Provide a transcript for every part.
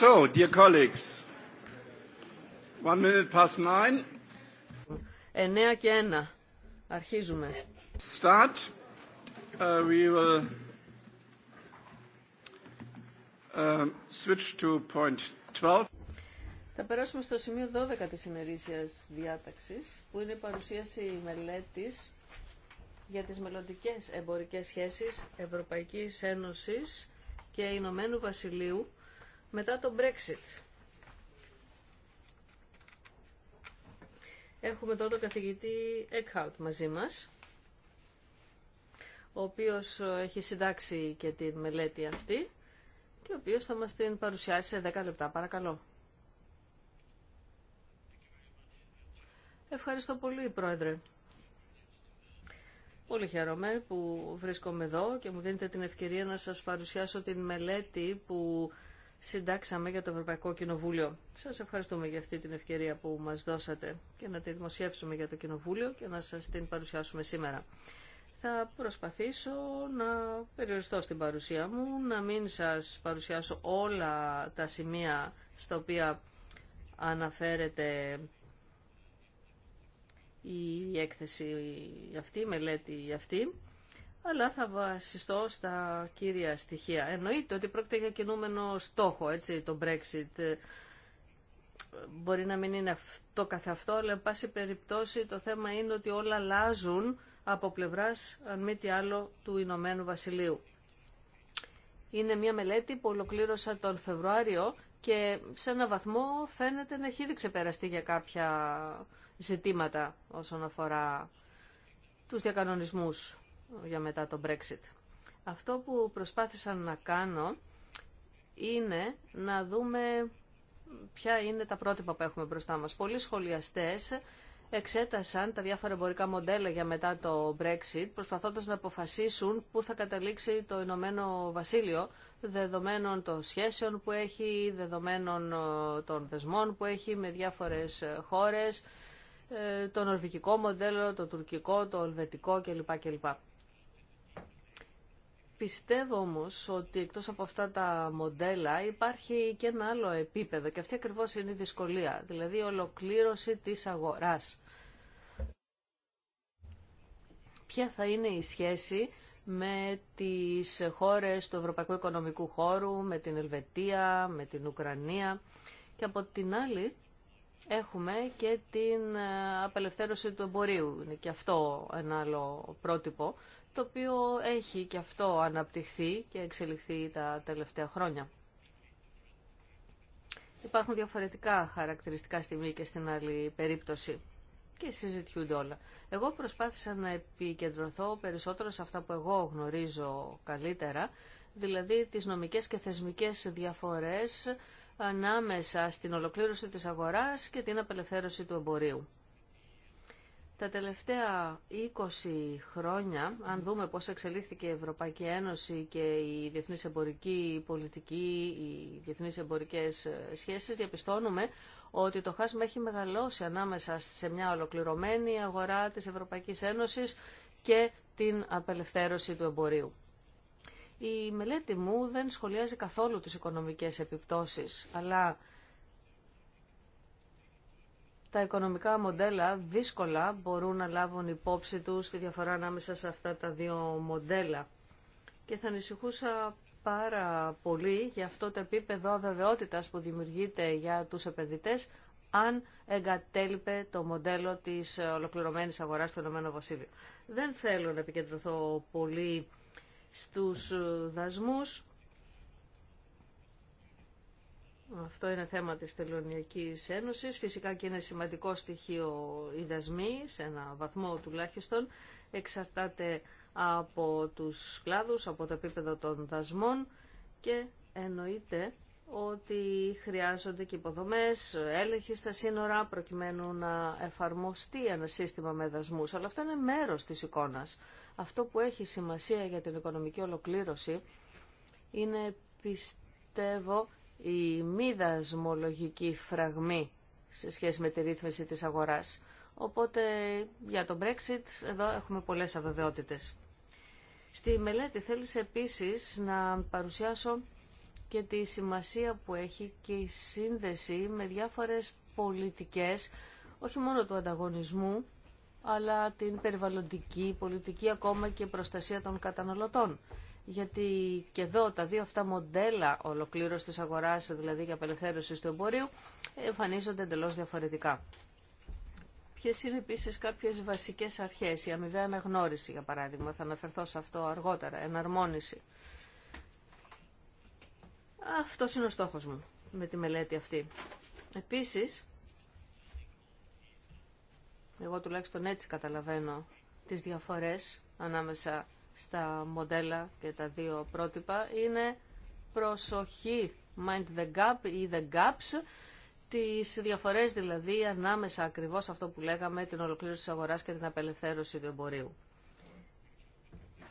So, και ένα. Αρχίζουμε. Start. Uh, we will uh, switch to point 12. Θα περάσουμε στο σημείο 12 της ημερήσιας διάταξης, που είναι η παρουσίαση μελέτης για τις μελλοντικές εμπορικές σχέσεις Ευρωπαϊκής Ένωσης και Ηνωμένου Βασιλείου μετά το Brexit. Έχουμε εδώ τον καθηγητή Eckhout μαζί μας, ο οποίος ε, έχει συντάξει και τη μελέτη αυτή και ο οποίος θα μας την παρουσιάσει σε 10 λεπτά. Παρακαλώ. Ευχαριστώ πολύ, Πρόεδρε. Πολύ χαίρομαι που βρίσκομαι εδώ και μου δίνετε την ευκαιρία να σας παρουσιάσω την μελέτη που συντάξαμε για το Ευρωπαϊκό Κοινοβούλιο. Σας ευχαριστούμε για αυτή την ευκαιρία που μας δώσατε και να τη δημοσιεύσουμε για το Κοινοβούλιο και να σας την παρουσιάσουμε σήμερα. Θα προσπαθήσω να περιοριστώ στην παρουσία μου, να μην σας παρουσιάσω όλα τα σημεία στα οποία αναφέρεται η έκθεση αυτή, η μελέτη αυτή αλλά θα βασιστώ στα κύρια στοιχεία. Εννοείται ότι πρόκειται για κινούμενο στόχο, έτσι, το Brexit. Μπορεί να μην είναι αυτό καθ' αυτό, αλλά εν πάση περιπτώσει το θέμα είναι ότι όλα αλλάζουν από πλευράς, αν μη τι άλλο, του Ηνωμένου Βασιλείου. Είναι μια μελέτη που ολοκλήρωσα τον Φεβρουάριο και σε ένα βαθμό φαίνεται να έχει ήδη ξεπεραστεί για κάποια ζητήματα όσον αφορά τους διακανονισμούς για μετά το Brexit. Αυτό που προσπάθησα να κάνω είναι να δούμε ποια είναι τα πρότυπα που έχουμε μπροστά μας. Πολλοί σχολιαστές εξέτασαν τα διάφορα εμπορικά μοντέλα για μετά το Brexit, προσπαθώντας να αποφασίσουν πού θα καταλήξει το Ηνωμένο Βασίλειο, δεδομένων των σχέσεων που έχει, δεδομένων ε, των δεσμών που έχει με διάφορες ε, χώρες, ε, το νορβηγικό μοντέλο, το τουρκικό, το τουρκικο το ολβετικο κλπ. Πιστεύω όμως ότι εκτός από αυτά τα μοντέλα υπάρχει και ένα άλλο επίπεδο και αυτή ακριβώς είναι η δυσκολία, δηλαδή η ολοκλήρωση της αγοράς. Ποια θα είναι η σχέση με τις χώρες του Ευρωπαϊκού Οικονομικού Χώρου, με την Ελβετία, με την Ουκρανία και από την άλλη έχουμε και την απελευθέρωση του εμπορίου. Είναι και αυτό ένα άλλο πρότυπο το οποίο έχει και αυτό αναπτυχθεί και εξελιχθεί τα τελευταία χρόνια. Υπάρχουν διαφορετικά χαρακτηριστικά στη μία και στην άλλη περίπτωση και συζητιούνται όλα. Εγώ προσπάθησα να επικεντρωθώ περισσότερο σε αυτά που εγώ γνωρίζω καλύτερα, δηλαδή τις νομικές και θεσμικές διαφορές ανάμεσα στην ολοκλήρωση της αγοράς και την απελευθέρωση του εμπορίου. Τα τελευταία 20 χρόνια, αν δούμε πώς εξελίχθηκε η Ευρωπαϊκή Ένωση και η διεθνής εμπορική πολιτική, οι διεθνείς εμπορικές ε, σχέσεις, διαπιστώνουμε ότι το χάσμα έχει μεγαλώσει ανάμεσα σε μια ολοκληρωμένη αγορά της Ευρωπαϊκής Ένωσης και την απελευθέρωση του εμπορίου. Η μελέτη μου δεν σχολιάζει καθόλου τις οικονομικές επιπτώσεις, αλλά τα οικονομικά μοντέλα δύσκολα μπορούν να λάβουν υπόψη τους τη διαφορά ανάμεσα σε αυτά τα δύο μοντέλα. Και θα ανησυχούσα πάρα πολύ για αυτό το επίπεδο αβεβαιότητας που δημιουργείται για τους επενδυτές αν εγκατέλειπε το μοντέλο της ολοκληρωμένης αγοράς του Ηνωμένου Δεν θέλω να επικεντρωθώ πολύ στους δασμούς. Αυτό είναι θέμα της Τελωνιακής Ένωσης. Φυσικά και είναι σημαντικό στοιχείο η δασμή, σε ένα βαθμό τουλάχιστον. Εξαρτάται από τους κλάδους, από το επίπεδο των δασμών και εννοείται ότι χρειάζονται και υποδομές, έλεγχοι στα σύνορα προκειμένου να εφαρμοστεί ένα σύστημα με δασμούς. Αλλά αυτό είναι μέρος της εικόνας. Αυτό που έχει σημασία για την οικονομική ολοκλήρωση είναι πιστεύω η μη δασμολογική φραγμή σε σχέση με τη ρύθμιση της αγοράς. Οπότε για το Brexit εδώ έχουμε πολλές αβεβαιότητες. Στη μελέτη θέλησε επίσης να παρουσιάσω και τη σημασία που έχει και η σύνδεση με διάφορες πολιτικές, όχι μόνο του ανταγωνισμού, αλλά την περιβαλλοντική πολιτική, ακόμα και προστασία των καταναλωτών γιατί και εδώ τα δύο αυτά μοντέλα ολοκλήρωση της αγοράς, δηλαδή και απελευθέρωση του εμπορίου, εμφανίζονται εντελώ διαφορετικά. Ποιε είναι επίση κάποιε βασικέ αρχέ, η αμοιβαία αναγνώριση, για παράδειγμα, θα αναφερθώ σε αυτό αργότερα, εναρμόνιση. Αυτό είναι ο στόχο μου με τη μελέτη αυτή. Επίση, εγώ τουλάχιστον έτσι καταλαβαίνω τις διαφορές ανάμεσα στα μοντέλα και τα δύο πρότυπα είναι προσοχή, mind the gap ή the gaps, τις διαφορές δηλαδή ανάμεσα ακριβώς αυτό που λέγαμε την ολοκλήρωση της αγοράς και την απελευθέρωση του εμπορίου.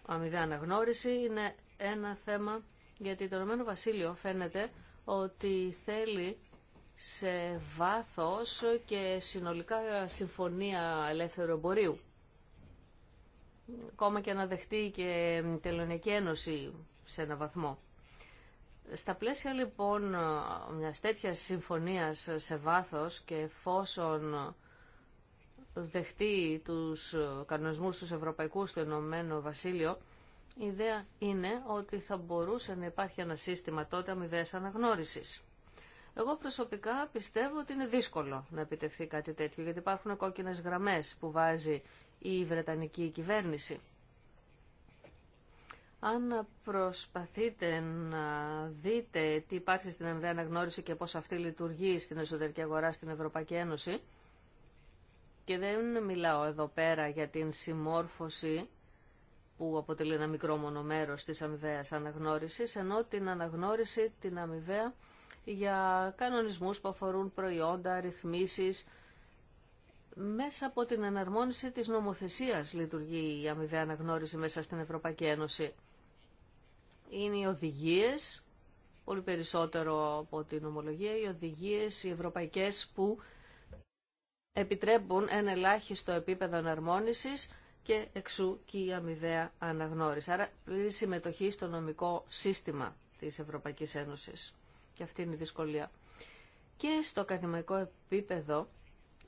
Αμοιβή αναγνώριση είναι ένα θέμα γιατί το Ρωμένο Βασίλειο φαίνεται ότι θέλει σε βάθος και συνολικά συμφωνία ελεύθερου εμπορίου ακόμα και να δεχτεί και τελωνική ένωση σε ένα βαθμό. Στα πλαίσια λοιπόν μια τέτοια συμφωνίας σε βάθος και εφόσον δεχτεί τους κανονισμούς του ευρωπαϊκού στο Ηνωμένο Βασίλειο, η ιδέα είναι ότι θα μπορούσε να υπάρχει ένα σύστημα τότε αμοιβές αναγνώρισης. Εγώ προσωπικά πιστεύω ότι είναι δύσκολο να επιτευχθεί κάτι τέτοιο, γιατί υπάρχουν κόκκινες γραμμές που βάζει η Βρετανική κυβέρνηση. Αν προσπαθείτε να δείτε τι υπάρχει στην αμοιβαία αναγνώριση και πώς αυτή λειτουργεί στην εσωτερική αγορά στην Ευρωπαϊκή Ένωση, και δεν μιλάω εδώ πέρα για την συμμόρφωση που αποτελεί ένα μικρό μονομέρος της αμοιβαία αναγνώρισης, ενώ την αναγνώριση την αμοιβαία για κανονισμούς που αφορούν προϊόντα, ρυθμίσεις, μέσα από την εναρμόνιση της νομοθεσίας λειτουργεί η αμοιβαία αναγνώριση μέσα στην Ευρωπαϊκή Ένωση. Είναι οι οδηγίες, πολύ περισσότερο από την ομολογία, οι οδηγίες οι ευρωπαϊκές που επιτρέπουν ένα ελάχιστο επίπεδο εναρμόνισης και εξού και η αμοιβαία αναγνώριση. Άρα πλήρη συμμετοχή στο νομικό σύστημα της Ευρωπαϊκής Ένωσης. Και αυτή είναι η δυσκολία. Και στο ακαδημαϊκό επίπεδο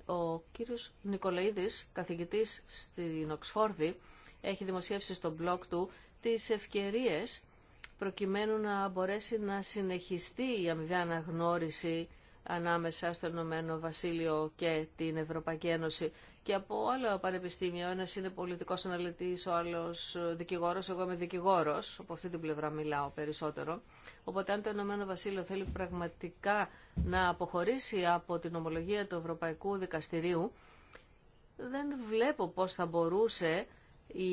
ο κύριος Νικολαίδης, καθηγητής στην Οξφόρδη, έχει δημοσιεύσει στο blog του τις ευκαιρίες προκειμένου να μπορέσει να συνεχιστεί η αμοιβή αναγνώριση ανάμεσα στο Ηνωμένο Βασίλειο και την Ευρωπαϊκή Ένωση και από άλλα πανεπιστήμια. ένα είναι πολιτικός αναλυτής, ο άλλος δικηγόρος, εγώ είμαι δικηγόρος, από αυτή την πλευρά μιλάω περισσότερο. Οπότε αν το Ηνωμένο Βασίλειο θέλει πραγματικά να αποχωρήσει από την ομολογία του Ευρωπαϊκού Δικαστηρίου, δεν βλέπω πώς θα μπορούσε η,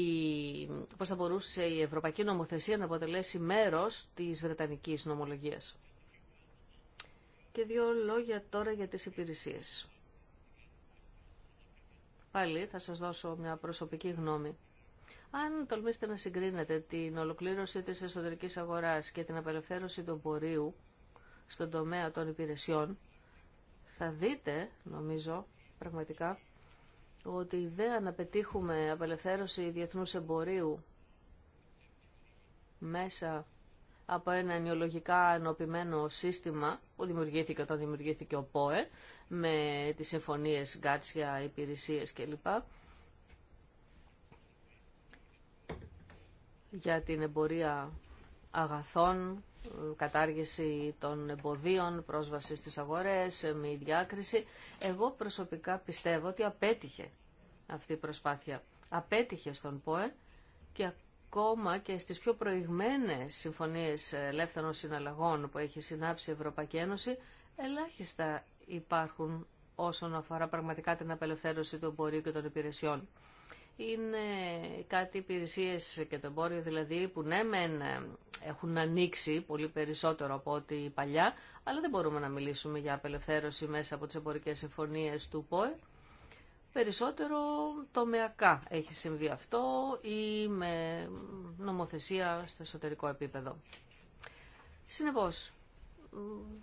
πώς θα μπορούσε η Ευρωπαϊκή Νομοθεσία να αποτελέσει μέρος της Βρετανικής Νομολογίας. Και δύο λόγια τώρα για τις υπηρεσίες πάλι θα σας δώσω μια προσωπική γνώμη. Αν τολμήσετε να συγκρίνετε την ολοκλήρωση της εσωτερικής αγοράς και την απελευθέρωση του πορείου στον τομέα των υπηρεσιών, θα δείτε, νομίζω, πραγματικά, ότι η ιδέα να πετύχουμε απελευθέρωση διεθνούς εμπορίου μέσα από ένα ενοιολογικά ενωπημένο σύστημα που δημιουργήθηκε όταν δημιουργήθηκε ο ΠΟΕ με τις συμφωνίες γκάτσια, υπηρεσίες κλπ. για την εμπορία αγαθών, κατάργηση των εμποδίων, πρόσβαση στις αγορές, μη διάκριση. Εγώ προσωπικά πιστεύω ότι απέτυχε αυτή η προσπάθεια. Απέτυχε στον ΠΟΕ και ακόμα και στις πιο προηγμένες συμφωνίες ελεύθερων συναλλαγών που έχει συνάψει η Ευρωπαϊκή Ένωση, ελάχιστα υπάρχουν όσον αφορά πραγματικά την απελευθέρωση του εμπορίου και των υπηρεσιών. Είναι κάτι υπηρεσίε και το εμπόριο δηλαδή που ναι μεν ε, έχουν ανοίξει πολύ περισσότερο από ό,τι παλιά, αλλά δεν μπορούμε να μιλήσουμε για απελευθέρωση μέσα από τις εμπορικές συμφωνίες του ΠΟΕ περισσότερο τομεακά έχει συμβεί αυτό ή με νομοθεσία στο εσωτερικό επίπεδο. Συνεπώς,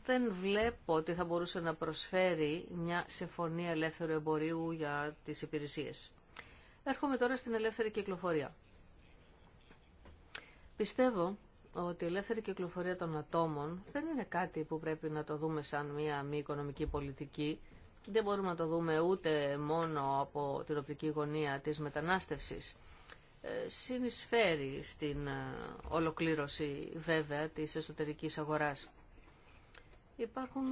δεν βλέπω ότι θα μπορούσε να προσφέρει μια συμφωνία ελεύθερου εμπορίου για τις υπηρεσίες. Έρχομαι τώρα στην ελεύθερη κυκλοφορία. Πιστεύω ότι η ελεύθερη κυκλοφορία των ατόμων δεν είναι κάτι που πρέπει να το δούμε σαν μια μη οικονομική πολιτική, δεν μπορούμε να το δούμε ούτε μόνο από την οπτική γωνία της μετανάστευσης. Ε, συνεισφέρει στην ε, ολοκλήρωση βέβαια της εσωτερικής αγοράς. Υπάρχουν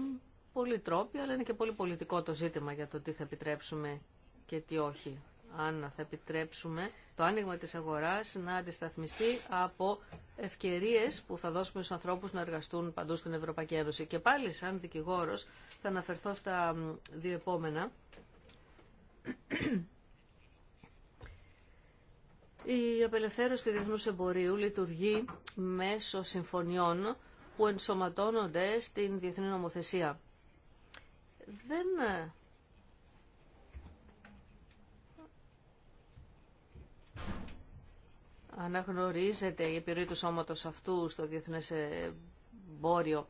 πολλοί τρόποι, αλλά είναι και πολύ πολιτικό το ζήτημα για το τι θα επιτρέψουμε και τι όχι αν θα επιτρέψουμε το άνοιγμα της αγοράς να αντισταθμιστεί από ευκαιρίες που θα δώσουμε στους ανθρώπους να εργαστούν παντού στην Ευρωπαϊκή Ένωση. Και πάλι σαν δικηγόρος θα αναφερθώ στα δύο επόμενα. Η απελευθέρωση του διεθνού εμπορίου λειτουργεί μέσω συμφωνιών που ενσωματώνονται στην διεθνή νομοθεσία. Δεν ε, αναγνωρίζεται η επιρροή του σώματος αυτού στο διεθνές εμπόριο.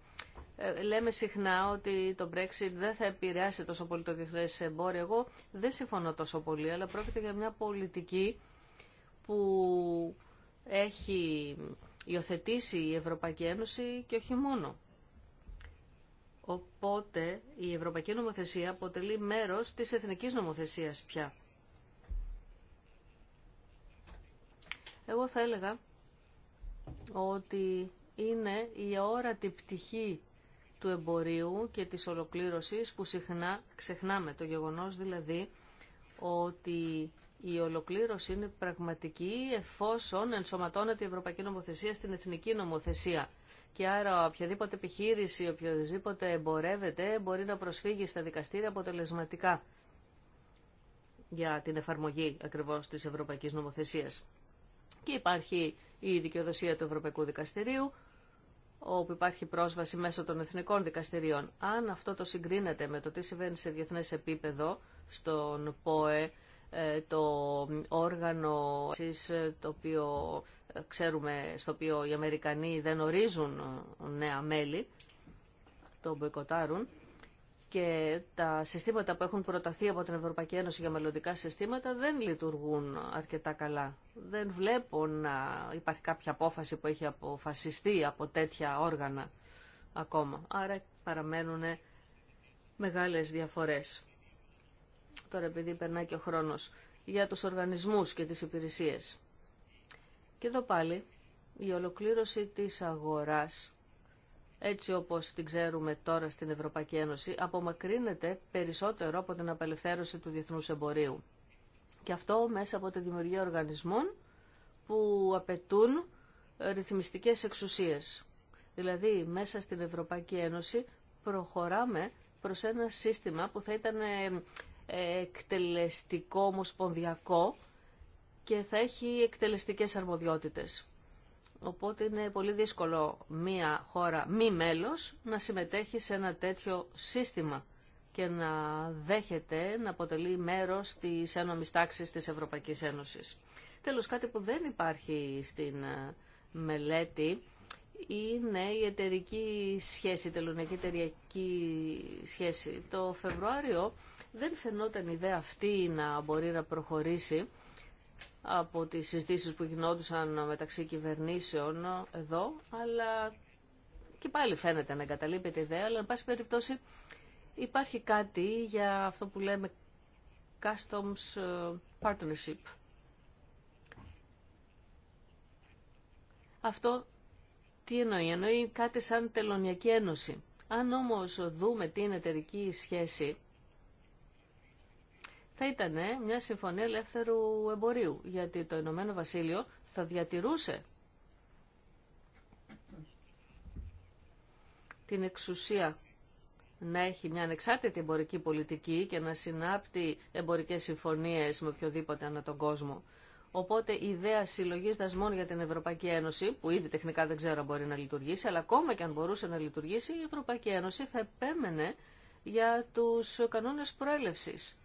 Ε, λέμε συχνά ότι το Brexit δεν θα επηρεάσει τόσο πολύ το διεθνές εμπόριο. Εγώ δεν συμφωνώ τόσο πολύ, αλλά πρόκειται για μια πολιτική που έχει υιοθετήσει η Ευρωπαϊκή Ένωση και όχι μόνο. Οπότε η Ευρωπαϊκή Νομοθεσία αποτελεί μέρος της εθνικής νομοθεσίας πια. Εγώ θα έλεγα ότι είναι η αόρατη πτυχή του εμπορίου και της ολοκλήρωσης που συχνά ξεχνάμε το γεγονός δηλαδή ότι η ολοκλήρωση είναι πραγματική εφόσον ενσωματώνεται η Ευρωπαϊκή Νομοθεσία στην Εθνική Νομοθεσία. Και άρα οποιαδήποτε επιχείρηση, οποιοδήποτε εμπορεύεται μπορεί να προσφύγει στα δικαστήρια αποτελεσματικά για την εφαρμογή ακριβώς της Ευρωπαϊκής Νομοθεσίας και υπάρχει η δικαιοδοσία του Ευρωπαϊκού Δικαστηρίου, όπου υπάρχει πρόσβαση μέσω των εθνικών δικαστηρίων. Αν αυτό το συγκρίνεται με το τι συμβαίνει σε διεθνές επίπεδο, στον ΠΟΕ, ε, το όργανο ε, το οποίο ε, ξέρουμε, στο οποίο οι Αμερικανοί δεν ορίζουν νέα μέλη, το μποϊκοτάρουν, και τα συστήματα που έχουν προταθεί από την Ευρωπαϊκή Ένωση για μελλοντικά συστήματα δεν λειτουργούν αρκετά καλά. Δεν βλέπω να υπάρχει κάποια απόφαση που έχει αποφασιστεί από τέτοια όργανα ακόμα. Άρα παραμένουν μεγάλες διαφορές. Τώρα επειδή περνάει και ο χρόνος για τους οργανισμούς και τις υπηρεσίες. Και εδώ πάλι η ολοκλήρωση της αγοράς έτσι όπως την ξέρουμε τώρα στην Ευρωπαϊκή Ένωση, απομακρύνεται περισσότερο από την απελευθέρωση του διεθνούς εμπορίου. Και αυτό μέσα από τη δημιουργία οργανισμών που απαιτούν ρυθμιστικές εξουσίες. Δηλαδή, μέσα στην Ευρωπαϊκή Ένωση προχωράμε προς ένα σύστημα που θα ήταν ε, εκτελεστικό, ομοσπονδιακό και θα έχει εκτελεστικές αρμοδιότητες. Οπότε είναι πολύ δύσκολο μία χώρα μη μέλος να συμμετέχει σε ένα τέτοιο σύστημα και να δέχεται να αποτελεί μέρος της ένωμης τάξης της Ευρωπαϊκής Ένωσης. Τέλος, κάτι που δεν υπάρχει στην ε, μελέτη είναι η εταιρική σχέση, η τελωνιακή εταιρική σχέση. Το Φεβρουάριο δεν φαινόταν η ιδέα αυτή να μπορεί να προχωρήσει από τις συζητήσεις που γινόντουσαν μεταξύ κυβερνήσεων εδώ, αλλά και πάλι φαίνεται να εγκαταλείπεται η ιδέα, αλλά εν πάση περιπτώσει υπάρχει κάτι για αυτό που λέμε Customs ε, Partnership. Αυτό τι εννοεί, εννοεί κάτι σαν τελωνιακή ένωση. Αν όμως δούμε την εταιρική σχέση, θα ήταν ε, μια συμφωνία ελεύθερου εμπορίου, γιατί το Ηνωμένο Βασίλειο θα διατηρούσε την εξουσία να έχει μια ανεξάρτητη εμπορική πολιτική και να συνάπτει εμπορικές συμφωνίες με οποιοδήποτε ανά τον κόσμο. Οπότε η ιδέα συλλογή δασμών για την Ευρωπαϊκή Ένωση, που ήδη τεχνικά δεν ξέρω αν μπορεί να λειτουργήσει, αλλά ακόμα και αν μπορούσε να λειτουργήσει, η Ευρωπαϊκή Ένωση θα επέμενε για τους κανόνες προέλευσης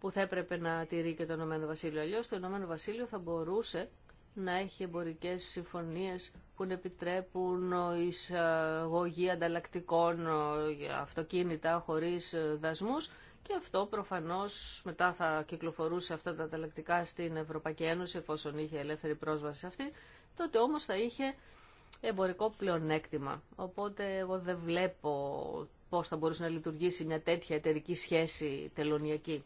που θα έπρεπε να τηρεί και το Ηνωμένο Βασίλειο. Αλλιώ. το Ηνωμένο Βασίλειο θα μπορούσε να έχει εμπορικέ συμφωνίε που επιτρέπουν εισαγωγή ανταλλακτικών ε, αυτοκίνητα χωρί ε, δασμού και αυτό προφανώ μετά θα κυκλοφορούσε αυτά τα ανταλλακτικά στην Ευρωπαϊκή Ένωση εφόσον είχε ελεύθερη πρόσβαση σε αυτή, τότε όμω θα είχε εμπορικό πλεονέκτημα. Οπότε εγώ δεν βλέπω πώς θα μπορούσε να λειτουργήσει μια τέτοια εταιρική σχέση τελωνιακή.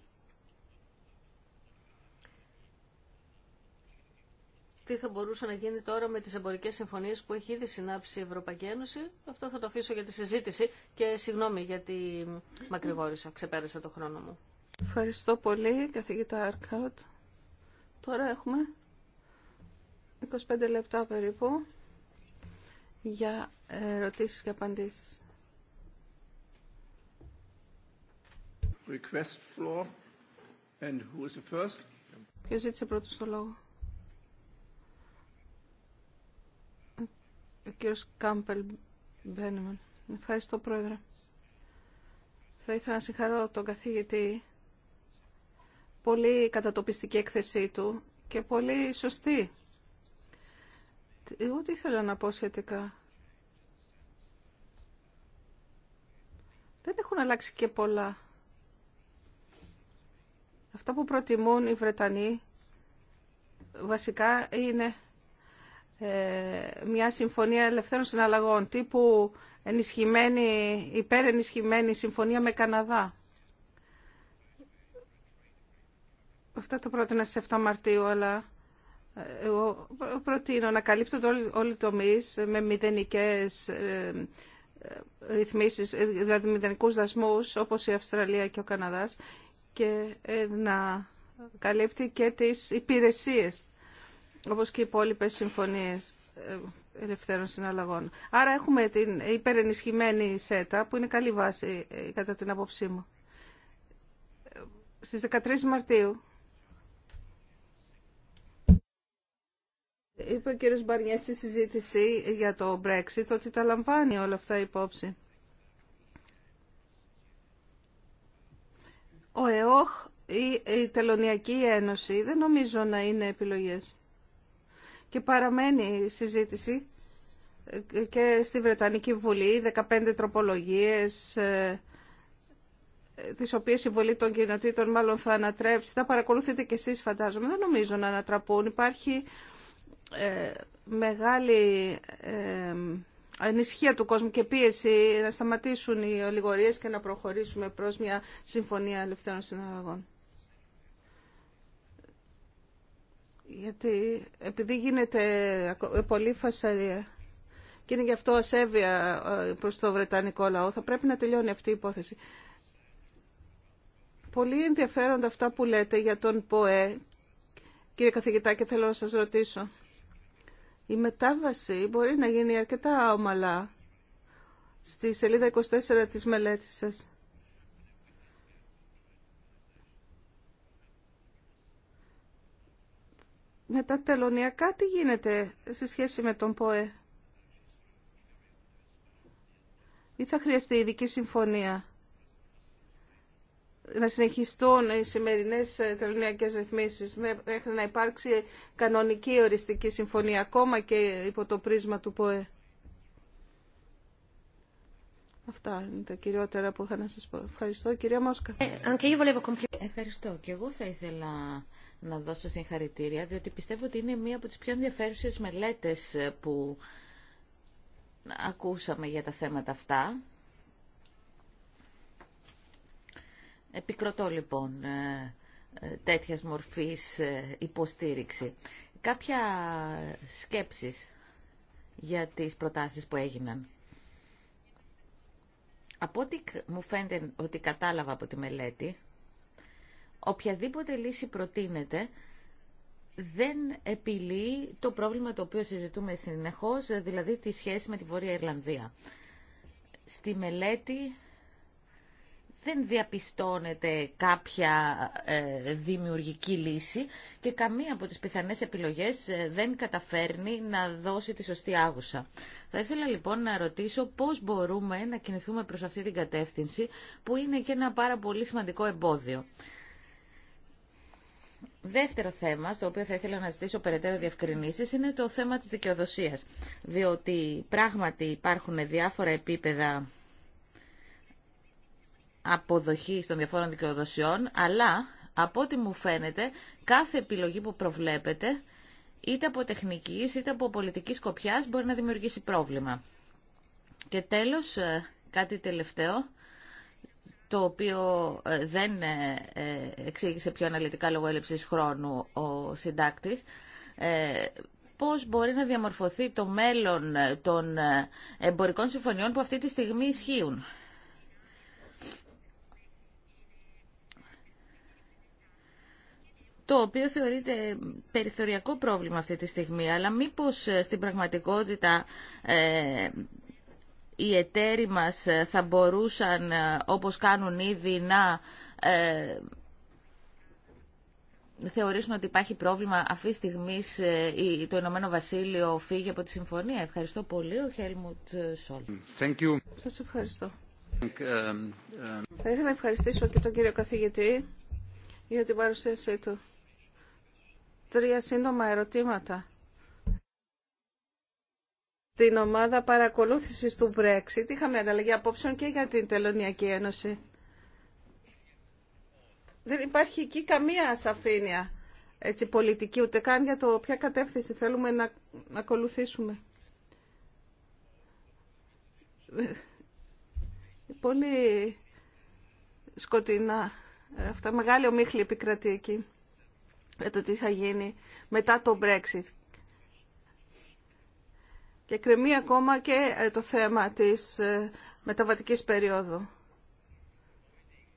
τι θα μπορούσε να γίνει τώρα με τις εμπορικές συμφωνίες που έχει ήδη συνάψει η Ευρωπαϊκή Ένωση. Αυτό θα το αφήσω για τη συζήτηση και συγγνώμη γιατί μακρηγόρησα, ξεπέρασα το χρόνο μου. Ευχαριστώ πολύ, καθηγητά Αρκάουτ. Τώρα έχουμε 25 λεπτά περίπου για ερωτήσεις και απαντήσεις. Request floor. And who is the first? Ποιος ζήτησε πρώτος το λόγο. Ο κύριος Κάμπελ Μπένιμαν. Ευχαριστώ, Πρόεδρε. Θα ήθελα να συγχαρώ τον καθηγητή. Πολύ κατατοπιστική έκθεσή του και πολύ σωστή. Εγώ τι ήθελα να πω σχετικά. Δεν έχουν αλλάξει και πολλά. Αυτά που προτιμούν οι Βρετανοί βασικά είναι ε, μια συμφωνία ελευθέρων συναλλαγών τύπου ενισχυμένη, υπερενισχυμένη συμφωνία με Καναδά. Αυτά το πρότεινα στις 7 Μαρτίου, αλλά ε, εγώ προτείνω να καλύπτονται όλοι, όλοι οι τομείς με μηδενικές ε, ε, ρυθμίσεις, ε, δηλαδή μηδενικούς δασμούς, όπως η Αυστραλία και ο Καναδάς, και να καλύπτει και τις υπηρεσίες όπως και οι υπόλοιπε συμφωνίες ε, ελευθέρων συναλλαγών. Άρα έχουμε την υπερενισχυμένη ΣΕΤΑ που είναι καλή βάση ε, κατά την άποψή μου. Στις 13 Μαρτίου είπε ο κύριος Μπαρνιέ στη συζήτηση για το Brexit ότι τα λαμβάνει όλα αυτά υπόψη. Ο ΕΟΧ ή η Τελωνιακή Ένωση δεν νομίζω να είναι επιλογές και παραμένει η συζήτηση ε, και στη Βρετανική Βουλή 15 τροπολογίες ε, ε, τις οποίες η Βουλή των Κοινοτήτων μάλλον θα ανατρέψει. Θα παρακολουθείτε κι εσείς φαντάζομαι. Δεν νομίζω να ανατραπούν. Υπάρχει μεγάλη ε, ανησυχία του κόσμου και πίεση να σταματήσουν οι ολιγορίες και να προχωρήσουμε προς μια συμφωνία ελευθέρων συναλλαγών. γιατί επειδή γίνεται πολύ φασαρία και είναι γι' αυτό ασέβεια ε, προς το Βρετανικό λαό, θα πρέπει να τελειώνει αυτή η υπόθεση. Πολύ ενδιαφέροντα αυτά που λέτε για τον ΠΟΕ, κύριε καθηγητά, και θέλω να σας ρωτήσω. Η μετάβαση μπορεί να γίνει αρκετά ομαλά στη σελίδα 24 της μελέτης σας. Με τα τελωνιακά τι γίνεται σε σχέση με τον ΠΟΕ. Ή θα χρειαστεί ειδική συμφωνία να συνεχιστούν οι σημερινές ε, τελωνιακές ρυθμίσεις μέχρι να υπάρξει κανονική οριστική συμφωνία ακόμα και υπό το πρίσμα του ΠΟΕ. Αυτά είναι τα κυριότερα που είχα να σας πω. Ευχαριστώ κυρία Μόσκα. Ε, Ευχαριστώ και εγώ θα ήθελα να δώσω συγχαρητήρια, διότι πιστεύω ότι είναι μία από τις πιο ενδιαφέρουσες μελέτες ε, που ακούσαμε για τα θέματα αυτά. Επικροτώ λοιπόν ε, ε, τέτοιας μορφής υποστήριξη. Κάποια σκέψεις για τις προτάσεις που έγιναν. Από ό,τι μου φαίνεται ότι κατάλαβα από τη μελέτη, οποιαδήποτε λύση προτείνεται δεν επιλύει το πρόβλημα το οποίο συζητούμε συνεχώς, δηλαδή τη σχέση με τη Βόρεια Ιρλανδία. Στη μελέτη δεν διαπιστώνεται κάποια ε, δημιουργική λύση και καμία από τις πιθανές επιλογές ε, δεν καταφέρνει να δώσει τη σωστή άγουσα. Θα ήθελα λοιπόν να ρωτήσω πώς μπορούμε να κινηθούμε προς αυτή την κατεύθυνση που είναι και ένα πάρα πολύ σημαντικό εμπόδιο. Δεύτερο θέμα, στο οποίο θα ήθελα να ζητήσω περαιτέρω διευκρινήσεις, είναι το θέμα της δικαιοδοσίας. Διότι πράγματι υπάρχουν διάφορα επίπεδα αποδοχή των διαφόρων δικαιοδοσιών, αλλά από ό,τι μου φαίνεται κάθε επιλογή που προβλέπεται, είτε από τεχνικής είτε από πολιτικής σκοπιάς, μπορεί να δημιουργήσει πρόβλημα. Και τέλος, ε, κάτι τελευταίο, το οποίο ε, δεν ε, ε, εξήγησε πιο αναλυτικά λόγω έλλειψης χρόνου ο συντάκτης, πώς μπορεί να διαμορφωθεί το μέλλον των εμπορικών συμφωνιών που αυτή τη στιγμή ισχύουν. το οποίο θεωρείται περιθωριακό πρόβλημα αυτή τη στιγμή, αλλά μήπως στην πραγματικότητα οι εταίροι μας ε, θα μπορούσαν, ε, όπως κάνουν ήδη, να ε, θεωρήσουν ότι υπάρχει πρόβλημα αυτή τη στιγμή ε, το Ηνωμένο Βασίλειο φύγει από τη συμφωνία. Ευχαριστώ πολύ, ο Χέλμουτ Σόλ. Σας ευχαριστώ. Θα ήθελα να ευχαριστήσω και τον κύριο καθηγητή για την παρουσίασή του. Τρία σύντομα ερωτήματα την ομάδα παρακολούθησης του Brexit είχαμε ανταλλαγή απόψεων και για την Τελωνιακή Ένωση. Δεν υπάρχει εκεί καμία σαφήνεια έτσι, πολιτική, ούτε καν για το ποια κατεύθυνση θέλουμε να, να ακολουθήσουμε. Πολύ σκοτεινά. Ε, αυτά μεγάλη ομίχλη επικρατεί εκεί για ε, το τι θα γίνει μετά το Brexit και κρεμεί ακόμα και ε, το θέμα της ε, μεταβατικής περίοδου.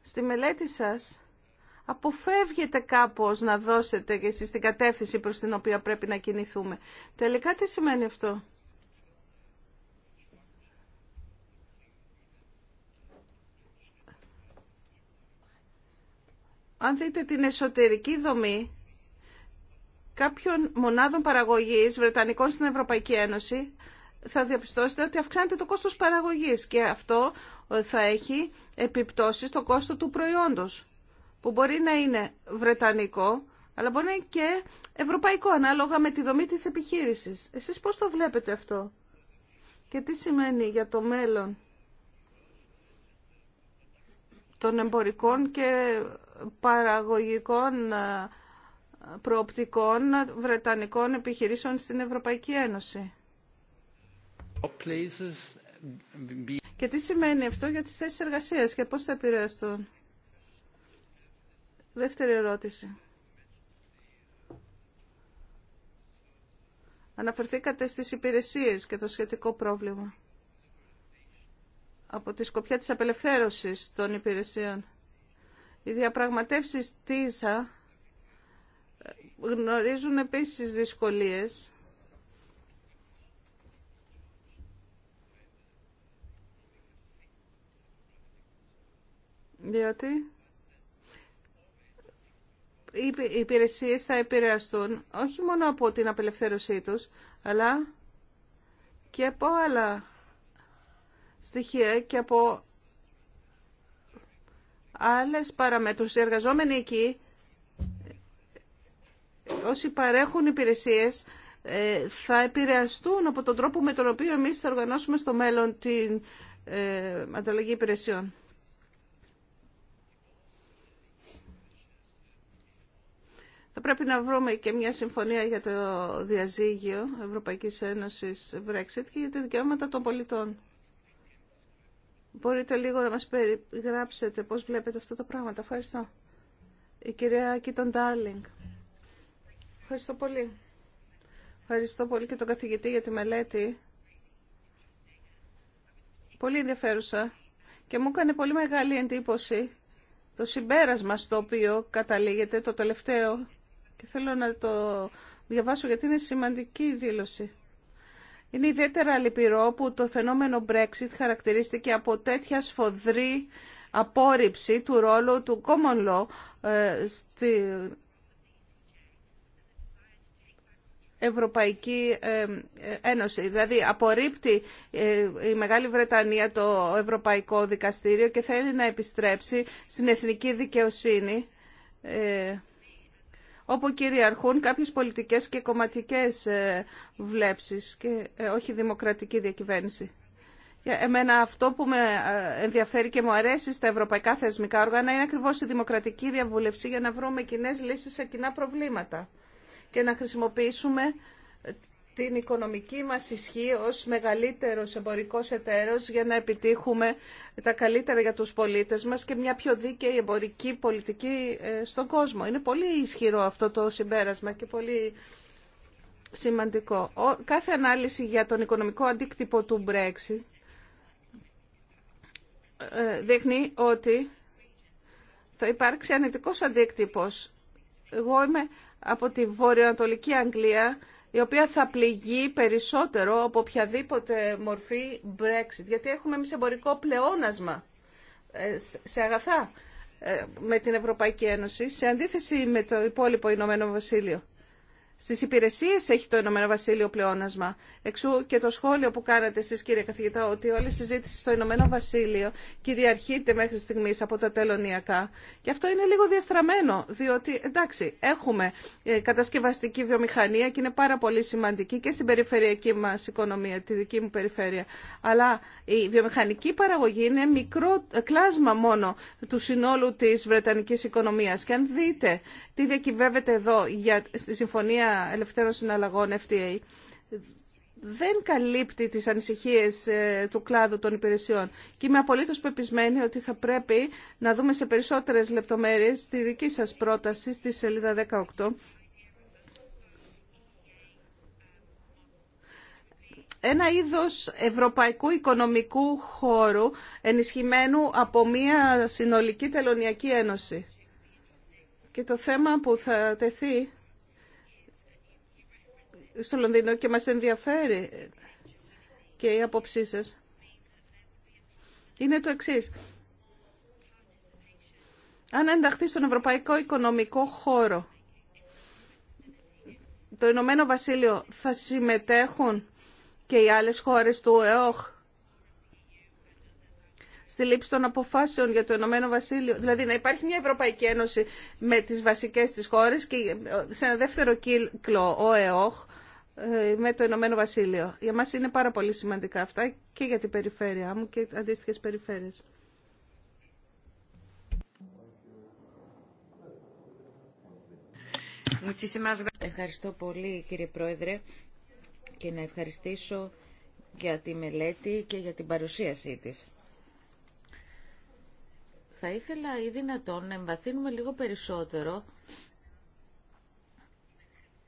Στη μελέτη σας αποφεύγετε κάπως να δώσετε και εσείς την κατεύθυνση προς την οποία πρέπει να κινηθούμε. Τελικά τι σημαίνει αυτό. Αν δείτε την εσωτερική δομή κάποιων μονάδων παραγωγής Βρετανικών στην Ευρωπαϊκή Ένωση θα διαπιστώσετε ότι αυξάνεται το κόστος παραγωγής και αυτό ε, θα έχει επιπτώσεις στο κόστο του προϊόντος που μπορεί να είναι βρετανικό αλλά μπορεί να είναι και ευρωπαϊκό ανάλογα με τη δομή της επιχείρησης. Εσείς πώς το βλέπετε αυτό και τι σημαίνει για το μέλλον των εμπορικών και παραγωγικών ε, προοπτικών βρετανικών επιχειρήσεων στην Ευρωπαϊκή Ένωση. Και τι σημαίνει αυτό για τις θέσεις εργασίας και πώς θα επηρεαστούν. Δεύτερη ερώτηση. Αναφερθήκατε στις υπηρεσίες και το σχετικό πρόβλημα. Από τη σκοπιά της απελευθέρωσης των υπηρεσιών. Οι διαπραγματεύσεις ΤΙΖΑ γνωρίζουν επίσης δυσκολίες. Διότι οι υπηρεσίες θα επηρεαστούν όχι μόνο από την απελευθέρωσή τους, αλλά και από άλλα στοιχεία και από άλλες παραμέτρους. Οι εργαζόμενοι εκεί όσοι παρέχουν υπηρεσίες ε, θα επηρεαστούν από τον τρόπο με τον οποίο εμείς θα οργανώσουμε στο μέλλον την ε, ανταλλαγή υπηρεσιών. Θα πρέπει να βρούμε και μια συμφωνία για το διαζύγιο Ευρωπαϊκής Ένωσης Brexit και για τα δικαιώματα των πολιτών. Μπορείτε λίγο να μας περιγράψετε πώς βλέπετε αυτά τα πράγματα. Ευχαριστώ. Η κυρία Κίτον Ντάρλινγκ. Ευχαριστώ πολύ. Ευχαριστώ πολύ και τον καθηγητή για τη μελέτη. Πολύ ενδιαφέρουσα και μου έκανε πολύ μεγάλη εντύπωση το συμπέρασμα στο οποίο καταλήγεται το τελευταίο και θέλω να το διαβάσω γιατί είναι σημαντική η δήλωση. Είναι ιδιαίτερα λυπηρό που το φαινόμενο Brexit χαρακτηρίστηκε από τέτοια σφοδρή απόρριψη του ρόλου του common law ε, στη Ευρωπαϊκή ε, ε, Ένωση. Δηλαδή απορρίπτει ε, η Μεγάλη Βρετανία το Ευρωπαϊκό Δικαστήριο και θέλει να επιστρέψει στην εθνική δικαιοσύνη όπου κυριαρχούν κάποιες πολιτικές και κομματικές βλέψεις και όχι δημοκρατική διακυβέρνηση. Εμένα αυτό που με ενδιαφέρει και μου αρέσει στα ευρωπαϊκά θεσμικά όργανα είναι ακριβώς η δημοκρατική διαβούλευση για να βρούμε κοινέ λύσεις σε κοινά προβλήματα και να χρησιμοποιήσουμε την οικονομική μας ισχύ ως μεγαλύτερος εμπορικός εταίρος για να επιτύχουμε τα καλύτερα για τους πολίτες μας και μια πιο δίκαιη εμπορική πολιτική ε, στον κόσμο. Είναι πολύ ισχυρό αυτό το συμπέρασμα και πολύ σημαντικό. Κάθε ανάλυση για τον οικονομικό αντίκτυπο του Brexit ε, δείχνει ότι θα υπάρξει ανετικός αντίκτυπος. Εγώ είμαι από τη βορειοανατολική Αγγλία, η οποία θα πληγεί περισσότερο από οποιαδήποτε μορφή Brexit. Γιατί έχουμε εμείς εμπορικό πλεόνασμα ε, σε αγαθά ε, με την Ευρωπαϊκή Ένωση, σε αντίθεση με το υπόλοιπο Ηνωμένο Βασίλειο. Στις υπηρεσίες έχει το Ηνωμένο Βασίλειο πλεόνασμα. Εξού και το σχόλιο που κάνατε εσείς κύριε καθηγητά ότι όλη η συζήτηση στο Ηνωμένο Βασίλειο κυριαρχείται μέχρι στιγμής από τα τελωνιακά. Και αυτό είναι λίγο διαστραμμένο διότι εντάξει έχουμε ε, κατασκευαστική βιομηχανία και είναι πάρα πολύ σημαντική και στην περιφερειακή μας οικονομία, τη δική μου περιφέρεια. Αλλά η βιομηχανική παραγωγή είναι μικρό ε, κλάσμα μόνο του συνόλου της Βρετανικής οικονομίας. Και αν δείτε τι διακυβεύεται εδώ για, στη συμφωνία Συμφωνία Ελευθέρων Συναλλαγών FTA δεν καλύπτει τις ανησυχίες ε, του κλάδου των υπηρεσιών. Και είμαι απολύτως πεπισμένη ότι θα πρέπει να δούμε σε περισσότερες λεπτομέρειες τη δική σας πρόταση στη σελίδα 18. ένα είδος ευρωπαϊκού οικονομικού χώρου ενισχυμένου από μια συνολική τελωνιακή ένωση. Και το θέμα που θα τεθεί στο Λονδίνο και μας ενδιαφέρει και οι άποψή σα. είναι το εξή. Αν ενταχθεί στον Ευρωπαϊκό Οικονομικό Χώρο, το Ηνωμένο Βασίλειο θα συμμετέχουν και οι άλλες χώρες του ΕΟΧ στη λήψη των αποφάσεων για το Ηνωμένο Βασίλειο. Δηλαδή να υπάρχει μια Ευρωπαϊκή Ένωση με τις βασικές της χώρες και σε ένα δεύτερο κύκλο ο ΕΟΧ ε, με το Ηνωμένο Βασίλειο. Για μας είναι πάρα πολύ σημαντικά αυτά και για την περιφέρεια μου και αντίστοιχες περιφέρειες. Ευχαριστώ πολύ κύριε Πρόεδρε και να ευχαριστήσω για τη μελέτη και για την παρουσίασή της. Θα ήθελα ή δυνατόν να εμβαθύνουμε λίγο περισσότερο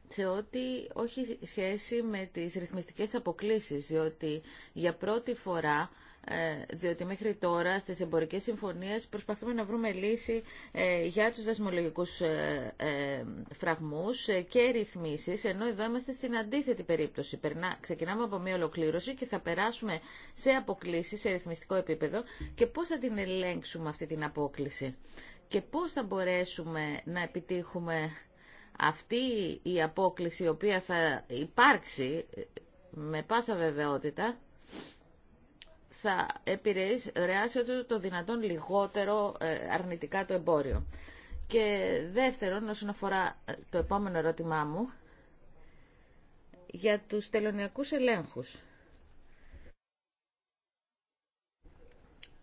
σε ό,τι όχι σχέση με τις ρυθμιστικές αποκλίσεις, διότι για πρώτη φορά ε, διότι μέχρι τώρα στις εμπορικές συμφωνίες προσπαθούμε να βρούμε λύση ε, για τους δασμολογικούς ε, φραγμούς και ρυθμίσεις, ενώ εδώ είμαστε στην αντίθετη περίπτωση. Ξεκινάμε από μια ολοκλήρωση και θα περάσουμε σε αποκλήσεις σε ρυθμιστικό επίπεδο και πώς θα την ελέγξουμε αυτή την απόκληση και πώς θα μπορέσουμε να επιτύχουμε αυτή η απόκληση η οποία θα υπάρξει με πάσα βεβαιότητα θα επηρεάσει το δυνατόν λιγότερο ε, αρνητικά το εμπόριο. Και δεύτερον, όσον αφορά ε, το επόμενο ερώτημά μου, για τους τελωνιακούς ελέγχους.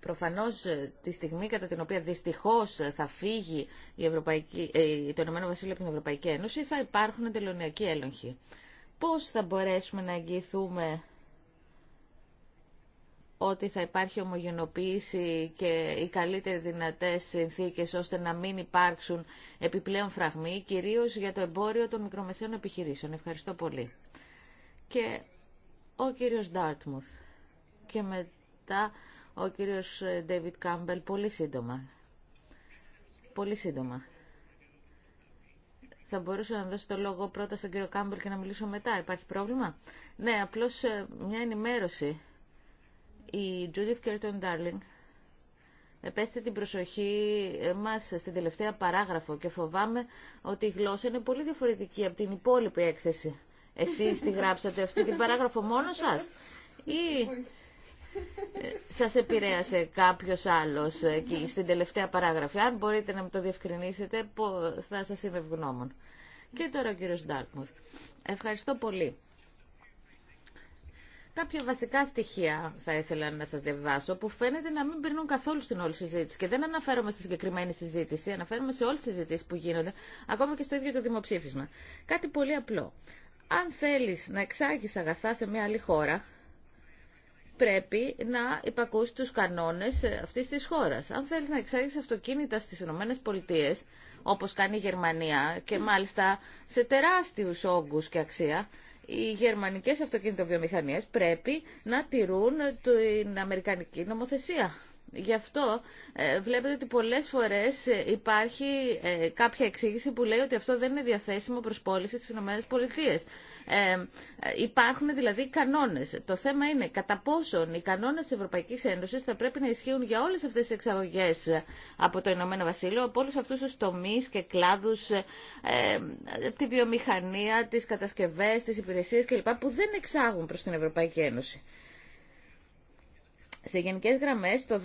Προφανώς ε, τη στιγμή κατά την οποία δυστυχώς ε, θα φύγει η Ευρωπαϊκή, ε, το Ηνωμένο Βασίλειο από την Ευρωπαϊκή Ένωση θα υπάρχουν τελωνιακοί έλεγχοι. Πώς θα μπορέσουμε να εγγυηθούμε ότι θα υπάρχει ομογενοποίηση και οι καλύτεροι δυνατές συνθήκες ώστε να μην υπάρξουν επιπλέον φραγμοί, κυρίως για το εμπόριο των μικρομεσαίων επιχειρήσεων. Ευχαριστώ πολύ. Και ο κύριος Ντάρτμουθ. Και μετά ο κύριος Ντέιβιτ ε, Κάμπελ, πολύ σύντομα. Πολύ σύντομα. Θα μπορούσα να δώσω το λόγο πρώτα στον κύριο Κάμπελ και να μιλήσω μετά. Υπάρχει πρόβλημα. Ναι, απλώς ε, μια ενημέρωση. Η Judith Curtin Darling επέστησε την προσοχή ε, μας στην τελευταία παράγραφο και φοβάμαι ότι η γλώσσα είναι πολύ διαφορετική από την υπόλοιπη έκθεση. Εσείς τη γράψατε αυτή την παράγραφο μόνο σας ή σας επηρέασε κάποιος άλλος εκεί στην τελευταία παράγραφη. Αν μπορείτε να με το διευκρινίσετε, θα σας είμαι ευγνώμων. Και τώρα ο κύριος Ντάρκμουθ. Ευχαριστώ πολύ. Κάποια βασικά στοιχεία θα ήθελα να σας διαβάσω που φαίνεται να μην περνούν καθόλου στην όλη συζήτηση και δεν αναφέρομαι στη συγκεκριμένη συζήτηση, αναφέρομαι σε όλες τις συζητήσεις που γίνονται, ακόμα και στο ίδιο το δημοψήφισμα. Κάτι πολύ απλό. Αν θέλεις να εξάγεις αγαθά σε μια άλλη χώρα, πρέπει να υπακούσει τους κανόνες αυτής της χώρας. Αν θέλεις να εξάγεις αυτοκίνητα στις Ηνωμένες Πολιτείες, όπως κάνει η Γερμανία και μάλιστα σε τεράστιους όγκους και αξία, οι γερμανικές αυτοκίνητοβιομηχανίες πρέπει να τηρούν την Αμερικανική νομοθεσία. Γι' αυτό ε, βλέπετε ότι πολλές φορές ε, υπάρχει ε, κάποια εξήγηση που λέει ότι αυτό δεν είναι διαθέσιμο προς πώληση στις ΗΠΑ. Ε, υπάρχουν δηλαδή κανόνες. Το θέμα είναι κατά πόσον οι κανόνες της Ευρωπαϊκής Ένωσης θα πρέπει να ισχύουν για όλες αυτές τις εξαγωγές από το Ηνωμένο Βασίλειο, από όλους αυτούς τους τομείς και κλάδους, ε, τη βιομηχανία, τις κατασκευές, τις υπηρεσίες κλπ. που δεν εξάγουν προς την Ευρωπαϊκή Ένωση. Σε γενικές γραμμές το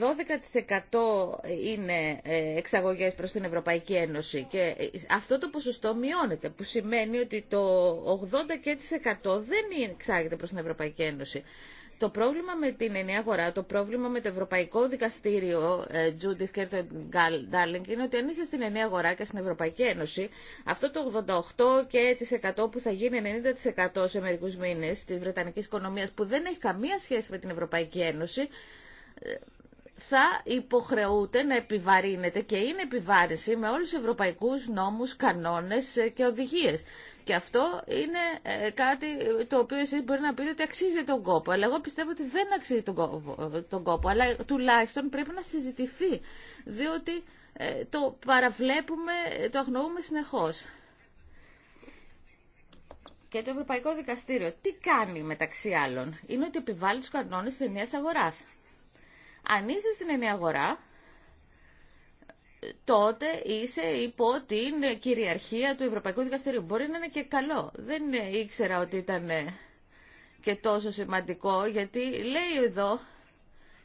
12% είναι ε, εξαγωγές προς την Ευρωπαϊκή Ένωση και ε, αυτό το ποσοστό μειώνεται που σημαίνει ότι το 80% δεν εξάγεται προς την Ευρωπαϊκή Ένωση. Το πρόβλημα με την ενιαία αγορά, το πρόβλημα με το Ευρωπαϊκό Δικαστήριο Τζούντι ε, Κέρτον Darling, είναι ότι αν είσαι στην ενιαία αγορά και στην Ευρωπαϊκή Ένωση, αυτό το 88% και τις 100% που θα γίνει 90% σε μερικούς μήνες της Βρετανικής οικονομίας, που δεν έχει καμία σχέση με την Ευρωπαϊκή Ένωση, ε, θα υποχρεούται να επιβαρύνεται και είναι επιβάρηση με όλους τους ευρωπαϊκούς νόμους, κανόνες ε, και οδηγίες. Και αυτό είναι ε, κάτι το οποίο εσείς μπορεί να πείτε ότι αξίζει τον κόπο. Αλλά εγώ πιστεύω ότι δεν αξίζει τον κόπο, τον κόπο αλλά τουλάχιστον πρέπει να συζητηθεί, διότι ε, το παραβλέπουμε, το αγνοούμε συνεχώς. Και το Ευρωπαϊκό Δικαστήριο τι κάνει μεταξύ άλλων. Είναι ότι επιβάλλει τους κανόνες της ενιαίας αγοράς. Αν είσαι στην ενιαία αγορά, τότε είσαι υπό την κυριαρχία του Ευρωπαϊκού Δικαστηρίου. Μπορεί να είναι και καλό. Δεν ήξερα ότι ήταν ε, και τόσο σημαντικό, γιατί λέει εδώ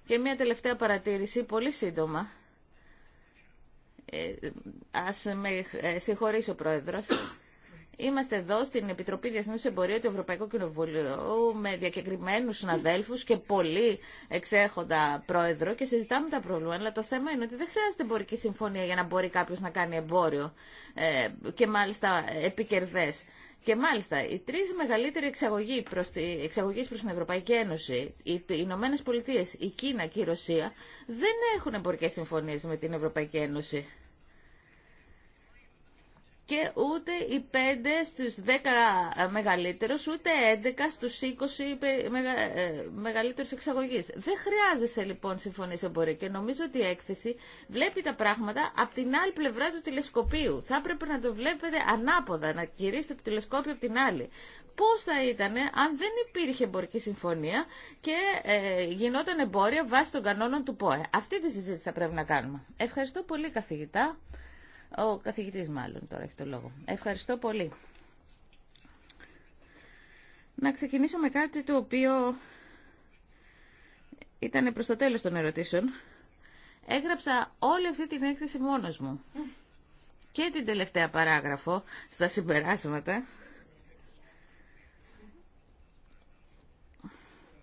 και μια τελευταία παρατήρηση, πολύ σύντομα. Ε, ας με ε, συγχωρήσει ο Πρόεδρος. Είμαστε εδώ στην Επιτροπή Διεθνού Εμπορίου του Ευρωπαϊκού Κοινοβουλίου με διακεκριμένου συναδέλφου και πολύ εξέχοντα πρόεδρο και συζητάμε τα προβλήματα. Αλλά το θέμα είναι ότι δεν χρειάζεται εμπορική συμφωνία για να μπορεί κάποιο να κάνει εμπόριο ε, και μάλιστα επικερδέ. Και μάλιστα, οι τρει μεγαλύτεροι εξαγωγοί προς τη, την Ευρωπαϊκή Ένωση, οι, Ηνωμένε Πολιτείε, η Κίνα και η Ρωσία, δεν έχουν εμπορικέ συμφωνίε με την Ευρωπαϊκή Ένωση και ούτε οι 5 στους 10 ε, μεγαλύτερους, ούτε 11 στους 20 ε, μεγαλύτερους Δεν χρειάζεσαι λοιπόν σε εμπορία και νομίζω ότι η έκθεση βλέπει τα πράγματα από την άλλη πλευρά του τηλεσκοπίου. Θα έπρεπε να το βλέπετε ανάποδα, να κυρίσετε το τηλεσκόπιο από την άλλη. Πώς θα ήταν αν δεν υπήρχε εμπορική συμφωνία και ε, γινόταν εμπόρια βάσει των κανόνων του ΠΟΕ. Αυτή τη συζήτηση θα πρέπει να κάνουμε. Ευχαριστώ πολύ καθηγητά. Ο καθηγητής μάλλον τώρα έχει το λόγο. Ευχαριστώ πολύ. Να ξεκινήσω με κάτι το οποίο ήταν προς το τέλος των ερωτήσεων. Έγραψα όλη αυτή την έκθεση μόνος μου. Και την τελευταία παράγραφο στα συμπεράσματα.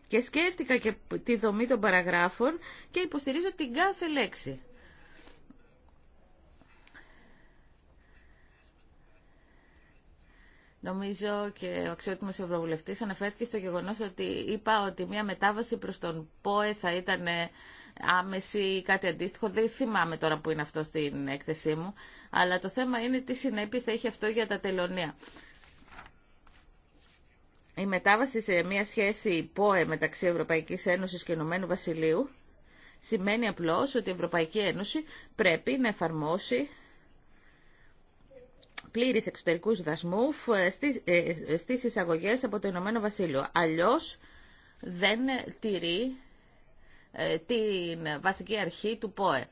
Και σκέφτηκα και τη δομή των παραγράφων και υποστηρίζω την κάθε λέξη. Νομίζω και ο αξιότιμος Ευρωβουλευτής αναφέρθηκε στο γεγονός ότι είπα ότι μια μετάβαση προς τον ΠΟΕ θα ήταν ε, άμεση ή κάτι αντίστοιχο. Δεν θυμάμαι τώρα που είναι αυτό στην έκθεσή μου. Αλλά το θέμα είναι τι συνέπειες θα είχε αυτό για τα τελωνία. Η μετάβαση σε μια σχέση ΠΟΕ μεταξύ Ευρωπαϊκής Ένωσης και Ηνωμένου Βασιλείου σημαίνει απλώς ότι η Ευρωπαϊκή Ένωση πρέπει να εφαρμόσει πλήρης εξωτερικούς δασμούς ε, στις, ε, στις εισαγωγές από το Ηνωμένο Βασίλειο. Αλλιώς δεν τηρεί ε, την βασική αρχή του ΠΟΕ.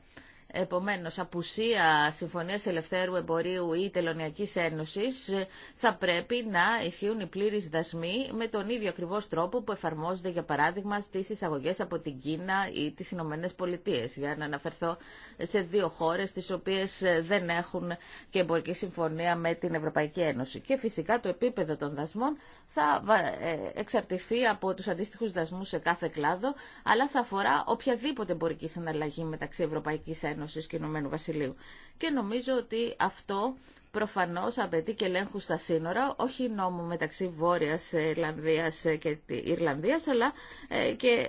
Επομένως, απουσία Συμφωνίας Ελευθέρου Εμπορίου ή Τελωνιακής Ένωσης θα πρέπει να ισχύουν οι πλήρεις δασμοί με τον ίδιο ακριβώς τρόπο που εφαρμόζονται, για παράδειγμα, στις εισαγωγές από την Κίνα ή τις Ηνωμένε Πολιτείε. Για να αναφερθώ σε δύο χώρες τις οποίες δεν έχουν και εμπορική συμφωνία με την Ευρωπαϊκή Ένωση. Και φυσικά το επίπεδο των δασμών θα ε, εξαρτηθεί από τους αντίστοιχους δασμούς σε κάθε κλάδο, αλλά θα αφορά οποιαδήποτε εμπορική συναλλαγή μεταξύ Ευρωπαϊκής Ένωσης Ένωσης και Βασιλείου. Και νομίζω ότι αυτό προφανώς απαιτεί και ελέγχου στα σύνορα, όχι νόμου μεταξύ Βόρειας Ιρλανδίας και Ιρλανδίας, αλλά ε, και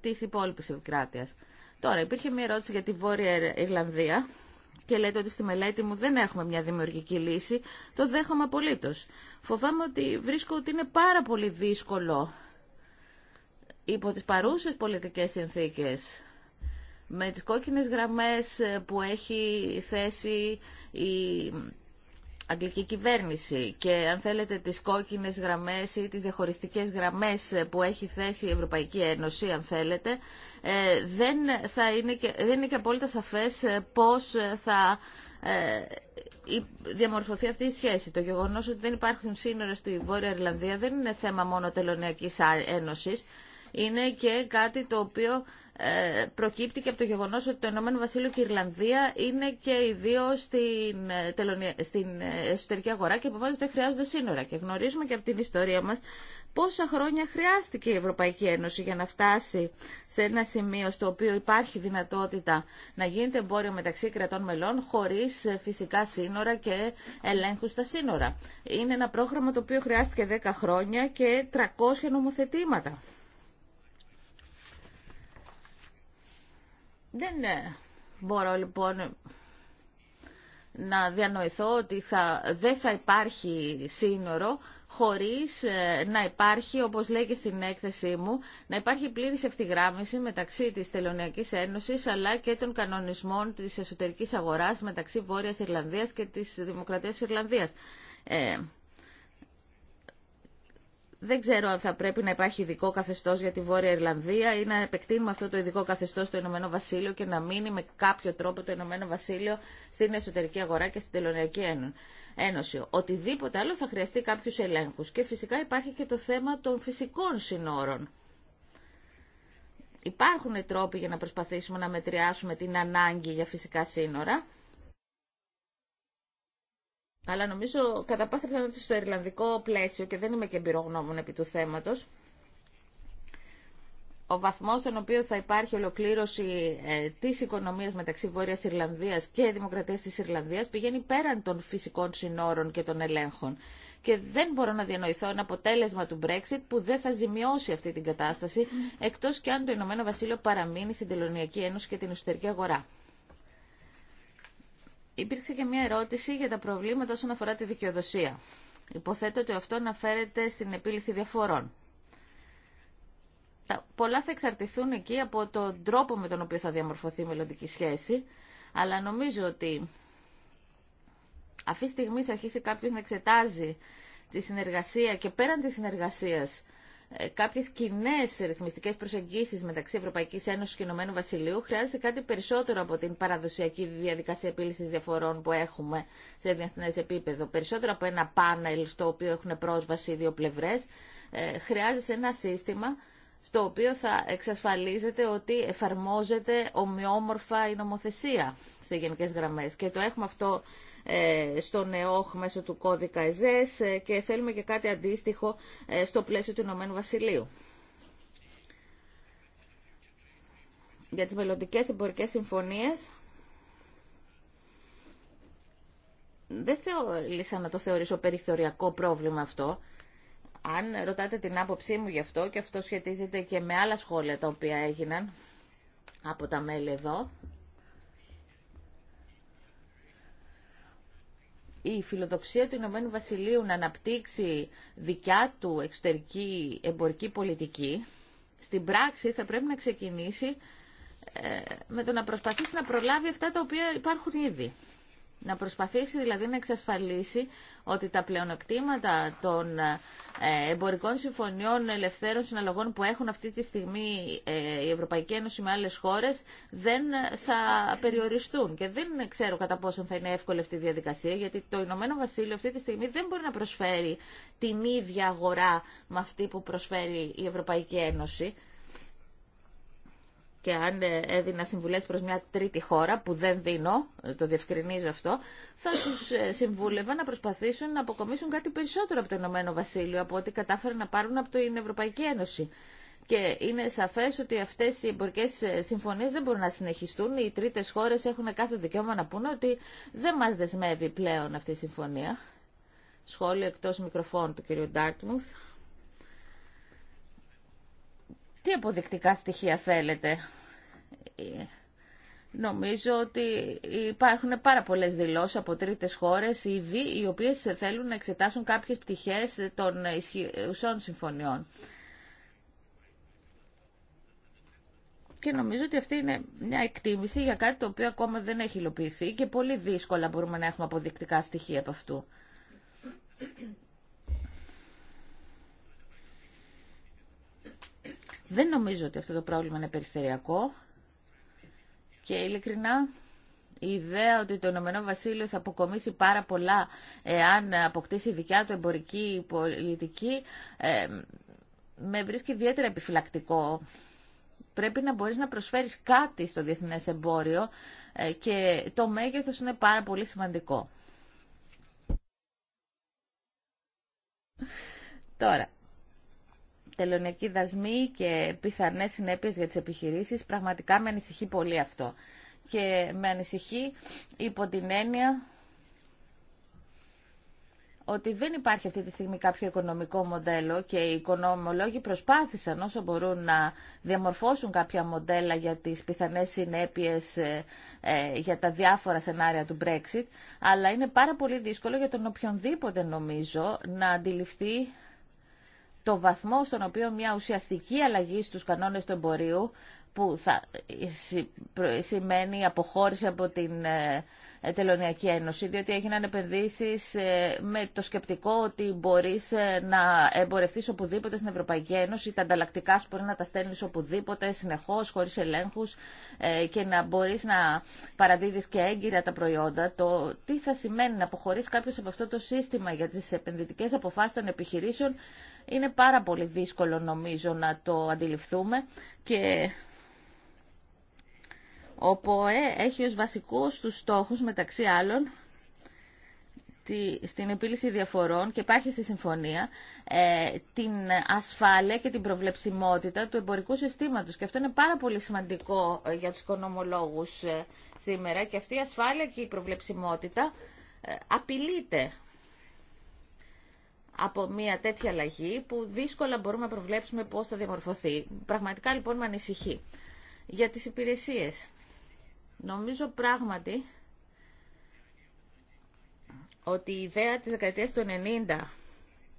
της υπόλοιπης επικράτειας. Τώρα, υπήρχε μια ερώτηση για τη Βόρεια Ιρλανδία και λέτε ότι στη μελέτη μου δεν έχουμε μια δημιουργική λύση. Το δέχομαι απολύτω. Φοβάμαι ότι βρίσκω ότι είναι πάρα πολύ δύσκολο υπό τις παρούσες πολιτικές συνθήκες με τις κόκκινες γραμμές ε, που έχει θέσει η αγγλική κυβέρνηση και αν θέλετε τις κόκκινες γραμμές ή τις διαχωριστικές γραμμές ε, που έχει θέσει η Ευρωπαϊκή Ένωση αν θέλετε ε, δεν, θα είναι και, δεν είναι και απόλυτα σαφές πώς θα διαμορφωθεί αυτή η σχέση. Το γεγονός ότι δεν υπάρχουν σύνορα στη Βόρεια Ιρλανδία δεν είναι θέμα μόνο τελωνιακής ένωσης, είναι και κάτι το οποίο ε, προκύπτει και από το γεγονό ότι το Ηνωμένο Βασίλειο και η Ιρλανδία είναι και οι στην, ε, στην ε, εσωτερική αγορά και επομένω δεν χρειάζονται σύνορα. Και γνωρίζουμε και από την ιστορία μα πόσα χρόνια χρειάστηκε η Ευρωπαϊκή Ένωση για να φτάσει σε ένα σημείο στο οποίο υπάρχει δυνατότητα να γίνεται εμπόριο μεταξύ κρατών μελών χωρί φυσικά σύνορα και ελέγχου στα σύνορα. Είναι ένα πρόγραμμα το οποίο χρειάστηκε 10 χρόνια και 300 νομοθετήματα. Δεν ναι. μπορώ λοιπόν να διανοηθώ ότι θα, δεν θα υπάρχει σύνορο χωρίς ε, να υπάρχει, όπως λέει και στην έκθεσή μου, να υπάρχει πλήρης ευθυγράμμιση μεταξύ της Τελωνιακής Ένωσης αλλά και των κανονισμών της εσωτερικής αγοράς μεταξύ Βόρειας Ιρλανδίας και της Δημοκρατίας Ιρλανδίας. Ε, δεν ξέρω αν θα πρέπει να υπάρχει ειδικό καθεστώ για τη Βόρεια Ιρλανδία ή να επεκτείνουμε αυτό το ειδικό καθεστώ στο Ηνωμένο Βασίλειο και να μείνει με κάποιο τρόπο το Ηνωμένο Βασίλειο στην εσωτερική αγορά και στην Τελωνιακή Ένωση. Οτιδήποτε άλλο θα χρειαστεί κάποιου ελέγχου. Και φυσικά υπάρχει και το θέμα των φυσικών συνόρων. Υπάρχουν τρόποι για να προσπαθήσουμε να μετριάσουμε την ανάγκη για φυσικά σύνορα αλλά νομίζω κατά πάσα πιθανότητα στο Ιρλανδικό πλαίσιο και δεν είμαι και εμπειρογνώμων επί του θέματος ο βαθμός στον οποίο θα υπάρχει ολοκλήρωση ε, της οικονομίας μεταξύ Βόρειας Ιρλανδίας και Δημοκρατίας της Ιρλανδίας πηγαίνει πέραν των φυσικών συνόρων και των ελέγχων. Και δεν μπορώ να διανοηθώ ένα αποτέλεσμα του Brexit που δεν θα ζημιώσει αυτή την κατάσταση, εκτός και αν το Ηνωμένο Βασίλειο παραμείνει στην Τελωνιακή Ένωση και την εσωτερική αγορά. Υπήρξε και μια ερώτηση για τα προβλήματα όσον αφορά τη δικαιοδοσία. Υποθέτω ότι αυτό αναφέρεται στην επίλυση διαφορών. Πολλά θα εξαρτηθούν εκεί από τον τρόπο με τον οποίο θα διαμορφωθεί η μελλοντική σχέση, αλλά νομίζω ότι αυτή τη στιγμή θα αρχίσει κάποιος να εξετάζει τη συνεργασία και πέραν της συνεργασίας ε, κάποιες κοινέ ρυθμιστικές προσεγγίσεις μεταξύ Ευρωπαϊκής Ένωσης και Ηνωμένου Βασιλείου χρειάζεται κάτι περισσότερο από την παραδοσιακή διαδικασία επίλυσης διαφορών που έχουμε σε διεθνές επίπεδο. Περισσότερο από ένα πάνελ στο οποίο έχουν πρόσβαση οι δύο πλευρές. Ε, χρειάζεται ένα σύστημα στο οποίο θα εξασφαλίζεται ότι εφαρμόζεται ομοιόμορφα η νομοθεσία σε γενικές γραμμές. Και το έχουμε αυτό ε, στον ΕΟΧ μέσω του κώδικα ΕΖΕΣ ε, και θέλουμε και κάτι αντίστοιχο ε, στο πλαίσιο του Ηνωμένου Βασιλείου. Για τις μελλοντικές εμπορικές συμφωνίες, δεν θεώρησα να το θεωρήσω περιθωριακό πρόβλημα αυτό. Αν ρωτάτε την άποψή μου γι' αυτό, και αυτό σχετίζεται και με άλλα σχόλια τα οποία έγιναν από τα μέλη εδώ, η φιλοδοξία του Ηνωμένου Βασιλείου να αναπτύξει δικιά του εξωτερική εμπορική πολιτική, στην πράξη θα πρέπει να ξεκινήσει ε, με το να προσπαθήσει να προλάβει αυτά τα οποία υπάρχουν ήδη. Να προσπαθήσει δηλαδή να εξασφαλίσει ότι τα πλεονεκτήματα των ε, εμπορικών συμφωνιών ελευθέρων συναλλαγών που έχουν αυτή τη στιγμή ε, η Ευρωπαϊκή Ένωση με άλλες χώρες δεν θα περιοριστούν. Και δεν ξέρω κατά πόσο θα είναι εύκολη αυτή η διαδικασία, γιατί το Ηνωμένο Βασίλειο αυτή τη στιγμή δεν μπορεί να προσφέρει την ίδια αγορά με αυτή που προσφέρει η Ευρωπαϊκή Ένωση και αν ε, έδινα συμβουλές προς μια τρίτη χώρα που δεν δίνω, ε, το διευκρινίζω αυτό, θα τους ε, συμβούλευα να προσπαθήσουν να αποκομίσουν κάτι περισσότερο από το Ηνωμένο Βασίλειο από ό,τι κατάφεραν να πάρουν από την Ευρωπαϊκή Ένωση. Και είναι σαφέ ότι αυτέ οι εμπορικέ συμφωνίε δεν μπορούν να συνεχιστούν. Οι τρίτε χώρε έχουν κάθε δικαίωμα να πούνε ότι δεν μα δεσμεύει πλέον αυτή η συμφωνία. Σχόλιο εκτό μικροφώνου του κ. Ντάρτμουθ. Τι αποδεικτικά στοιχεία θέλετε. Ε, νομίζω ότι υπάρχουν πάρα πολλές δηλώσεις από τρίτες χώρες ήδη, οι οποίες θέλουν να εξετάσουν κάποιες πτυχές των ισχυρών συμφωνιών. Και νομίζω ότι αυτή είναι μια εκτίμηση για κάτι το οποίο ακόμα δεν έχει υλοποιηθεί και πολύ δύσκολα μπορούμε να έχουμε αποδεικτικά στοιχεία από αυτού. Δεν νομίζω ότι αυτό το πρόβλημα είναι περιφερειακό και ειλικρινά η ιδέα ότι το Ηνωμένο Βασίλειο θα αποκομίσει πάρα πολλά εάν αποκτήσει δικιά του εμπορική πολιτική ε, με βρίσκει ιδιαίτερα επιφυλακτικό. Πρέπει να μπορείς να προσφέρεις κάτι στο διεθνές εμπόριο ε, και το μέγεθος είναι πάρα πολύ σημαντικό. Τώρα, τελωνιακοί δασμοί και πιθανές συνέπειε για τις επιχειρήσεις. Πραγματικά με ανησυχεί πολύ αυτό. Και με ανησυχεί υπό την έννοια ότι δεν υπάρχει αυτή τη στιγμή κάποιο οικονομικό μοντέλο και οι οικονομολόγοι προσπάθησαν όσο μπορούν να διαμορφώσουν κάποια μοντέλα για τις πιθανές συνέπειες ε, ε, για τα διάφορα σενάρια του Brexit, αλλά είναι πάρα πολύ δύσκολο για τον οποιονδήποτε νομίζω να αντιληφθεί το βαθμό στον οποίο μια ουσιαστική αλλαγή στους κανόνες του εμπορίου που θα σημαίνει αποχώρηση από την ε, Τελωνιακή Ένωση, διότι έγιναν επενδύσει ε, με το σκεπτικό ότι μπορεί ε, να εμπορευτεί οπουδήποτε στην Ευρωπαϊκή Ένωση, τα ανταλλακτικά σου μπορεί να τα στέλνει οπουδήποτε, συνεχώ, χωρί ελέγχου ε, και να μπορεί να παραδίδει και έγκυρα τα προϊόντα. Το τι θα σημαίνει να αποχωρεί κάποιο από αυτό το σύστημα για τι επενδυτικέ αποφάσει των επιχειρήσεων είναι πάρα πολύ δύσκολο νομίζω να το αντιληφθούμε και ο ΠΟΕ έχει ως βασικούς τους στόχους μεταξύ άλλων στην επίλυση διαφορών και υπάρχει στη συμφωνία ε, την ασφάλεια και την προβλεψιμότητα του εμπορικού συστήματος. Και αυτό είναι πάρα πολύ σημαντικό ε, για τους οικονομολόγους ε, σήμερα και αυτή η ασφάλεια και η προβλεψιμότητα απειλείται από μια τέτοια αλλαγή που δύσκολα μπορούμε να προβλέψουμε πώς θα διαμορφωθεί. Πραγματικά λοιπόν με ανησυχεί. Για τις υπηρεσίες. Νομίζω πράγματι ότι η ιδέα της δεκαετίας του 90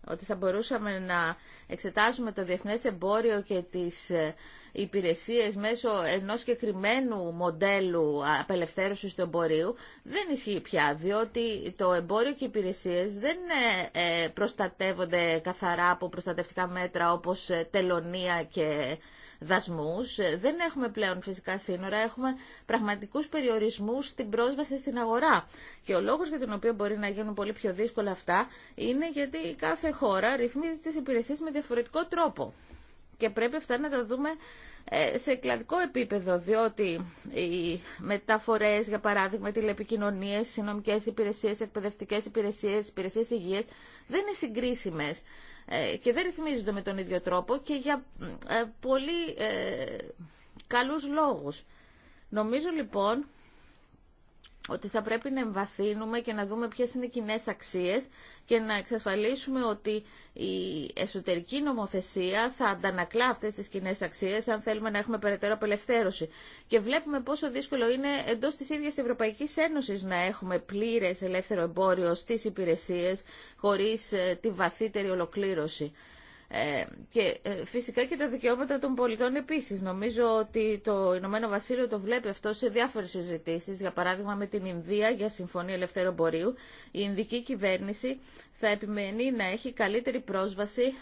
ότι θα μπορούσαμε να εξετάσουμε το διεθνές εμπόριο και τις ε, υπηρεσίες μέσω ενός συγκεκριμένου μοντέλου απελευθέρωσης του εμπορίου δεν ισχύει πια, διότι το εμπόριο και οι υπηρεσίες δεν ε, ε, προστατεύονται καθαρά από προστατευτικά μέτρα όπως τελωνία και δασμούς, ε, δεν έχουμε πλέον φυσικά σύνορα, έχουμε πραγματικούς περιορισμούς στην πρόσβαση στην αγορά. Και ο λόγος για τον οποίο μπορεί να γίνουν πολύ πιο δύσκολα αυτά είναι γιατί κάθε χώρα ρυθμίζει τις υπηρεσίες με διαφορετικό τρόπο. Και πρέπει αυτά να τα δούμε ε, σε κλαδικό επίπεδο, διότι οι μεταφορές, για παράδειγμα, τηλεπικοινωνίες, υπηρεσίε, υπηρεσίες, εκπαιδευτικές υπηρεσίες, υπηρεσίες υγείας, δεν είναι συγκρίσιμες. Ε, και δεν ρυθμίζονται με τον ίδιο τρόπο και για ε, πολύ ε, καλούς λόγους. Νομίζω λοιπόν ότι θα πρέπει να εμβαθύνουμε και να δούμε ποιες είναι οι κοινέ αξίες και να εξασφαλίσουμε ότι η εσωτερική νομοθεσία θα αντανακλά αυτές τις κοινέ αξίες αν θέλουμε να έχουμε περαιτέρω απελευθέρωση. Και βλέπουμε πόσο δύσκολο είναι εντός της ίδιας Ευρωπαϊκής Ένωσης να έχουμε πλήρες ελεύθερο εμπόριο στις υπηρεσίες χωρίς ε, τη βαθύτερη ολοκλήρωση. Ε, και ε, φυσικά και τα δικαιώματα των πολιτών επίσης. Νομίζω ότι το Ηνωμένο Βασίλειο το βλέπει αυτό σε διάφορες συζητήσεις, για παράδειγμα με την Ινδία για Συμφωνία Ελευθέρω Μπορείου. Η Ινδική κυβέρνηση θα επιμένει να έχει καλύτερη πρόσβαση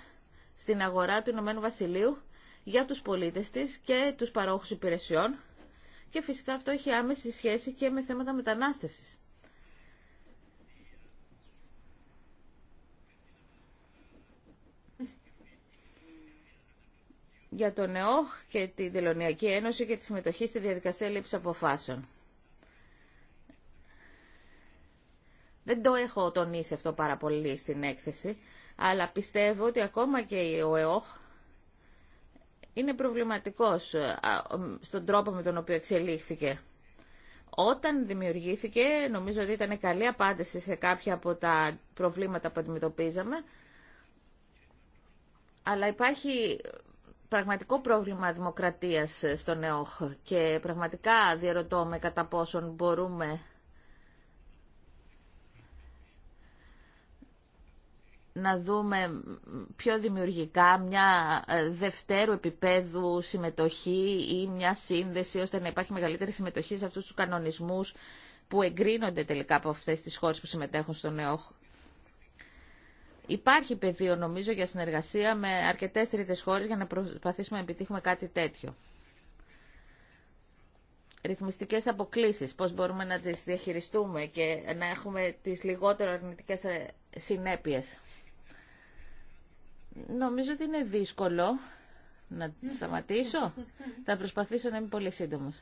στην αγορά του Ηνωμένου Βασιλείου για τους πολίτες της και τους παρόχους υπηρεσιών και φυσικά αυτό έχει άμεση σχέση και με θέματα μετανάστευσης. για τον ΕΟΧ και τη Δηλωνιακή Ένωση και τη συμμετοχή στη διαδικασία λήψη αποφάσεων. Δεν το έχω τονίσει αυτό πάρα πολύ στην έκθεση, αλλά πιστεύω ότι ακόμα και ο ΕΟΧ είναι προβληματικός ε, στον τρόπο με τον οποίο εξελίχθηκε. Όταν δημιουργήθηκε, νομίζω ότι ήταν καλή απάντηση σε κάποια από τα προβλήματα που αντιμετωπίζαμε, αλλά υπάρχει πραγματικό πρόβλημα δημοκρατίας ε, στον ΕΟΧ και πραγματικά διαρωτώ με κατά πόσον μπορούμε να δούμε πιο δημιουργικά μια ε, δευτέρου επίπεδου συμμετοχή ή μια σύνδεση ώστε να υπάρχει μεγαλύτερη συμμετοχή σε αυτούς τους κανονισμούς που εγκρίνονται τελικά από αυτές τις χώρες που συμμετέχουν στον ΕΟΧ. Υπάρχει πεδίο νομίζω για συνεργασία με αρκετές τρίτες χώρες για να προσπαθήσουμε να επιτύχουμε κάτι τέτοιο. Ρυθμιστικές αποκλήσεις, πώς μπορούμε να τις διαχειριστούμε και να έχουμε τις λιγότερο αρνητικές ε, συνέπειες. Νομίζω ότι είναι δύσκολο να σταματήσω. Θα προσπαθήσω να είμαι πολύ σύντομος.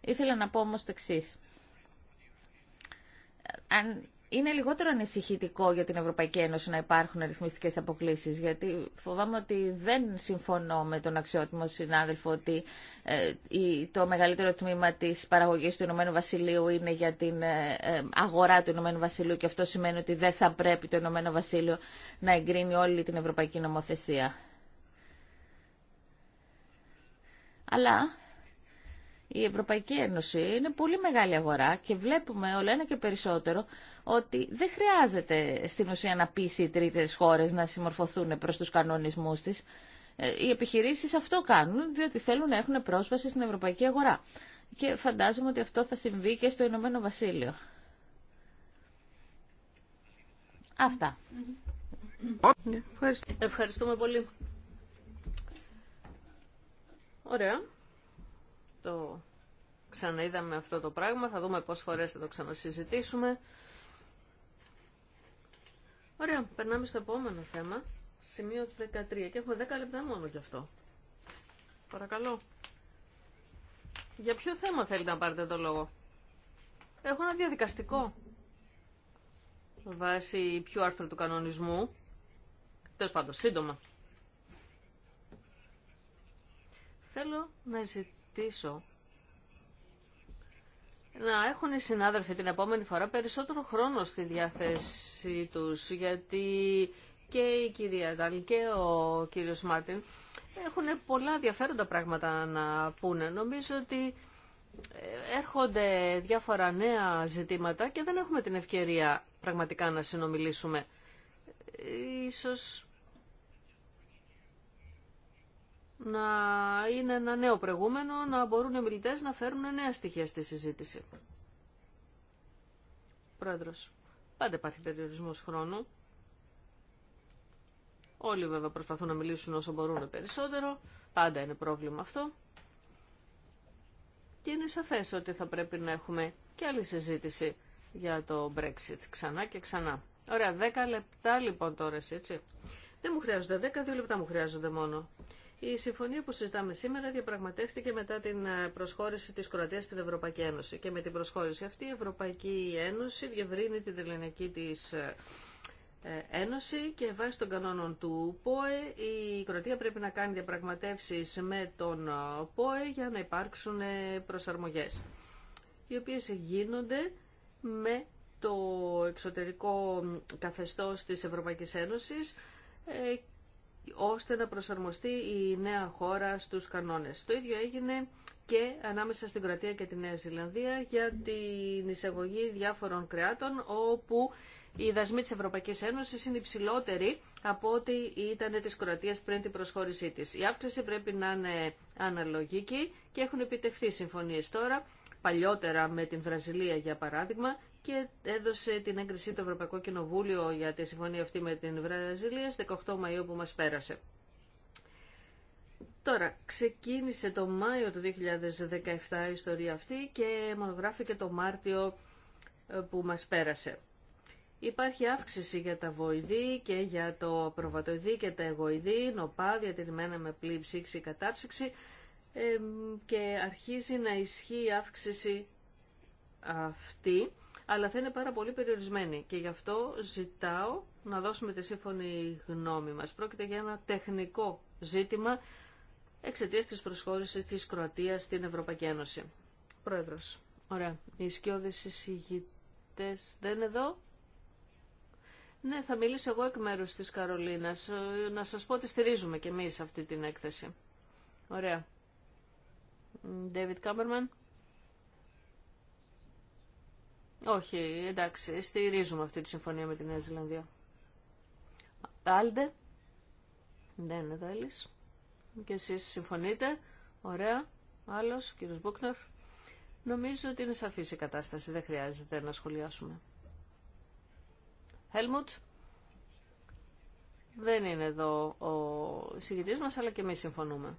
Ήθελα να πω όμως το εξή. Αν είναι λιγότερο ανησυχητικό για την Ευρωπαϊκή Ένωση να υπάρχουν αριθμιστικέ αποκλήσει. γιατί φοβάμαι ότι δεν συμφωνώ με τον αξιότιμο συνάδελφο ότι ε, το μεγαλύτερο τμήμα της παραγωγής του Ηνωμένου Βασιλείου είναι για την ε, ε, αγορά του Ηνωμένου Βασιλείου και αυτό σημαίνει ότι δεν θα πρέπει το Ηνωμένο Βασίλειο να εγκρίνει όλη την Ευρωπαϊκή Νομοθεσία. Αλλά η Ευρωπαϊκή Ένωση είναι πολύ μεγάλη αγορά και βλέπουμε όλο ένα και περισσότερο ότι δεν χρειάζεται στην ουσία να πείσει οι τρίτες χώρες να συμμορφωθούν προς τους κανονισμούς της. Ε, οι επιχειρήσεις αυτό κάνουν διότι θέλουν να έχουν πρόσβαση στην ευρωπαϊκή αγορά. Και φαντάζομαι ότι αυτό θα συμβεί και στο Ηνωμένο Βασίλειο. Αυτά. Ευχαριστούμε πολύ. Ωραία. Το ξαναείδαμε αυτό το πράγμα, θα δούμε πόσες φορές θα το ξανασυζητήσουμε. Ωραία, περνάμε στο επόμενο θέμα, σημείο 13 και έχουμε 10 λεπτά μόνο γι' αυτό. Παρακαλώ. Για ποιο θέμα θέλετε να πάρετε το λόγο. Έχω ένα διαδικαστικό. Βάσει ποιο άρθρο του κανονισμού. Τέλο πάντων, σύντομα. Θέλω να ζητήσω να έχουν οι συνάδελφοι την επόμενη φορά περισσότερο χρόνο στη διάθεσή τους, γιατί και η κυρία Ντάλ και ο κύριος Μάρτιν έχουν πολλά ενδιαφέροντα πράγματα να πούνε. Νομίζω ότι ε, έρχονται διάφορα νέα ζητήματα και δεν έχουμε την ευκαιρία πραγματικά να συνομιλήσουμε. Ε, ίσως να είναι ένα νέο προηγούμενο, να μπορούν οι μιλητές να φέρουν νέα στοιχεία στη συζήτηση. Πρόεδρος, πάντα υπάρχει περιορισμός χρόνου. Όλοι βέβαια προσπαθούν να μιλήσουν όσο μπορούν περισσότερο. Πάντα είναι πρόβλημα αυτό. Και είναι σαφές ότι θα πρέπει να έχουμε και άλλη συζήτηση για το Brexit ξανά και ξανά. Ωραία, 10 λεπτά λοιπόν τώρα έτσι. Δεν μου χρειάζονται 10, 2 λεπτά μου χρειάζονται μόνο. Η συμφωνία που συζητάμε σήμερα διαπραγματεύτηκε μετά την ε, προσχώρηση της Κροατίας στην Ευρωπαϊκή Ένωση. Και με την προσχώρηση αυτή η Ευρωπαϊκή Ένωση διευρύνει την ελληνική της ε, ε, Ένωση και βάσει των κανόνων του ΠΟΕ η Κροατία πρέπει να κάνει διαπραγματεύσεις με τον ΠΟΕ για να υπάρξουν προσαρμογές οι οποίες γίνονται με το εξωτερικό καθεστώς της Ευρωπαϊκής Ένωσης ώστε να προσαρμοστεί η νέα χώρα στους κανόνες. Το ίδιο έγινε και ανάμεσα στην Κροατία και τη Νέα Ζηλανδία για την εισαγωγή διάφορων κρεάτων όπου οι δασμοί της Ευρωπαϊκής Ένωσης είναι υψηλότεροι από ό,τι ήταν της Κροατίας πριν την προσχώρησή της. Η αύξηση πρέπει να είναι αναλογική και έχουν επιτευχθεί συμφωνίες τώρα, παλιότερα με την Βραζιλία για παράδειγμα και έδωσε την έγκρισή του Ευρωπαϊκό Κοινοβούλιο για τη συμφωνία αυτή με την Βραζιλία στις 18 Μαΐου που μας πέρασε. Τώρα, ξεκίνησε το Μάιο του 2017 η ιστορία αυτή και μονογράφηκε το Μάρτιο ε, που μας πέρασε. Υπάρχει αύξηση για τα βοηδή και για το προβατοειδή και τα εγωειδή, νοπά, διατηρημένα με πλήψή ψήξη κατάψυξη και αρχίζει να ισχύει η αύξηση αυτή, αλλά θα είναι πάρα πολύ περιορισμένη και γι' αυτό ζητάω να δώσουμε τη σύμφωνη γνώμη μας. Πρόκειται για ένα τεχνικό ζήτημα εξαιτία της προσχώρησης της Κροατίας στην Ευρωπαϊκή Ένωση. Πρόεδρος. Ωραία. Οι σκιώδες εισηγητές δεν είναι εδώ. Ναι, θα μιλήσω εγώ εκ μέρους της Καρολίνας. Ε, να σας πω ότι στηρίζουμε και εμείς αυτή την έκθεση. Ωραία. David Κάμπερμαν. Όχι, εντάξει, στηρίζουμε αυτή τη συμφωνία με τη Νέα Ζηλανδία. Άλντε. Δεν θέλει. Και εσεί συμφωνείτε. Ωραία. Άλλος, ο κύριος Μπούκνερ. Νομίζω ότι είναι σαφή η κατάσταση. Δεν χρειάζεται να σχολιάσουμε. Χέλμουτ. Δεν είναι εδώ ο συγκητής μα αλλά και εμεί συμφωνούμε.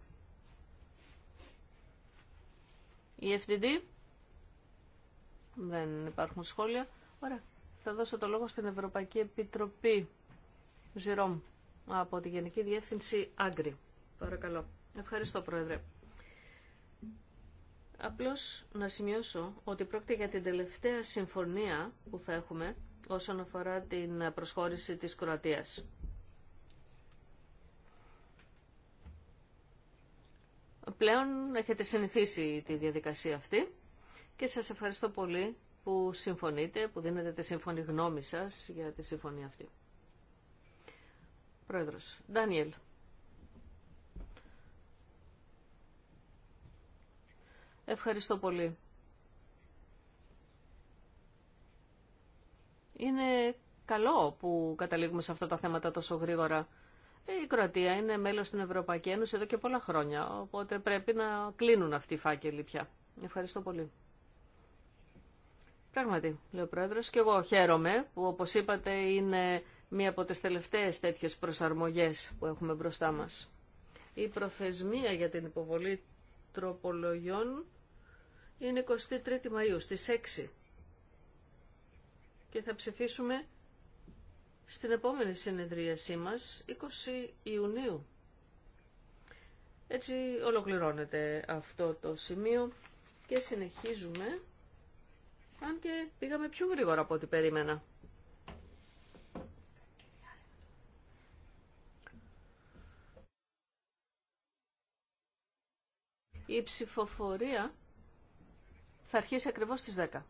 Η FDD. Δεν υπάρχουν σχόλια. Ωραία. Θα δώσω το λόγο στην Ευρωπαϊκή Επιτροπή Ζηρόμ από τη Γενική Διεύθυνση Άγκρη. Παρακαλώ. Ευχαριστώ, Πρόεδρε. Απλώς να σημειώσω ότι πρόκειται για την τελευταία συμφωνία που θα έχουμε όσον αφορά την προσχώρηση της Κροατίας. Πλέον έχετε συνηθίσει τη διαδικασία αυτή και σας ευχαριστώ πολύ που συμφωνείτε, που δίνετε τη σύμφωνη γνώμη σας για τη συμφωνία αυτή. Πρόεδρος, Ντάνιελ. Ευχαριστώ πολύ. Είναι καλό που καταλήγουμε σε αυτά τα θέματα τόσο γρήγορα. Η Κροατία είναι μέλος στην Ευρωπαϊκή Ένωση εδώ και πολλά χρόνια, οπότε πρέπει να κλείνουν αυτοί οι φάκελοι πια. Ευχαριστώ πολύ. Πράγματι, λέει ο Πρόεδρος, και εγώ χαίρομαι που όπως είπατε είναι μία από τι τελευταίε τέτοιε προσαρμογές που έχουμε μπροστά μας. Η προθεσμία για την υποβολή τροπολογιών είναι 23η Μαΐου στις 6 και θα ψηφίσουμε στην επόμενη συνεδρίασή μας 20 Ιουνίου. Έτσι ολοκληρώνεται αυτό το σημείο και συνεχίζουμε αν και πήγαμε πιο γρήγορα από ό,τι περίμενα. Η ψηφοφορία θα αρχίσει ακριβώς στις 10.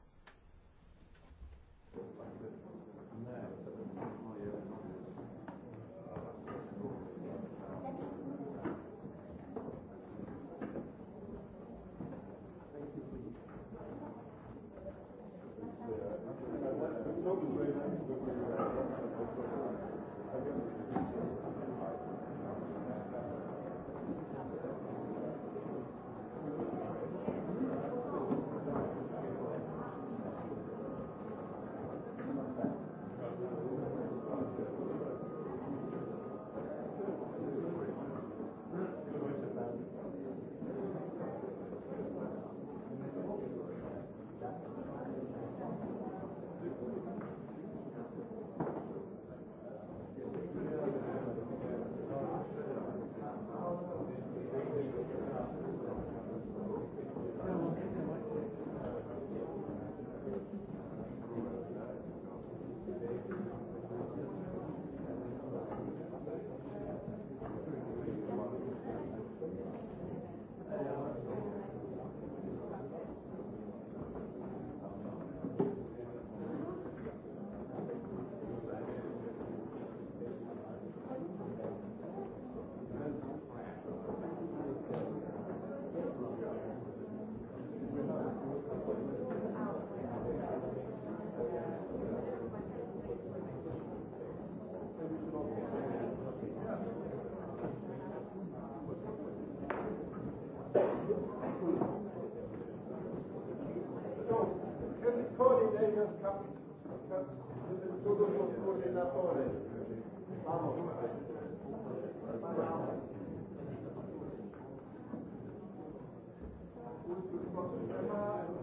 Υπότιτλοι AUTHORWAVE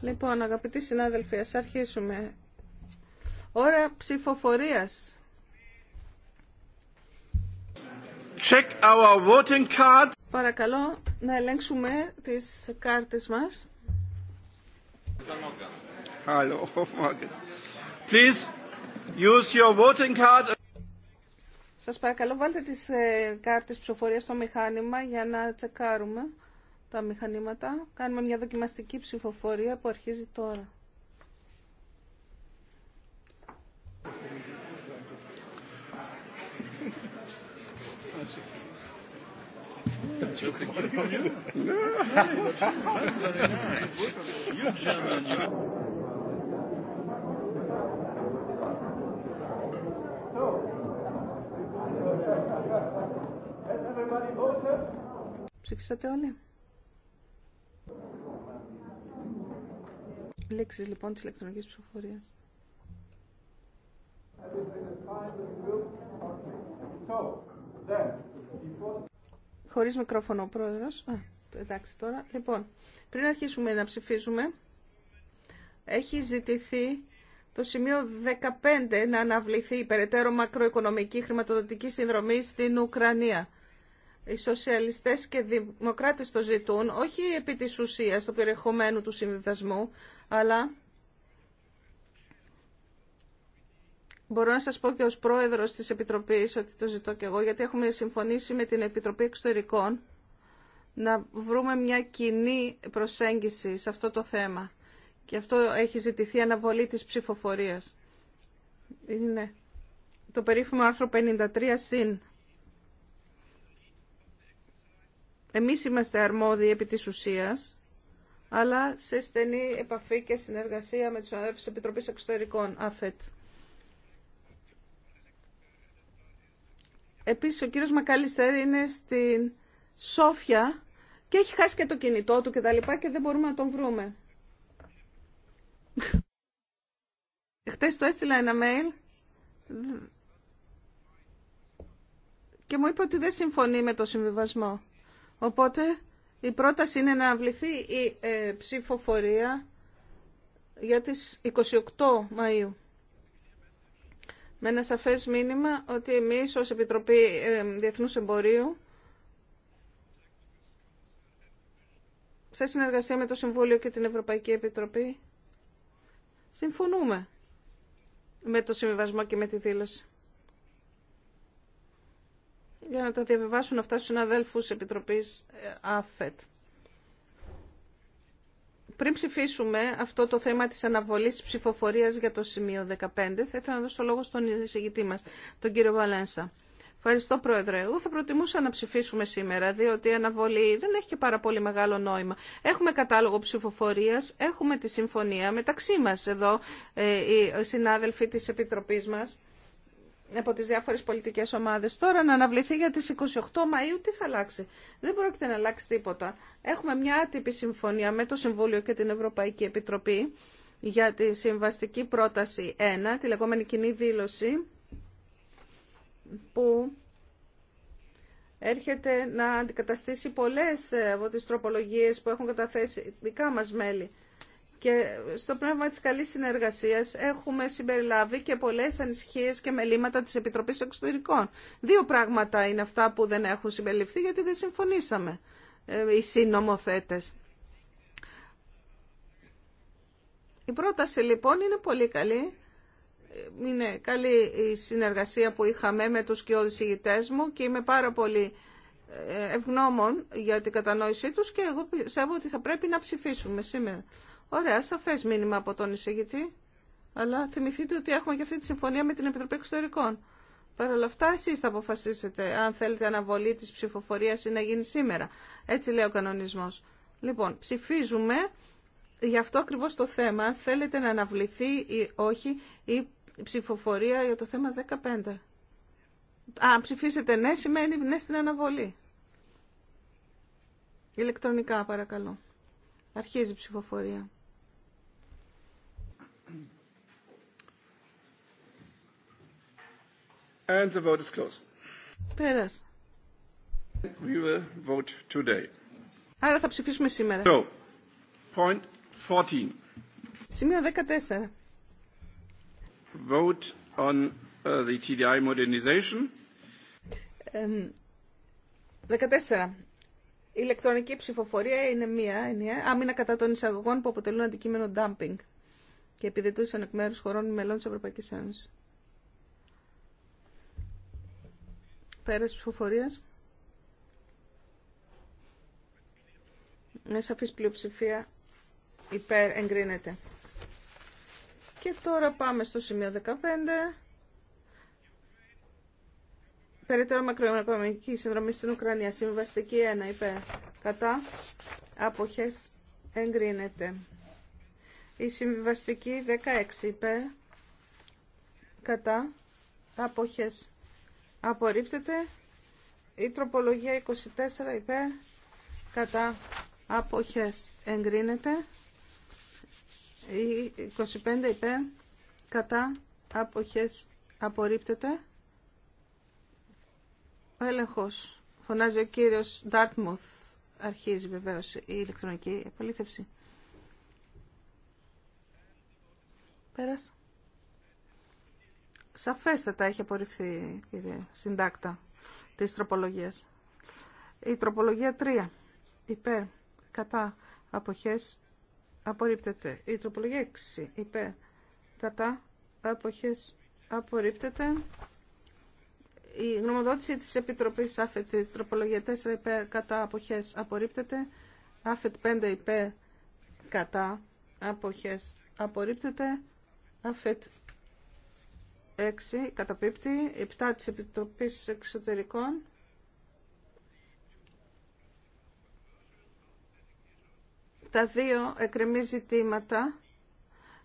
Λοιπόν, αγαπητοί συνάδελφοι, ας αρχίσουμε. Ώρα ψηφοφορίας. Check our voting card. Παρακαλώ να ελέγξουμε τις κάρτες μας. Hello, Please use your voting card. Σας παρακαλώ βάλτε τις ε, κάρτες ψηφοφορίας στο μηχάνημα για να τσεκάρουμε τα μηχανήματα. Κάνουμε μια δοκιμαστική ψηφοφορία που αρχίζει τώρα. Ψηφίσατε όλοι. λοιπόν της ηλεκτρονική ψηφοφορίας. Χωρίς μικρόφωνο ο πρόεδρος. εντάξει τώρα. Λοιπόν, πριν αρχίσουμε να ψηφίζουμε, έχει ζητηθεί το σημείο 15 να αναβληθεί η περαιτέρω μακροοικονομική χρηματοδοτική συνδρομή στην Ουκρανία. Οι σοσιαλιστές και δημοκράτες το ζητούν, όχι επί της ουσίας, του περιεχομένου του συμβιβασμού, αλλά μπορώ να σας πω και ως πρόεδρος της Επιτροπής ότι το ζητώ και εγώ, γιατί έχουμε συμφωνήσει με την Επιτροπή Εξωτερικών να βρούμε μια κοινή προσέγγιση σε αυτό το θέμα. Και αυτό έχει ζητηθεί αναβολή της ψηφοφορίας. Είναι το περίφημο άρθρο 53 συν. Εμείς είμαστε αρμόδιοι επί της ουσίας αλλά σε στενή επαφή και συνεργασία με τους αδέρφους της Επιτροπής Εξωτερικών, ΑΦΕΤ. Επίσης, ο κύριος Μακαλιστέρη είναι στην Σόφια και έχει χάσει και το κινητό του και τα λοιπά και δεν μπορούμε να τον βρούμε. Χτες το έστειλα ένα mail και μου είπε ότι δεν συμφωνεί με το συμβιβασμό. Οπότε η πρόταση είναι να αυληθεί η ε, ψηφοφορία για τις 28 Μαΐου. Με ένα σαφές μήνυμα ότι εμείς ως Επιτροπή ε, Διεθνούς Εμπορίου σε συνεργασία με το Συμβούλιο και την Ευρωπαϊκή Επιτροπή συμφωνούμε με το συμβιβασμό και με τη δήλωση για να τα διαβιβάσουν αυτά στους συναδέλφους Επιτροπής ε, ΑΦΕΤ. Πριν ψηφίσουμε αυτό το θέμα της αναβολής ψηφοφορίας για το σημείο 15, θα ήθελα να δώσω λόγο στον εισηγητή μας, τον κύριο Βαλένσα. Ευχαριστώ, Πρόεδρε. Εγώ θα προτιμούσα να ψηφίσουμε σήμερα, διότι η αναβολή δεν έχει και πάρα πολύ μεγάλο νόημα. Έχουμε κατάλογο ψηφοφορία, έχουμε τη συμφωνία μεταξύ μα εδώ, ε, οι συνάδελφοι τη Επιτροπή μα από τις διάφορες πολιτικές ομάδες τώρα να αναβληθεί για τις 28 Μαΐου τι θα αλλάξει. Δεν πρόκειται να αλλάξει τίποτα. Έχουμε μια άτυπη συμφωνία με το Συμβούλιο και την Ευρωπαϊκή Επιτροπή για τη συμβαστική πρόταση 1, τη λεγόμενη κοινή δήλωση που έρχεται να αντικαταστήσει πολλές ε, από τις τροπολογίες που έχουν καταθέσει δικά μας μέλη. Και στο πνεύμα της καλής συνεργασίας έχουμε συμπεριλάβει και πολλές ανησυχίες και μελήματα της Επιτροπής Εξωτερικών. Δύο πράγματα είναι αυτά που δεν έχουν συμπεριληφθεί γιατί δεν συμφωνήσαμε ε, οι συνομοθέτες. Η πρόταση λοιπόν είναι πολύ καλή. Είναι καλή η συνεργασία που είχαμε με τους και ηγητές μου και είμαι πάρα πολύ ε, ευγνώμων για την κατανόησή τους και εγώ πιστεύω ότι θα πρέπει να ψηφίσουμε σήμερα. Ωραία, σαφέ μήνυμα από τον εισηγητή. Αλλά θυμηθείτε ότι έχουμε και αυτή τη συμφωνία με την Επιτροπή Εξωτερικών. Παρ' όλα αυτά, εσεί θα αποφασίσετε αν θέλετε αναβολή τη ψηφοφορία ή να γίνει σήμερα. Έτσι λέει ο κανονισμό. Λοιπόν, ψηφίζουμε γι' αυτό ακριβώ το θέμα αν θέλετε να αναβληθεί όχι η να γινει σημερα ετσι λεει ο κανονισμο λοιπον ψηφιζουμε γι αυτο ακριβω το θεμα αν θελετε να αναβληθει η οχι η ψηφοφορια για το θέμα 15. Αν ψηφίσετε ναι, σημαίνει ναι στην αναβολή. Ηλεκτρονικά, παρακαλώ. Αρχίζει η ψηφοφορία. Άρα θα ψηφίσουμε σήμερα. So, point 14. Σημείο 14. Vote on uh, the TDI modernization. 14. Η ηλεκτρονική ψηφοφορία είναι μία ενιαία άμυνα κατά των εισαγωγών που αποτελούν αντικείμενο dumping και επιδετούσαν εκ μέρου χωρών μελών τη Ευρωπαϊκή Ένωση. Πέρας ψηφοφορίας. Με σαφής πλειοψηφία υπέρ εγκρίνεται. Και τώρα πάμε στο σημείο 15. Περαιτέρω μακροοικονομική συνδρομή στην Ουκρανία. Συμβαστική 1 υπέρ. Κατά. Αποχές εγκρίνεται. Η συμβιβαστική 16 υπέρ. Κατά. Αποχές απορρίπτεται η τροπολογία 24 υπέρ κατά αποχές εγκρίνεται η 25 υπε. κατά αποχές απορρίπτεται ο έλεγχος φωνάζει ο κύριος Dartmouth αρχίζει βεβαίως η ηλεκτρονική επαλήθευση πέρασε Σαφέστατα έχει απορριφθεί, κύριε συντάκτα, της τροπολογίας. Η τροπολογία 3. Υπέρ. Κατά. Αποχές. Απορρίπτεται. Η τροπολογία 6. Υπέρ. Κατά. Αποχές. Απορρίπτεται. Η γνωμοδότηση της Επιτροπής άφετη τροπολογία 4 υπέρ κατά αποχές απορρίπτεται. Άφετ 5 υπέρ κατά αποχές απορρίπτεται. Άφετ 6 καταπίπτει, 7 της Επιτροπής Εξωτερικών. Τα δύο εκρεμή ζητήματα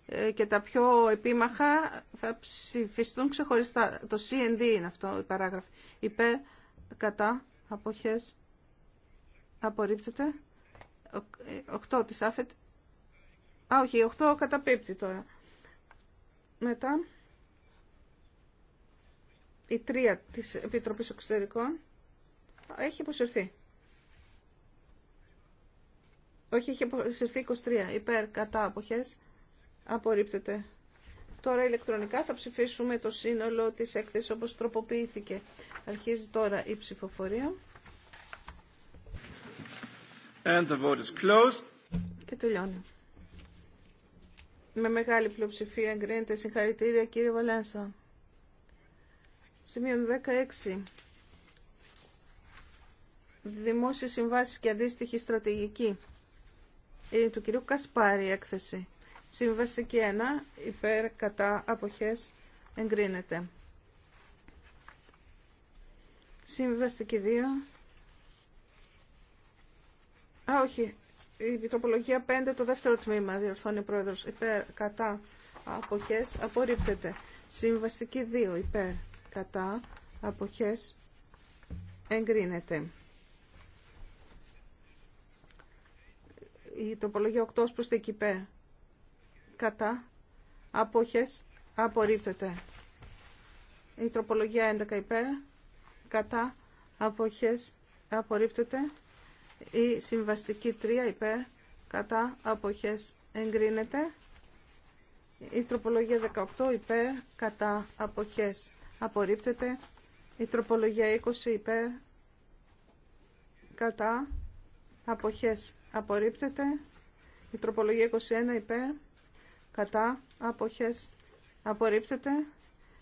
ε, και τα πιο επίμαχα θα ψηφιστούν ξεχωριστά. Το CND είναι αυτό η παράγραφη. Υπέρ, κατά, αποχές, απορρίπτεται. 8 ε, της ΑΦΕΤ. Α, όχι, 8 καταπίπτει τώρα. Μετά η τρία της Επιτροπής Εξωτερικών έχει αποσυρθεί. Όχι, έχει αποσυρθεί 23. Υπέρ, κατά, αποχές. Απορρίπτεται. Τώρα ηλεκτρονικά θα ψηφίσουμε το σύνολο της έκθεσης όπως τροποποιήθηκε. Αρχίζει τώρα η ψηφοφορία. closed. Και τελειώνει. Με μεγάλη πλειοψηφία εγκρίνεται συγχαρητήρια κύριε Βαλένσα. Σημείο 16. Δημόσιες συμβάσεις και αντίστοιχη στρατηγική. Είναι του κυρίου Κασπάρη η έκθεση. Συμβαστική 1. Υπέρ κατά αποχές εγκρίνεται. Συμβαστική 2. Α, όχι. Η επιτροπολογία 5, το δεύτερο τμήμα, διορθώνει ο πρόεδρος. Υπέρ, κατά, αποχές, απορρίπτεται. Συμβαστική 2, υπέρ, κατά αποχές εγκρίνεται. Η τοπολογία 8 προς τα εκεί κατά αποχές απορρίπτεται. Η τροπολογία 11 υπέρ, κατά, αποχές, απορρίπτεται. Η συμβαστική 3 υπέρ, κατά, αποχές, εγκρίνεται. Η τροπολογία 18 υπέρ, κατά, αποχές, απορρίπτεται. Η τροπολογία 20 υπέρ κατά αποχές απορρίπτεται. Η τροπολογία 21 υπέρ κατά αποχές απορρίπτεται.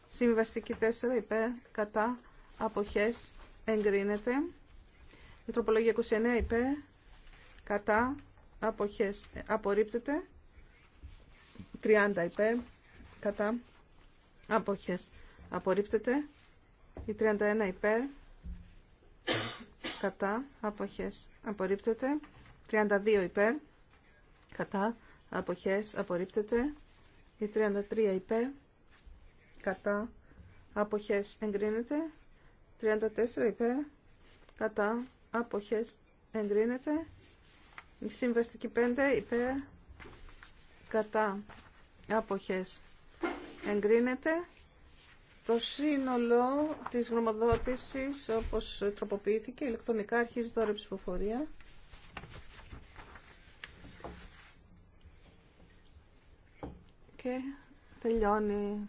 Συμβαστική 4 υπέρ κατά αποχές εγκρίνεται. Η τροπολογία 29 υπέρ κατά αποχές απορρίπτεται. 30 υπέρ κατά αποχές απορρίπτεται. Η 31 υπέρ, κατά, αποχές, απορρίπτεται. 32 υπέρ, κατά, αποχές, απορρίπτεται. Η 33 υπέρ, κατά, αποχές, εγκρίνεται. 34 υπέρ, κατά, αποχές, εγκρίνεται. Η συμβαστική 5 υπέρ, κατά, αποχές, εγκρίνεται. Το σύνολο της γνωμοδότησης, όπως τροποποιήθηκε, ηλεκτρονικά αρχίζει τώρα η ψηφοφορία. Και τελειώνει.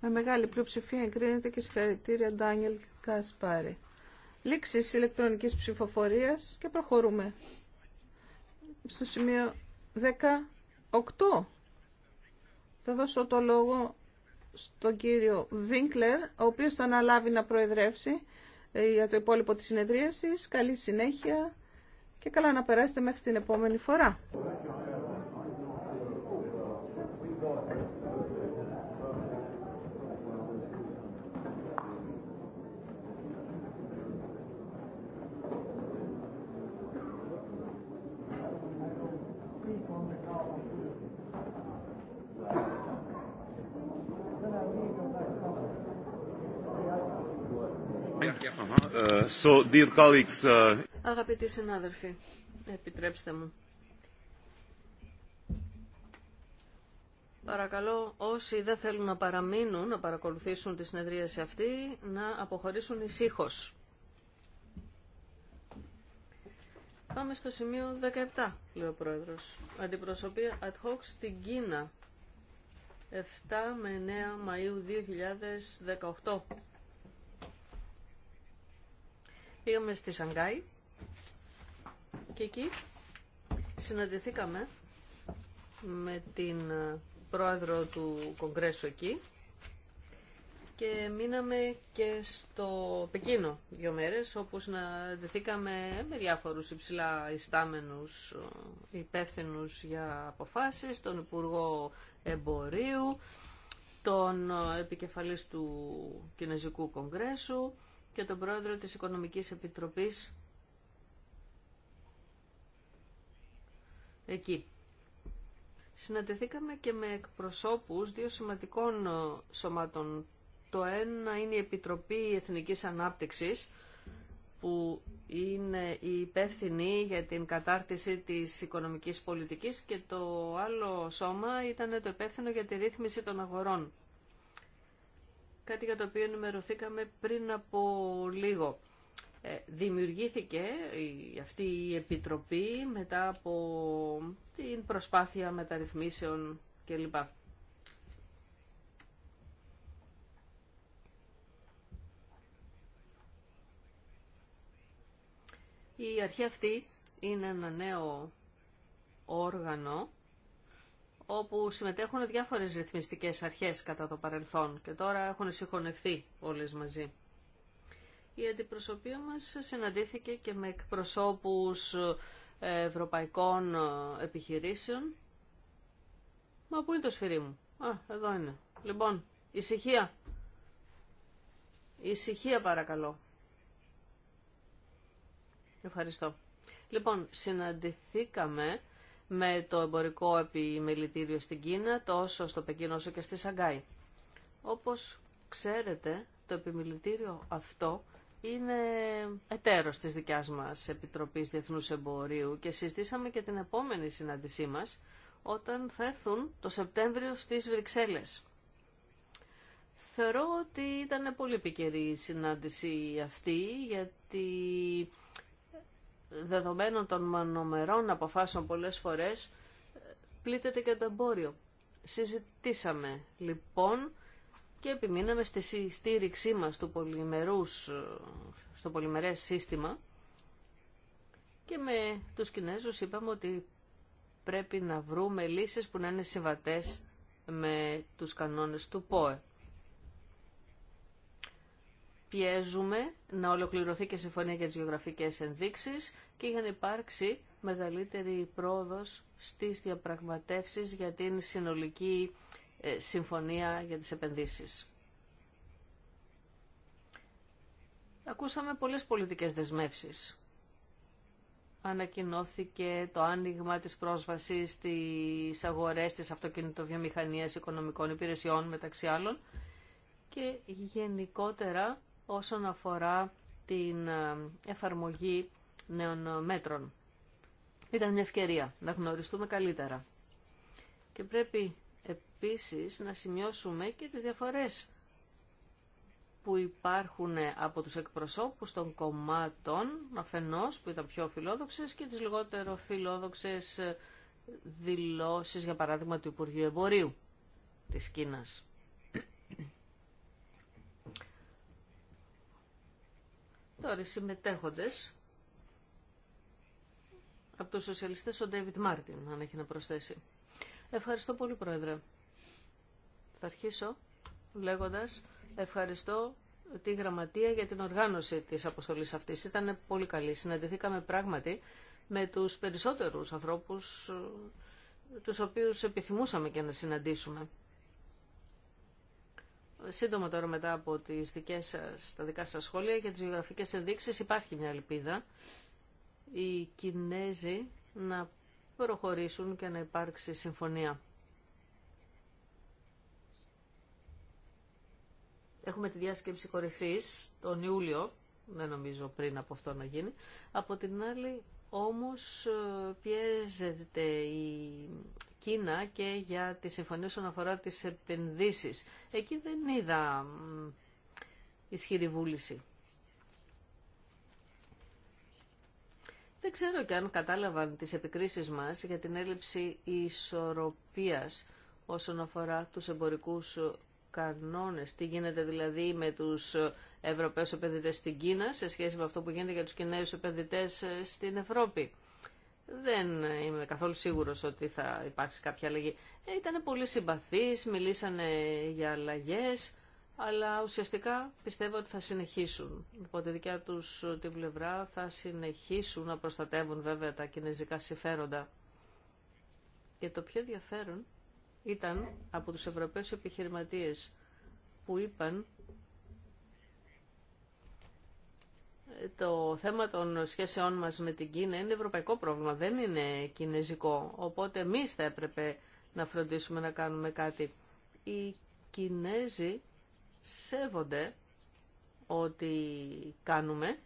Με μεγάλη πλειοψηφία εγκρίνεται και συγχαρητήρια Ντάνιελ Κασπάρη. Λήξη ηλεκτρονικής ψηφοφορίας και προχωρούμε. Στο σημείο 18. Θα δώσω το λόγο στον κύριο Βίνκλερ, ο οποίος θα αναλάβει να προεδρεύσει ε, για το υπόλοιπο της συνεδρίασης. Καλή συνέχεια και καλά να περάσετε μέχρι την επόμενη φορά. Uh, Αγαπητοί συνάδελφοι, επιτρέψτε μου. Παρακαλώ όσοι δεν θέλουν να παραμείνουν, να παρακολουθήσουν τη συνεδρίαση αυτή, να αποχωρήσουν ησύχω. Πάμε στο σημείο 17, λέει ο Πρόεδρος. Αντιπροσωπεία ad hoc στην Κίνα. 7 με 9 Μαΐου 2018. Πήγαμε στη Σανγκάη και εκεί συναντηθήκαμε με την ε, πρόεδρο του Κογκρέσου εκεί και μείναμε και στο Πεκίνο δύο μέρες όπου συναντηθήκαμε με διάφορους υψηλά ιστάμενους ε, υπεύθυνου για αποφάσεις, τον Υπουργό Εμπορίου, τον ε, επικεφαλής του Κινέζικου Κογκρέσου και τον πρόεδρο της Οικονομικής Επιτροπής εκεί. Συναντηθήκαμε και με εκπροσώπους δύο σημαντικών ε, σωμάτων. Το ένα είναι η Επιτροπή Εθνικής Ανάπτυξης, που είναι η υπεύθυνη για την κατάρτιση της οικονομικής πολιτικής και το άλλο σώμα ήταν το υπεύθυνο για τη ρύθμιση των αγορών κάτι για το οποίο ενημερωθήκαμε πριν από λίγο. Ε, δημιουργήθηκε αυτή η επιτροπή μετά από την προσπάθεια μεταρρυθμίσεων κλπ. Η αρχή αυτή είναι ένα νέο όργανο όπου συμμετέχουν διάφορες ρυθμιστικές αρχές κατά το παρελθόν και τώρα έχουν συγχωνευτεί όλες μαζί. Η αντιπροσωπεία μας συναντήθηκε και με εκπροσώπους ε, ευρωπαϊκών ε, επιχειρήσεων. Μα πού είναι το σφυρί μου. Α, εδώ είναι. Λοιπόν, ησυχία. Ησυχία παρακαλώ. Ευχαριστώ. Λοιπόν, συναντηθήκαμε με το εμπορικό επιμελητήριο στην Κίνα, τόσο στο Πεκίνο όσο και στη Σαγκάη. Όπως ξέρετε, το επιμελητήριο αυτό είναι εταίρος της δικιάς μας Επιτροπής Διεθνούς Εμπορίου και συστήσαμε και την επόμενη συνάντησή μας όταν θα έρθουν το Σεπτέμβριο στις Βρυξέλλες. Θεωρώ ότι ήταν πολύ επικαιρή η συνάντηση αυτή γιατί δεδομένων των μονομερών αποφάσεων πολλές φορές πλήττεται και το εμπόριο. Συζητήσαμε λοιπόν και επιμείναμε στη στήριξή μας του πολυμερούς, στο πολυμερές σύστημα και με τους Κινέζους είπαμε ότι πρέπει να βρούμε λύσεις που να είναι συμβατές με τους κανόνες του ΠΟΕ πιέζουμε να ολοκληρωθεί και συμφωνία για τις γεωγραφικές ενδείξεις και για να υπάρξει μεγαλύτερη πρόοδος στις διαπραγματεύσεις για την συνολική ε, συμφωνία για τις επενδύσεις. Ακούσαμε πολλές πολιτικές δεσμεύσεις. Ανακοινώθηκε το άνοιγμα της πρόσβασης στις αγορές της αυτοκινητοβιομηχανίας οικονομικών υπηρεσιών μεταξύ άλλων και γενικότερα όσον αφορά την ε, εφαρμογή νέων μέτρων. Ήταν μια ευκαιρία να γνωριστούμε καλύτερα. Και πρέπει επίσης να σημειώσουμε και τις διαφορές που υπάρχουν από τους εκπροσώπους των κομμάτων αφενός που ήταν πιο φιλόδοξες και τις λιγότερο φιλόδοξες ε, δηλώσεις για παράδειγμα του Υπουργείου Εμπορίου της Κίνας. Τώρα οι συμμετέχοντες από τους σοσιαλιστές ο Ντέιβιτ Μάρτιν, αν έχει να προσθέσει. Ευχαριστώ πολύ, Πρόεδρε. Θα αρχίσω λέγοντας ευχαριστώ τη Γραμματεία για την οργάνωση της αποστολής αυτής. Ήταν πολύ καλή. Συναντηθήκαμε πράγματι με τους περισσότερους ανθρώπους ε, τους οποίους επιθυμούσαμε και να συναντήσουμε σύντομα τώρα μετά από τις δικές σας, τα δικά σας σχόλια για τις γεωγραφικές ενδείξεις υπάρχει μια ελπίδα. Οι Κινέζοι να προχωρήσουν και να υπάρξει συμφωνία. Έχουμε τη διάσκεψη κορυφής τον Ιούλιο, δεν νομίζω πριν από αυτό να γίνει. Από την άλλη όμως ε, πιέζεται η Κίνα και για τη συμφωνία όσον αφορά τις επενδύσεις. Εκεί δεν είδα ισχυρή βούληση. Δεν ξέρω και αν κατάλαβαν τις επικρίσεις μας για την έλλειψη ισορροπίας όσον αφορά τους εμπορικούς κανόνες. Τι γίνεται δηλαδή με τους Ευρωπαίους επενδυτές στην Κίνα σε σχέση με αυτό που γίνεται για τους Κινέζους επενδυτές στην Ευρώπη δεν είμαι καθόλου σίγουρος ότι θα υπάρξει κάποια αλλαγή. Ε, ήταν πολύ συμπαθείς, μιλήσανε για αλλαγέ, αλλά ουσιαστικά πιστεύω ότι θα συνεχίσουν. Οπότε τη δικιά τους ε, την πλευρά θα συνεχίσουν να προστατεύουν βέβαια τα κινέζικα συμφέροντα. Και το πιο ενδιαφέρον ήταν από τους Ευρωπαίους επιχειρηματίες που είπαν το θέμα των σχέσεών μας με την Κίνα είναι ευρωπαϊκό πρόβλημα, δεν είναι κινέζικο. Οπότε εμεί θα έπρεπε να φροντίσουμε να κάνουμε κάτι. Οι Κινέζοι σέβονται ότι κάνουμε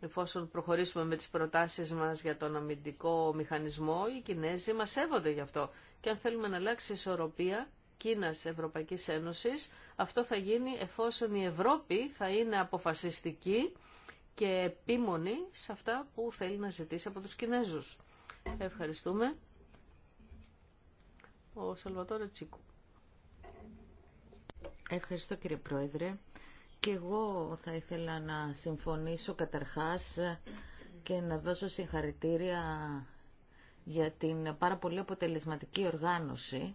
εφόσον προχωρήσουμε με τις προτάσεις μας για τον αμυντικό μηχανισμό, οι Κινέζοι μας σέβονται γι' αυτό. Και αν θέλουμε να αλλάξει η ισορροπία, Κίνας Ευρωπαϊκής Ένωσης. Αυτό θα γίνει εφόσον η Ευρώπη θα είναι αποφασιστική και επίμονη σε αυτά που θέλει να ζητήσει από τους Κινέζους. Ευχαριστούμε. Ο Σαλβατόρε Τσίκου. Ευχαριστώ κύριε Πρόεδρε. Και εγώ θα ήθελα να συμφωνήσω καταρχάς και να δώσω συγχαρητήρια για την πάρα πολύ αποτελεσματική οργάνωση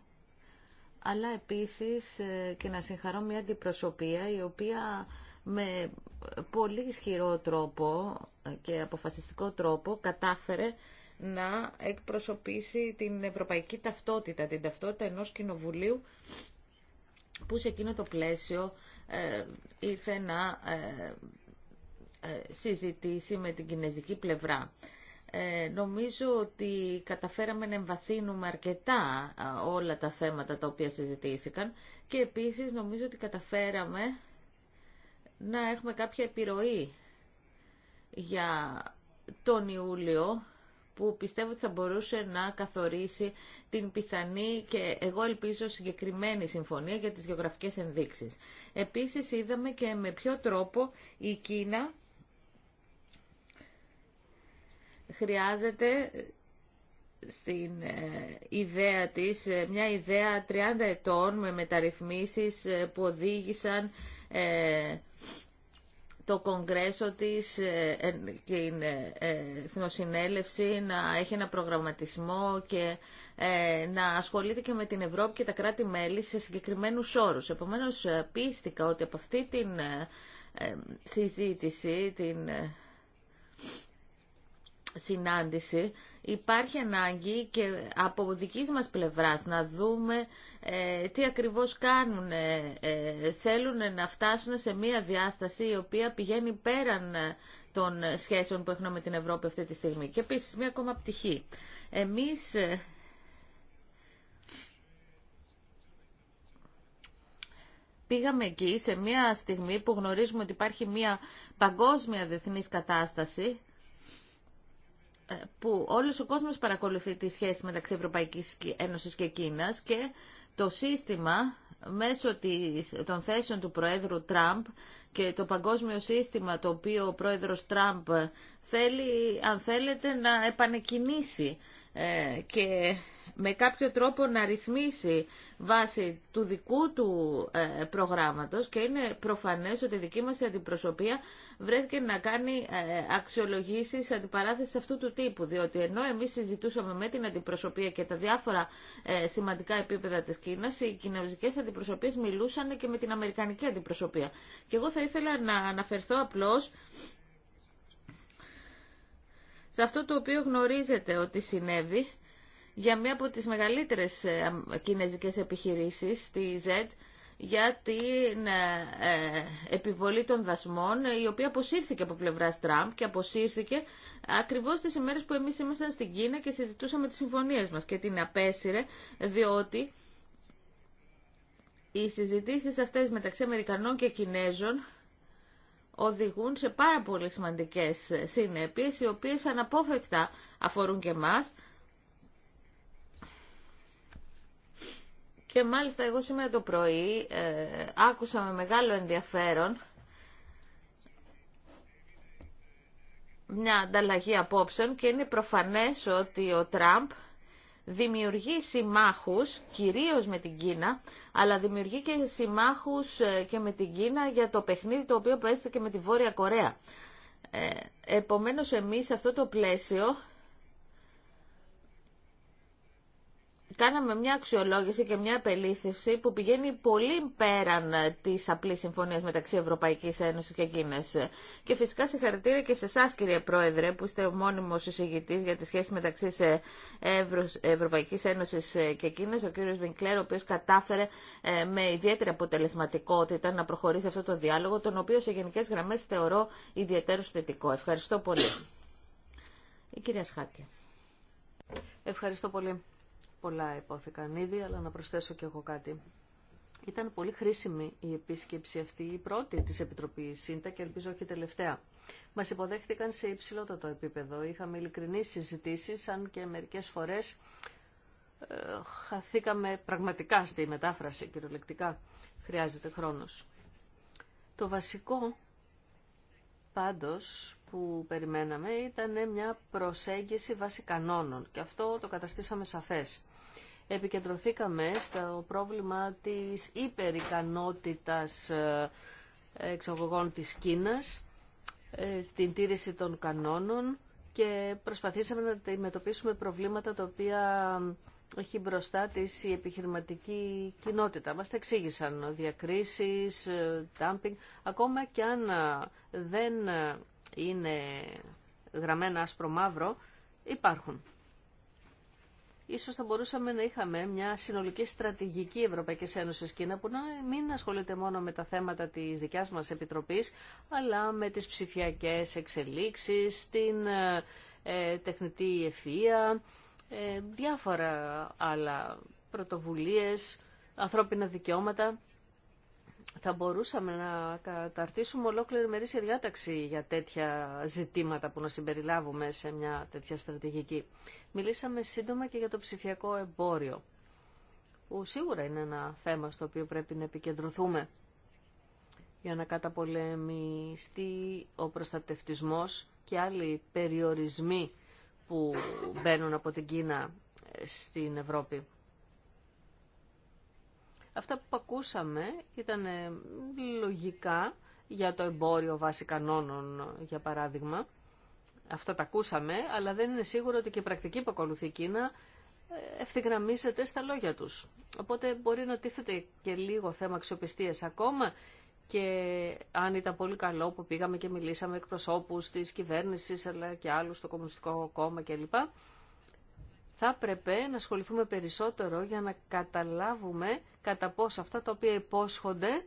αλλά επίσης ε, και να συγχαρώ μια αντιπροσωπεία η οποία με πολύ ισχυρό τρόπο και αποφασιστικό τρόπο κατάφερε να εκπροσωπήσει την ευρωπαϊκή ταυτότητα, την ταυτότητα ενός κοινοβουλίου που σε εκείνο το πλαίσιο ε, ήρθε να ε, ε συζητήσει με την κινέζικη πλευρά. Ε, νομίζω ότι καταφέραμε να εμβαθύνουμε αρκετά όλα τα θέματα τα οποία συζητήθηκαν και επίσης νομίζω ότι καταφέραμε να έχουμε κάποια επιρροή για τον Ιούλιο που πιστεύω ότι θα μπορούσε να καθορίσει την πιθανή και εγώ ελπίζω συγκεκριμένη συμφωνία για τις γεωγραφικές ενδείξεις. Επίσης είδαμε και με ποιο τρόπο η Κίνα χρειάζεται στην ε, ιδέα της ε, μια ιδέα 30 ετών με μεταρρυθμίσεις ε, που οδήγησαν το Κογκρέσο της και την Εθνοσυνέλευση να έχει ένα προγραμματισμό και να ασχολείται και με την Ευρώπη και τα κράτη-μέλη σε συγκεκριμένους όρους. Επομένως, πίστηκα ότι από αυτή την συζήτηση, την συνάντηση υπάρχει ανάγκη και από δικής μας πλευράς να δούμε ε, τι ακριβώς κάνουν. Ε, ε, θέλουν να φτάσουν σε μία διάσταση η οποία πηγαίνει πέραν των σχέσεων που έχουμε με την Ευρώπη αυτή τη στιγμή. Και επίσης μία ακόμα πτυχή. Εμείς πήγαμε εκεί σε μία στιγμή που γνωρίζουμε ότι υπάρχει μία παγκόσμια διεθνής κατάσταση που όλος ο κόσμος παρακολουθεί τη σχέση μεταξύ Ευρωπαϊκής Ένωσης και Κίνας και το σύστημα μέσω των θέσεων του Προέδρου Τραμπ και το παγκόσμιο σύστημα το οποίο ο πρόεδρος Τραμπ θέλει, αν θέλετε, να επανεκκινήσει ε, και με κάποιο τρόπο να ρυθμίσει βάσει του δικού του ε, προγράμματος και είναι προφανές ότι η δική μας αντιπροσωπεία βρέθηκε να κάνει ε, αξιολογήσεις αντιπαράθεση αυτού του τύπου διότι ενώ εμείς συζητούσαμε με την αντιπροσωπεία και τα διάφορα ε, σημαντικά επίπεδα της Κίνας οι κοινωνικές αντιπροσωπείες μιλούσαν και με την αμερικανική αντιπροσωπεία και εγώ θα ήθελα να αναφερθώ απλώς σε αυτό το οποίο γνωρίζετε ότι συνέβη για μία από τις μεγαλύτερες ε, κινέζικες επιχειρήσεις, τη Z, για την ε, ε, επιβολή των δασμών, η οποία αποσύρθηκε από πλευρά Τραμπ και αποσύρθηκε ακριβώς τις ημέρες που εμείς ήμασταν στην Κίνα και συζητούσαμε τις συμφωνίες μας και την απέσυρε, διότι οι συζητήσεις αυτές μεταξύ Αμερικανών και Κινέζων οδηγούν σε πάρα πολύ σημαντικές συνέπειες, οι οποίες αναπόφευκτα αφορούν και μας. Και μάλιστα εγώ σήμερα το πρωί ε, άκουσα με μεγάλο ενδιαφέρον μια ανταλλαγή απόψεων και είναι προφανές ότι ο Τραμπ δημιουργεί συμμάχους, κυρίως με την Κίνα, αλλά δημιουργεί και συμμάχους ε, και με την Κίνα για το παιχνίδι το οποίο παίστηκε και με τη Βόρεια Κορέα. Ε, επομένως εμείς σε αυτό το πλαίσιο κάναμε μια αξιολόγηση και μια απελήθευση που πηγαίνει πολύ πέραν τη απλή συμφωνία μεταξύ Ευρωπαϊκή Ένωση και Κίνα. Και φυσικά συγχαρητήρια και σε εσά κύριε Πρόεδρε που είστε ο μόνιμο εισηγητής για τη σχέση μεταξύ Ευρωπαϊκή Ευρωπαϊκής Ένωσης και Κίνα, ο κύριο Βινκλέρ, ο οποίο κατάφερε ε, με ιδιαίτερη αποτελεσματικότητα να προχωρήσει αυτό το διάλογο, τον οποίο σε γενικέ γραμμέ θεωρώ ιδιαίτερο θετικό. Ευχαριστώ πολύ. Η κυρία Σχάκη. Ευχαριστώ πολύ. Πολλά υπόθηκαν ήδη, αλλά να προσθέσω κι εγώ κάτι. Ήταν πολύ χρήσιμη η επίσκεψη αυτή, η πρώτη της Επιτροπής ΣΥΝΤΑ και ελπίζω όχι τελευταία. Μας υποδέχτηκαν σε υψηλότατο επίπεδο. Είχαμε ειλικρινείς συζητήσει, αν και μερικές φορές ε, χαθήκαμε πραγματικά στη μετάφραση, κυριολεκτικά. Χρειάζεται χρόνος. Το βασικό πάντως που περιμέναμε ήταν μια προσέγγιση βάσει κανόνων και αυτό το καταστήσαμε σαφές επικεντρωθήκαμε στο πρόβλημα της υπερικανότητας ε, εξαγωγών της Κίνας, ε, στην τήρηση των κανόνων και προσπαθήσαμε να αντιμετωπίσουμε προβλήματα τα οποία έχει μπροστά της η επιχειρηματική κοινότητα. Μας τα εξήγησαν διακρίσεις, ε, dumping, ακόμα και αν δεν είναι γραμμένα άσπρο-μαύρο, υπάρχουν. Ίσως θα μπορούσαμε να είχαμε μια συνολική στρατηγική Ευρωπαϊκής Ένωσης Κίνα που να μην ασχολείται μόνο με τα θέματα της δικιάς μας Επιτροπής αλλά με τις ψηφιακές εξελίξεις, την ε, ε, τεχνητή ευφυΐα, ε, διάφορα άλλα πρωτοβουλίες, ανθρώπινα δικαιώματα θα μπορούσαμε να καταρτήσουμε ολόκληρη μερίσια διάταξη για τέτοια ζητήματα που να συμπεριλάβουμε σε μια τέτοια στρατηγική. Μιλήσαμε σύντομα και για το ψηφιακό εμπόριο, που σίγουρα είναι ένα θέμα στο οποίο πρέπει να επικεντρωθούμε για να καταπολεμιστεί ο προστατευτισμός και άλλοι περιορισμοί που μπαίνουν από την Κίνα στην Ευρώπη. Αυτά που ακούσαμε ήταν ε, λογικά για το εμπόριο βάση κανόνων, για παράδειγμα. Αυτά τα ακούσαμε, αλλά δεν είναι σίγουρο ότι και η πρακτική που ακολουθεί η Κίνα ε, ευθυγραμμίζεται στα λόγια τους. Οπότε μπορεί να τίθεται και λίγο θέμα αξιοπιστίας ακόμα και αν ήταν πολύ καλό που πήγαμε και μιλήσαμε εκπροσώπους της κυβέρνησης αλλά και άλλους στο Κομμουνιστικό Κόμμα κλπ θα έπρεπε να ασχοληθούμε περισσότερο για να καταλάβουμε κατά πόσα αυτά τα οποία υπόσχονται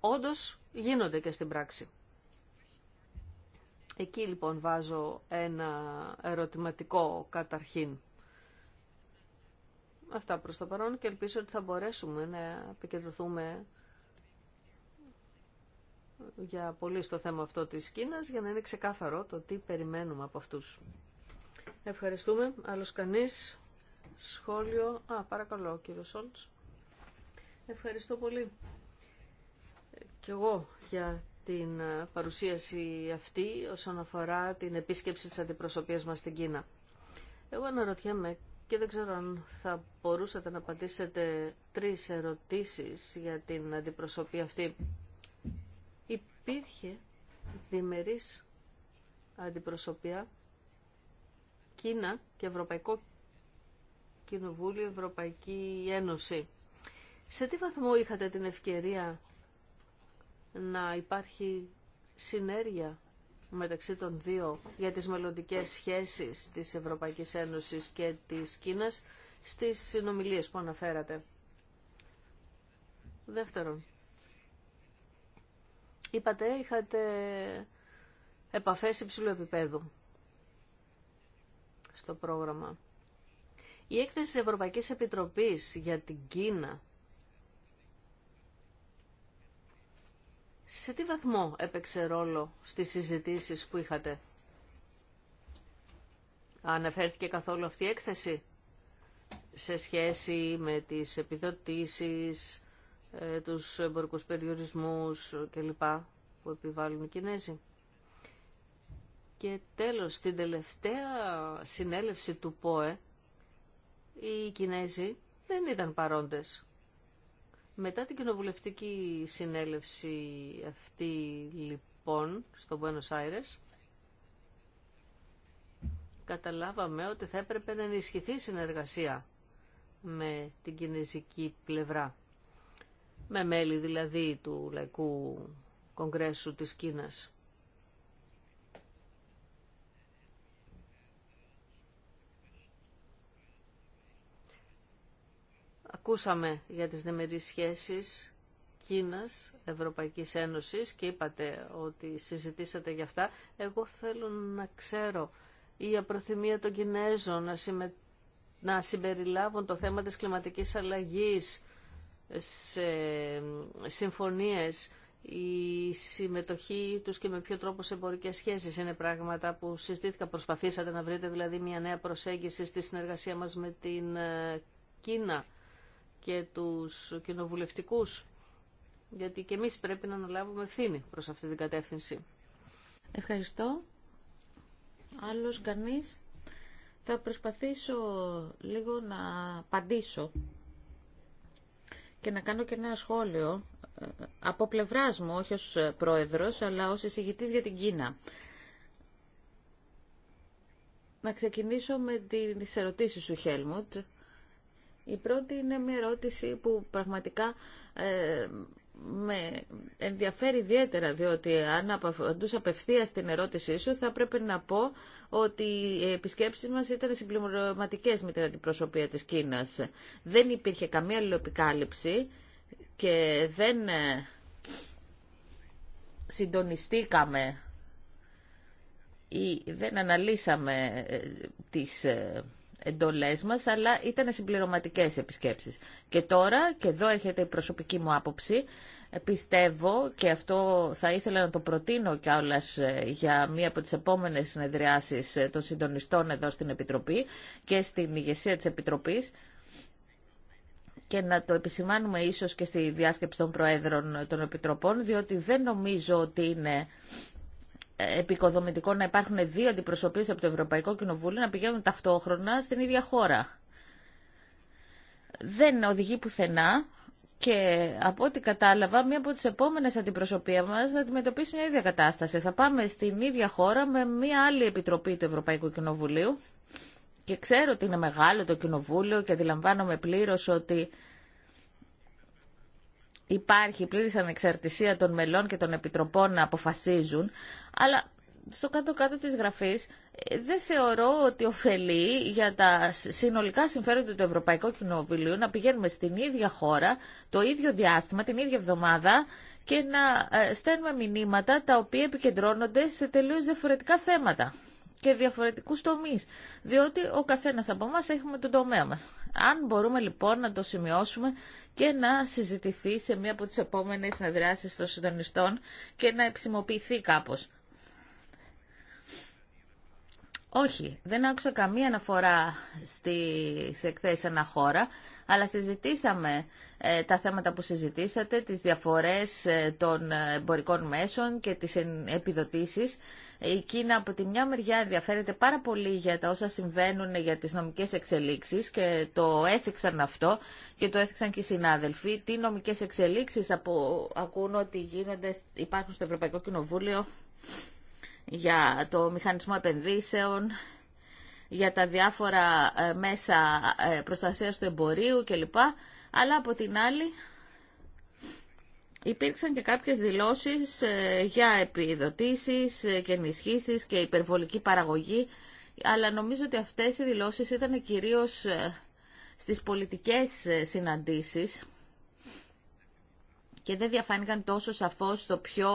όντως γίνονται και στην πράξη. Εκεί λοιπόν βάζω ένα ερωτηματικό καταρχήν. Αυτά προς το παρόν και ελπίζω ότι θα μπορέσουμε να επικεντρωθούμε για πολύ στο θέμα αυτό της Κίνας για να είναι ξεκάθαρο το τι περιμένουμε από αυτούς. Ευχαριστούμε. άλλο κανεί Σχόλιο. Α, παρακαλώ, κύριο Σόλτ. Ευχαριστώ πολύ. Και εγώ για την ε, παρουσίαση αυτή όσον αφορά την επίσκεψη της αντιπροσωπείας μας στην Κίνα. Εγώ αναρωτιέμαι και δεν ξέρω αν θα μπορούσατε να απαντήσετε τρεις ερωτήσεις για την αντιπροσωπεία αυτή. Υπήρχε διμερής αντιπροσωπεία Κίνα και Ευρωπαϊκό Κοινοβούλιο, Ευρωπαϊκή Ένωση. Σε τι βαθμό είχατε την ευκαιρία να υπάρχει συνέργεια μεταξύ των δύο για τις μελλοντικέ σχέσεις της Ευρωπαϊκής Ένωσης και της Κίνας στις συνομιλίες που αναφέρατε. Δεύτερον, είπατε είχατε επαφές υψηλού επίπεδου στο πρόγραμμα. Η έκθεση της Ευρωπαϊκής Επιτροπής για την Κίνα σε τι βαθμό έπαιξε ρόλο στις συζητήσεις που είχατε. Αναφέρθηκε καθόλου αυτή η έκθεση σε σχέση με τις επιδοτήσεις, ε, τους εμπορικούς περιορισμούς κλπ. που επιβάλλουν οι Κινέζοι. Και τέλος, στην τελευταία συνέλευση του ΠΟΕ, οι Κινέζοι δεν ήταν παρόντες. Μετά την κοινοβουλευτική συνέλευση αυτή, λοιπόν, στο Buenos Aires, καταλάβαμε ότι θα έπρεπε να ενισχυθεί η συνεργασία με την κινέζικη πλευρά. Με μέλη δηλαδή του Λαϊκού Κογκρέσου της Κίνας. Ακούσαμε για τις δεμερείς σχέσεις Κίνας, Ευρωπαϊκής Ένωσης και είπατε ότι συζητήσατε για αυτά. Εγώ θέλω να ξέρω η απροθυμία των Κινέζων να, να συμπεριλάβουν το θέμα της κλιματικής αλλαγής σε συμφωνίες η συμμετοχή τους και με ποιο τρόπο σε εμπορικές σχέσεις είναι πράγματα που συζητήθηκα. Προσπαθήσατε να βρείτε δηλαδή μια νέα προσέγγιση στη συνεργασία μας με την ε, Κίνα και τους κοινοβουλευτικούς, γιατί και εμείς πρέπει να αναλάβουμε ευθύνη προς αυτή την κατεύθυνση. Ευχαριστώ. Άλλος κανείς. Θα προσπαθήσω λίγο να απαντήσω και να κάνω και ένα σχόλιο ε, από πλευράς μου, όχι ως πρόεδρος, αλλά ως εισηγητής για την Κίνα. Να ξεκινήσω με τις ερωτήσεις σου, Χέλμουτ. Η πρώτη είναι μια ερώτηση που πραγματικά ε, με ενδιαφέρει ιδιαίτερα, διότι αν απαντούσα απευθεία στην ερώτησή σου, θα πρέπει να πω ότι οι επισκέψει μα ήταν συμπληρωματικέ με την αντιπροσωπεία τη Κίνα. Δεν υπήρχε καμία αλληλοεπικάλυψη και δεν ε, συντονιστήκαμε ή δεν αναλύσαμε ε, τις εντολές μας, αλλά ήταν συμπληρωματικές επισκέψεις. Και τώρα, και εδώ έχετε η προσωπική μου άποψη, ε, πιστεύω και αυτό θα ήθελα να το προτείνω κιόλα ε, για μία από τις επόμενες συνεδριάσεις ε, των συντονιστών εδώ στην Επιτροπή και στην ηγεσία της Επιτροπής, και να το επισημάνουμε ίσως και στη διάσκεψη των Προέδρων των Επιτροπών, διότι δεν νομίζω ότι είναι επικοδομητικό να υπάρχουν δύο αντιπροσωπείς από το Ευρωπαϊκό Κοινοβούλιο να πηγαίνουν ταυτόχρονα στην ίδια χώρα. Δεν οδηγεί πουθενά και από ό,τι κατάλαβα, μία από τις επόμενες αντιπροσωπεία μας να αντιμετωπίσει μια ίδια κατάσταση. Θα πάμε στην ίδια χώρα με μία άλλη επιτροπή του Ευρωπαϊκού Κοινοβουλίου και ξέρω ότι είναι μεγάλο το Κοινοβούλιο και αντιλαμβάνομαι πλήρως ότι υπάρχει πλήρης ανεξαρτησία των μελών και των επιτροπών να αποφασίζουν, αλλά στο κάτω-κάτω της γραφής ε, δεν θεωρώ ότι ωφελεί για τα συνολικά συμφέροντα του Ευρωπαϊκού Κοινοβουλίου να πηγαίνουμε στην ίδια χώρα, το ίδιο διάστημα, την ίδια εβδομάδα και να ε, στέλνουμε μηνύματα τα οποία επικεντρώνονται σε τελείως διαφορετικά θέματα και διαφορετικούς τομείς, διότι ο καθένας από εμά έχουμε τον τομέα μας. Αν μπορούμε λοιπόν να το σημειώσουμε και να συζητηθεί σε μία από τις επόμενες συνεδριάσει των συντονιστών και να επισημοποιηθεί κάπως. Όχι, δεν άκουσα καμία αναφορά στις εκθέσεις αναχώρα, αλλά συζητήσαμε ε, τα θέματα που συζητήσατε, τις διαφορές ε, των εμπορικών μέσων και τις επιδοτήσεις. Η Κίνα από τη μια μεριά ενδιαφέρεται πάρα πολύ για τα όσα συμβαίνουν για τις νομικές εξελίξεις και το έθιξαν αυτό και το έθιξαν και οι συνάδελφοι. Τι νομικές εξελίξεις ακούν ότι γίνονται, υπάρχουν στο Ευρωπαϊκό Κοινοβούλιο για το μηχανισμό επενδύσεων, για τα διάφορα ε, μέσα ε, προστασίας του εμπορίου κλπ. Αλλά από την άλλη υπήρξαν και κάποιες δηλώσεις ε, για επιδοτήσεις και ενισχύσεις και υπερβολική παραγωγή. Αλλά νομίζω ότι αυτές οι δηλώσεις ήταν κυρίως στις πολιτικές συναντήσεις και δεν διαφάνηκαν τόσο σαφώς στο πιο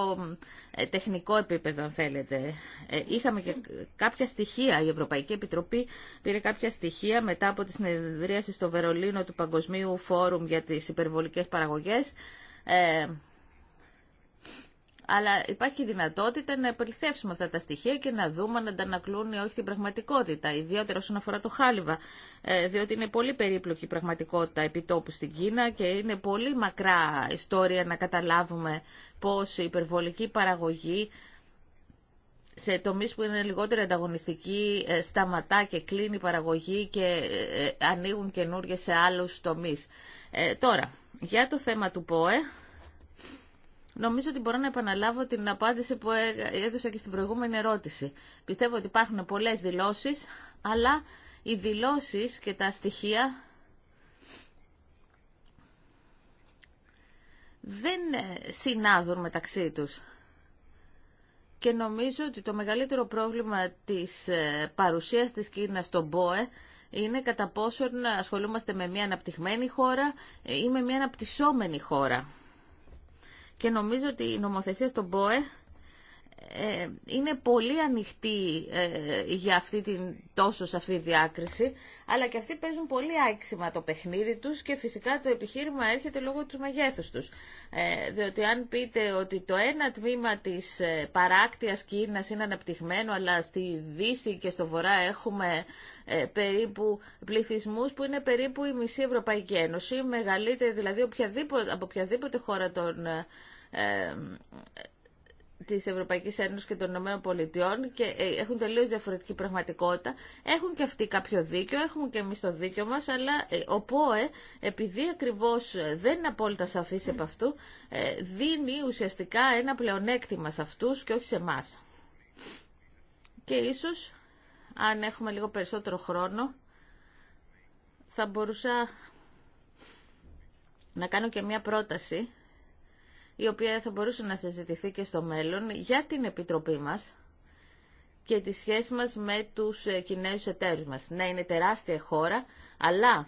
ε, τεχνικό επίπεδο, αν θέλετε. Ε, είχαμε και κάποια στοιχεία, η Ευρωπαϊκή Επιτροπή πήρε κάποια στοιχεία μετά από τη συνεδρίαση στο Βερολίνο του Παγκοσμίου Φόρουμ για τις υπερβολικές παραγωγές ε, αλλά υπάρχει δυνατότητα να επαληθεύσουμε αυτά τα στοιχεία και να δούμε αν αντανακλούν ή όχι την πραγματικότητα, ιδιαίτερα όσον αφορά το χάλιβα, ε, διότι είναι πολύ περίπλοκη η πραγματικότητα επιτόπου στην Κίνα και είναι πολύ μακρά ιστορία να καταλάβουμε πώς η υπερβολική παραγωγή σε τομείς που είναι λιγότερο ανταγωνιστικοί ε, σταματά και κλείνει η παραγωγή και ε, ανοίγουν καινούργια σε άλλους τομείς. τώρα, για το θέμα του ΠΟΕ, Νομίζω ότι μπορώ να επαναλάβω την απάντηση που έδωσα και στην προηγούμενη ερώτηση. Πιστεύω ότι υπάρχουν πολλές δηλώσεις, αλλά οι δηλώσεις και τα στοιχεία δεν ε, συνάδουν μεταξύ τους. Και νομίζω ότι το μεγαλύτερο πρόβλημα της ε, παρουσίας της Κίνας στον ΠΟΕ είναι κατά πόσον ασχολούμαστε με μια αναπτυγμένη χώρα ή με μια αναπτυσσόμενη χώρα και νομίζω ότι η νομοθεσία στον ΠΟΕ ε, είναι πολύ ανοιχτή ε, για αυτή την τόσο σαφή διάκριση, αλλά και αυτοί παίζουν πολύ άξιμα το παιχνίδι τους και φυσικά το επιχείρημα έρχεται λόγω του μεγέθους τους. Ε, διότι αν πείτε ότι το ένα τμήμα της παράκτιας Κίνας είναι αναπτυγμένο, αλλά στη Δύση και στο Βορρά έχουμε περίπου πληθυσμούς που είναι περίπου η μισή Ευρωπαϊκή Ένωση, μεγαλύτερη δηλαδή από οποιαδήποτε χώρα των Τη Ευρωπαϊκή Ένωση και των Ηνωμένων Πολιτειών και ε, έχουν τελείως διαφορετική πραγματικότητα. Έχουν και αυτοί κάποιο δίκιο, έχουμε και εμεί το δίκιο μας, αλλά ε, ο ΠΟΕ, επειδή ακριβώς ε, δεν είναι απόλυτα σαφή επ' αυτού, δίνει ουσιαστικά ένα πλεονέκτημα σε αυτού και όχι σε εμά. Και ίσως, αν έχουμε λίγο περισσότερο χρόνο, θα μπορούσα να κάνω και μια πρόταση η οποία θα μπορούσε να συζητηθεί και στο μέλλον για την Επιτροπή μας και τη σχέση μας με τους ε, Κινέζους εταίρους μας. Ναι, είναι τεράστια χώρα, αλλά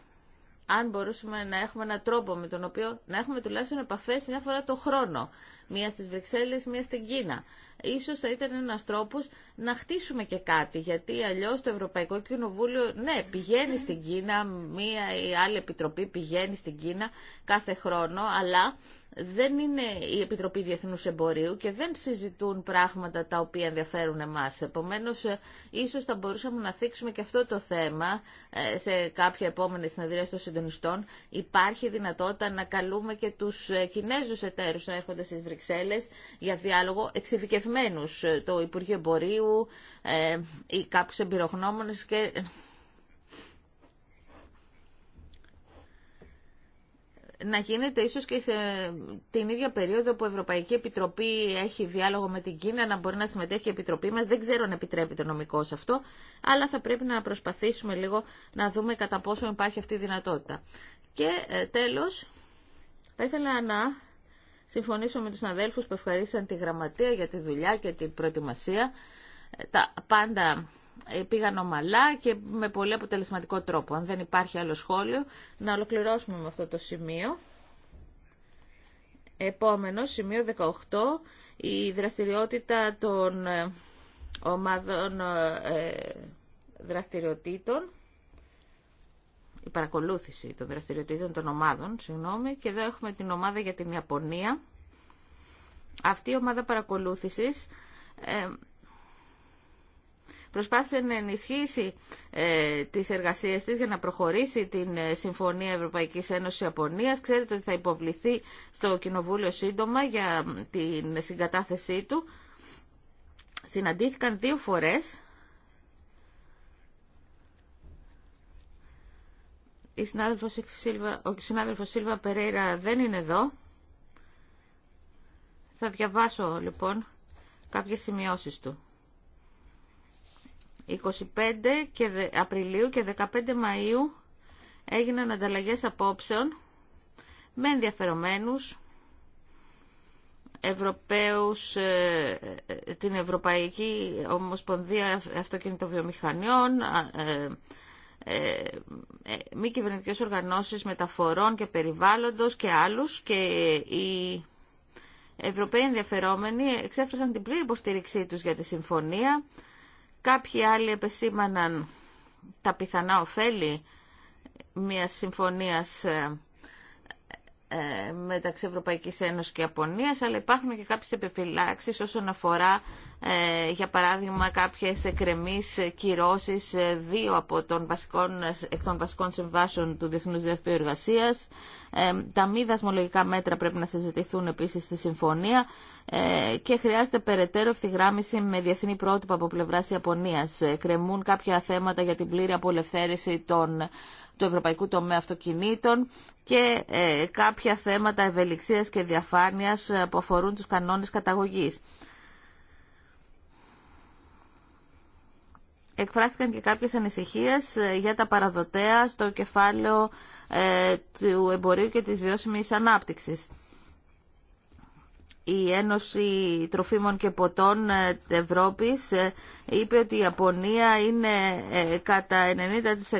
αν μπορούσαμε να έχουμε έναν τρόπο με τον οποίο να έχουμε τουλάχιστον επαφές μια φορά το χρόνο μία στις Βρυξέλλες, μία στην Κίνα. Ίσως θα ήταν ένας τρόπος να χτίσουμε και κάτι, γιατί αλλιώς το Ευρωπαϊκό Κοινοβούλιο, ναι, πηγαίνει στην Κίνα, μία ή άλλη επιτροπή πηγαίνει στην Κίνα κάθε χρόνο, αλλά δεν είναι η Επιτροπή Διεθνούς Εμπορίου και δεν συζητούν πράγματα τα οποία ενδιαφέρουν εμάς. Επομένως, ε, ίσως θα μπορούσαμε να θίξουμε και αυτό το θέμα ε, σε κάποια επόμενη συνεδρία των συντονιστών. Υπάρχει δυνατότητα να καλούμε και τους ε, Κινέζους εταίρους να έρχονται στις Βρυξέλλες Βρυξέλλες για διάλογο εξειδικευμένους, ε, το Υπουργείο Εμπορίου ε, ή κάποιους εμπειρογνώμονες και... Ε, να γίνεται ίσως και σε την ίδια περίοδο που η Ευρωπαϊκή Επιτροπή έχει διάλογο με την Κίνα, να μπορεί να συμμετέχει η Επιτροπή μας. Δεν ξέρω αν επιτρέπεται νομικό σε αυτό, αλλά θα πρέπει να προσπαθήσουμε λίγο να δούμε κατά πόσο υπάρχει αυτή η δυνατότητα. Και ε, τέλος, θα ήθελα να συμφωνήσω με τους αδέλφους που ευχαρίστησαν τη γραμματεία για τη δουλειά και την προετοιμασία. Ε, τα πάντα ε, πήγαν ομαλά και με πολύ αποτελεσματικό τρόπο. Αν δεν υπάρχει άλλο σχόλιο, να ολοκληρώσουμε με αυτό το σημείο. Επόμενο, σημείο 18, η δραστηριότητα των ε, ομάδων δραστηριοτήτων η παρακολούθηση των δραστηριοτήτων των ομάδων, συγγνώμη, και εδώ έχουμε την ομάδα για την Ιαπωνία. Αυτή η ομάδα παρακολούθησης ε, προσπάθησε να ενισχύσει ε, τις εργασίες της για να προχωρήσει την ε, Συμφωνία Ευρωπαϊκής Ένωσης Ιαπωνίας. Ξέρετε ότι θα υποβληθεί στο Κοινοβούλιο σύντομα για την συγκατάθεσή του. Συναντήθηκαν δύο φορές η συνάδελφος Σίλβα, ο συνάδελφος Σίλβα Περέιρα δεν είναι εδώ. Θα διαβάσω λοιπόν κάποιες σημειώσεις του. 25 και Απριλίου και 15 Μαΐου έγιναν ανταλλαγές απόψεων με ενδιαφερομένους Ευρωπαίους, ε, ε, την Ευρωπαϊκή Ομοσπονδία Αυτοκινητοβιομηχανιών, ε, ε, ε, μη κυβερνητικέ οργανώσεις μεταφορών και περιβάλλοντος και άλλους και οι Ευρωπαίοι ενδιαφερόμενοι εξέφρασαν την πλήρη υποστήριξή τους για τη συμφωνία. Κάποιοι άλλοι επεσήμαναν τα πιθανά ωφέλη μιας συμφωνίας ε, μεταξύ Ευρωπαϊκής Ένωσης και Ιαπωνίας, αλλά υπάρχουν και κάποιες επιφυλάξεις όσον αφορά ε, για παράδειγμα κάποιες εκκρεμείς κυρώσεις ε, δύο από των βασικών, εκ των βασικών συμβάσεων του Διεθνούς Διευθυντή ε, τα μη δασμολογικά μέτρα πρέπει να συζητηθούν επίσης στη συμφωνία και χρειάζεται περαιτέρω ευθυγράμμιση με διεθνή πρότυπα από πλευρά Ιαπωνία. Κρεμούν κάποια θέματα για την πλήρη απολευθέρηση των, του ευρωπαϊκού τομέα αυτοκινήτων και κάποια θέματα ευελιξίας και διαφάνειας που αφορούν τους κανόνες καταγωγής. εκφράστηκαν και κάποιες ανησυχίες ε, για τα παραδοτέα στο κεφάλαιο ε, του εμπορίου και της βιώσιμης ανάπτυξης η Ένωση Τροφίμων και Ποτών ε, Ευρώπης ε, είπε ότι η Ιαπωνία είναι ε, κατά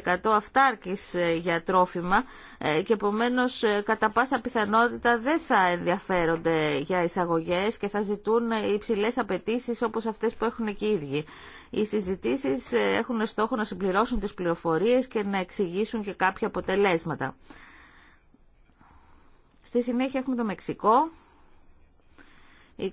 90% αυτάρκης για τρόφιμα και επομένως κατά πάσα πιθανότητα δεν θα ενδιαφέρονται για εισαγωγές και θα ζητούν υψηλές απαιτήσει όπως αυτές που έχουν και οι ίδιοι. Οι συζητήσεις έχουν στόχο να συμπληρώσουν τις πληροφορίες και να εξηγήσουν και κάποια αποτελέσματα. Στη συνέχεια έχουμε το Μεξικό. 25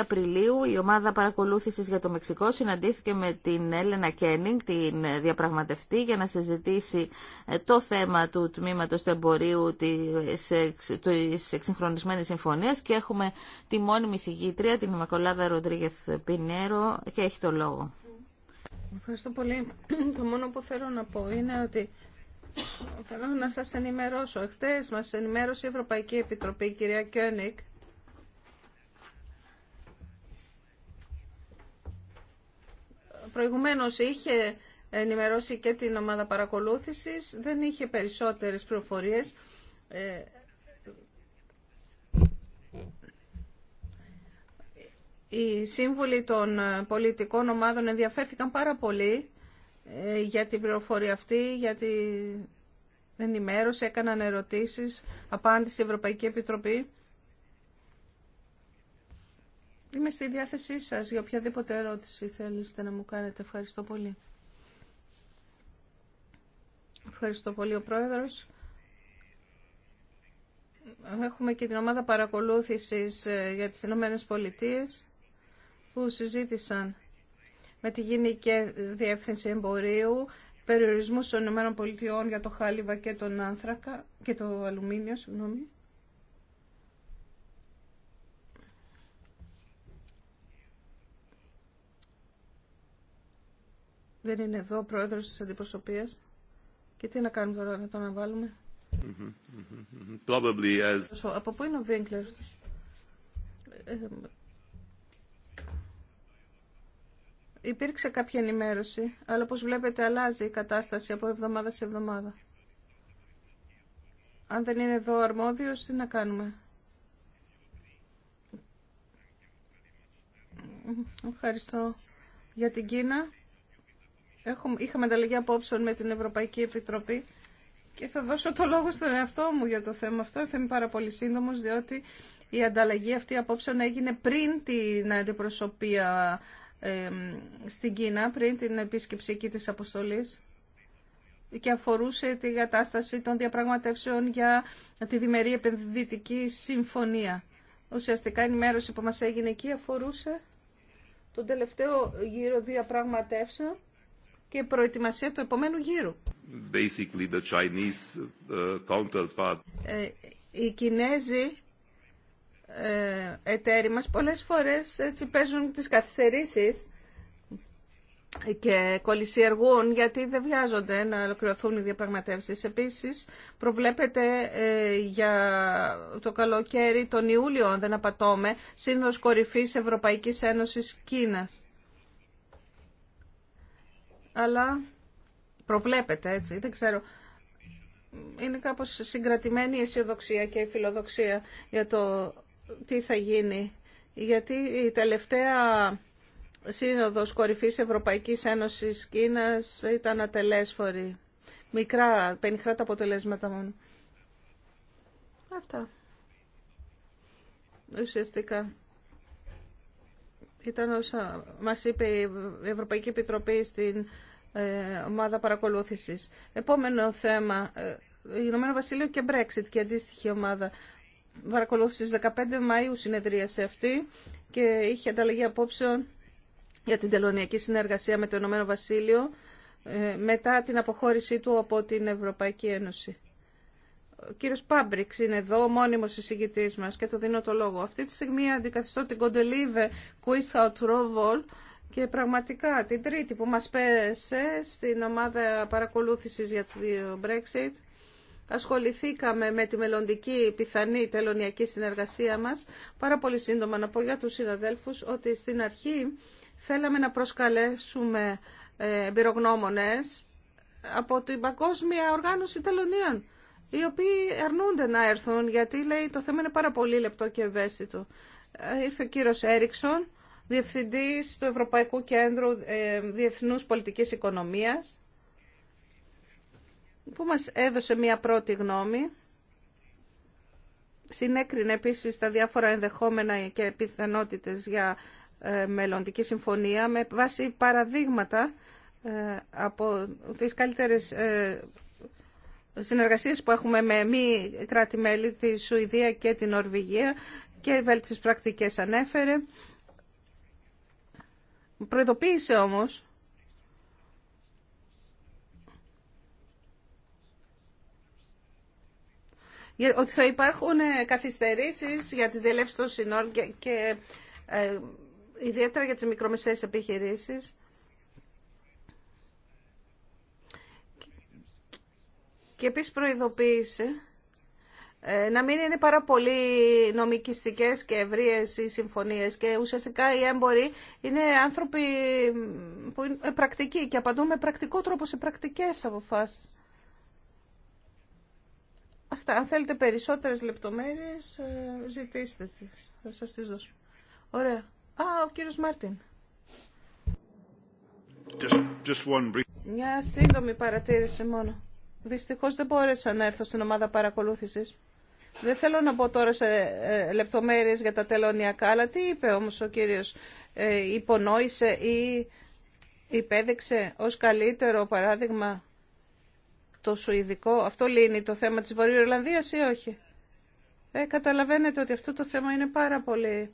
Απριλίου η ομάδα παρακολούθησης για το Μεξικό συναντήθηκε με την Έλενα Κένινγκ, την διαπραγματευτή, για να συζητήσει ε, το θέμα του τμήματος του εμπορίου της εξυγχρονισμένης συμφωνίας και έχουμε τη μόνιμη συγγήτρια, την Μακολάδα Ροντρίγεθ Πινέρο και έχει το λόγο. Ευχαριστώ πολύ. Το μόνο που θέλω να πω είναι ότι θέλω να σας ενημερώσω. Εχθές μας ενημέρωσε η Ευρωπαϊκή Επιτροπή, η κυρία Κιόνικ, προηγουμένως είχε ενημερώσει και την ομάδα παρακολούθησης, δεν είχε περισσότερες πληροφορίε. Ε, οι σύμβουλοι των πολιτικών ομάδων ενδιαφέρθηκαν πάρα πολύ ε, για την πληροφορία αυτή, για την ενημέρωση, έκαναν ερωτήσεις, απάντηση η Ευρωπαϊκή Επιτροπή. Είμαι στη διάθεσή σας για οποιαδήποτε ερώτηση θέλετε να μου κάνετε. Ευχαριστώ πολύ. Ευχαριστώ πολύ ο Πρόεδρος. Έχουμε και την ομάδα παρακολούθησης ε, για τις Ηνωμένες Πολιτείες που συζήτησαν με τη Γενική Διεύθυνση Εμπορίου περιορισμού των Ηνωμένων Πολιτειών για το χάλιβα και τον άνθρακα και το αλουμίνιο, συγγνώμη. δεν είναι εδώ ο πρόεδρος της αντιπροσωπείας. Και τι να κάνουμε τώρα, να τον αναβάλουμε. Από πού είναι ο Βίγκλερ. Ε, υπήρξε κάποια ενημέρωση, αλλά όπως βλέπετε αλλάζει η κατάσταση από εβδομάδα σε εβδομάδα. Αν δεν είναι εδώ ο αρμόδιος, τι να κάνουμε. Ευχαριστώ για την Κίνα. Έχουμε, είχαμε ανταλλαγή απόψεων με την Ευρωπαϊκή Επιτροπή και θα δώσω το λόγο στον εαυτό μου για το θέμα αυτό. Θα είμαι πάρα πολύ σύντομο, διότι η ανταλλαγή αυτή απόψεων έγινε πριν την αντιπροσωπεία στην Κίνα, πριν την επίσκεψη εκεί της αποστολής και αφορούσε τη κατάσταση των διαπραγματεύσεων για τη διμερή επενδυτική συμφωνία. Ουσιαστικά η ενημέρωση που μας έγινε εκεί αφορούσε τον τελευταίο γύρο διαπραγματεύσεων και προετοιμασία του επόμενου γύρου. the Chinese uh, ε, οι Κινέζοι ε, εταίροι μας πολλές φορές έτσι παίζουν τις καθυστερήσεις και κολυσιεργούν γιατί δεν βιάζονται να ολοκληρωθούν οι διαπραγματεύσεις. Επίσης προβλέπεται ε, για το καλοκαίρι τον Ιούλιο, αν δεν απατώμε, σύνδρος κορυφής Ευρωπαϊκής Ένωσης Κίνας αλλά προβλέπεται έτσι, δεν ξέρω. Είναι κάπως συγκρατημένη η αισιοδοξία και η φιλοδοξία για το τι θα γίνει. Γιατί η τελευταία σύνοδος κορυφής Ευρωπαϊκής Ένωσης Κίνας ήταν ατελέσφορη. Μικρά, πενιχρά τα αποτελέσματα μόνο. Αυτά. Ουσιαστικά. Ήταν όσα μας είπε η Ευρωπαϊκή Επιτροπή στην ε, ομάδα παρακολούθησης. Επόμενο θέμα, ε, Ηνωμένο Βασίλειο και Brexit και αντίστοιχη ομάδα παρακολούθησης. 15 Μαΐου συνεδρίασε αυτή και είχε ανταλλαγή απόψεων για την τελωνιακή συνεργασία με το Ηνωμένο Βασίλειο ε, μετά την αποχώρησή του από την Ευρωπαϊκή Ένωση. Ο κύριος Πάμπριξ είναι εδώ, ο μόνιμος εισηγητής μας και το δίνω το λόγο. Αυτή τη στιγμή αντικαθιστώ την Κοντελίβε Ρόβολ, και πραγματικά την τρίτη που μας πέρασε στην ομάδα παρακολούθησης για το Brexit ασχοληθήκαμε με τη μελλοντική πιθανή τελωνιακή συνεργασία μας. Πάρα πολύ σύντομα να πω για τους συναδέλφους ότι στην αρχή θέλαμε να προσκαλέσουμε ε, εμπειρογνώμονες από την Παγκόσμια Οργάνωση Τελωνίων οι οποίοι αρνούνται να έρθουν γιατί λέει το θέμα είναι πάρα πολύ λεπτό και ευαίσθητο. Ε, ήρθε ο κύριος Έριξον διευθυντής του Ευρωπαϊκού Κέντρου ε, Διεθνούς Πολιτικής Οικονομίας, που μας έδωσε μία πρώτη γνώμη. Συνέκρινε επίσης τα διάφορα ενδεχόμενα και πιθανότητες για ε, μελλοντική συμφωνία με βάση παραδείγματα ε, από τις καλύτερες συνεργασίες που έχουμε με μη κράτη-μέλη, τη Σουηδία και την Νορβηγία και βέλτιστες πρακτικές ανέφερε Προειδοποίησε όμως ότι θα υπάρχουν ε, καθυστερήσεις για τις διελεύσεις των συνόρων και, ε, ιδιαίτερα για τις μικρομεσαίες επιχειρήσεις. Και επίσης προειδοποίησε ε, να μην είναι πάρα πολύ νομικιστικές και ευρείες οι συμφωνίες και ουσιαστικά οι έμποροι είναι άνθρωποι που είναι ε, πρακτικοί και απαντούν με πρακτικό τρόπο σε πρακτικές αποφάσεις. Αυτά. Αν θέλετε περισσότερες λεπτομέρειες, ε, ζητήστε τις. Θα σας τις δώσω. Ωραία. Α, ο κύριος Μάρτιν. Just, just one brief... Μια σύντομη παρατήρηση μόνο. Δυστυχώς δεν μπόρεσα να έρθω στην ομάδα παρακολούθησης. Δεν θέλω να πω τώρα σε ε, λεπτομέρειες για τα τελωνιακά, αλλά τι είπε όμως ο κύριος, ε, υπονόησε ή υπέδειξε ως καλύτερο παράδειγμα το Σουηδικό. Αυτό λύνει το θέμα της Βορειοϊρλανδίας ή όχι. Ε, καταλαβαίνετε ότι αυτό το θέμα είναι πάρα πολύ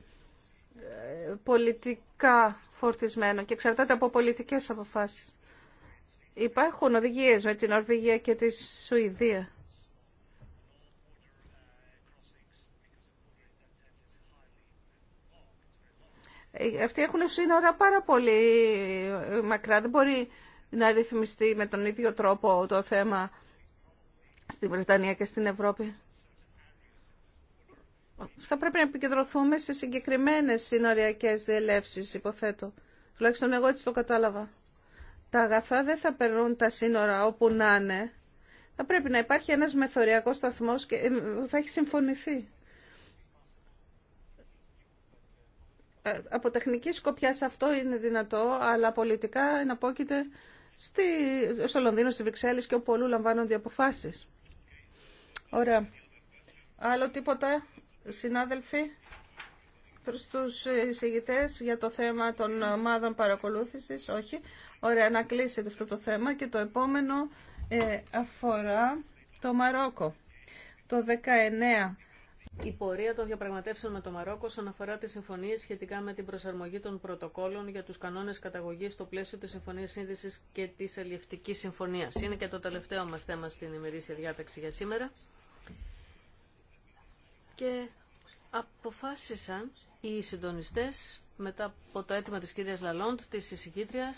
ε, πολιτικά φορτισμένο και εξαρτάται από πολιτικές αποφάσεις. Υπάρχουν οδηγίες με την Ορβηγία και τη Σουηδία Ε, αυτοί έχουν σύνορα πάρα πολύ ε, μακρά. Δεν μπορεί να ρυθμιστεί με τον ίδιο τρόπο το θέμα στην Βρετανία και στην Ευρώπη. Θα πρέπει να επικεντρωθούμε σε συγκεκριμένες σύνοριακές διελεύσεις, υποθέτω. Τουλάχιστον εγώ έτσι το κατάλαβα. Τα αγαθά δεν θα περνούν τα σύνορα όπου να είναι. Θα πρέπει να υπάρχει ένας μεθοριακός σταθμός και ε, θα έχει συμφωνηθεί. Ε, από τεχνική σκοπιά αυτό είναι δυνατό, αλλά πολιτικά εναπόκειται στη, στο Λονδίνο, στη και όπου πολλού λαμβάνονται αποφάσεις. Ωραία. Άλλο τίποτα, συνάδελφοι, προς τους εισηγητές για το θέμα των ομάδων παρακολούθησης. Όχι. Ωραία, να κλείσετε αυτό το θέμα και το επόμενο ε, αφορά το Μαρόκο. Το 19 η πορεία των διαπραγματεύσεων με το Μαρόκο όσον αφορά τι συμφωνίε σχετικά με την προσαρμογή των πρωτοκόλων για του κανόνε καταγωγή στο πλαίσιο τη Συμφωνία Σύνδεση και τη Αλληλευτική Συμφωνία. Είναι και το τελευταίο μα θέμα στην ημερήσια διάταξη για σήμερα. Και αποφάσισαν οι συντονιστέ μετά από το αίτημα τη κυρία Λαλόντ, τη εισηγήτρια,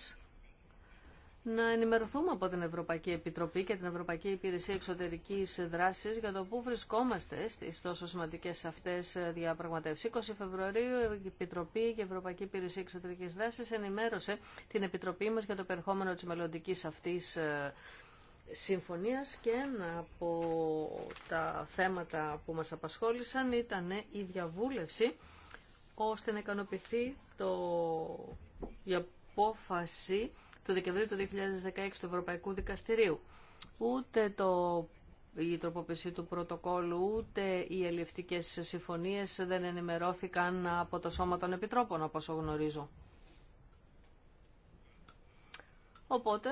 να ενημερωθούμε από την Ευρωπαϊκή Επιτροπή και την Ευρωπαϊκή Υπηρεσία Εξωτερικής Δράσης για το πού βρισκόμαστε στις τόσο σημαντικές αυτές διαπραγματεύσεις. 20 Φεβρουαρίου η Επιτροπή και η Ευρωπαϊκή Υπηρεσία Εξωτερικής Δράσης ενημέρωσε την Επιτροπή μας για το περιεχόμενο της μελλοντική αυτής ε, συμφωνίας και ένα από τα θέματα που μας απασχόλησαν ήταν η διαβούλευση ώστε να ικανοποιηθεί το... η απόφαση του Δεκεμβρίου του 2016 του Ευρωπαϊκού Δικαστηρίου. Ούτε το, η τροποποίηση του πρωτοκόλου, ούτε οι ελληνικέ συμφωνίες δεν ενημερώθηκαν από το Σώμα των Επιτρόπων, όπως γνωρίζω. Οπότε,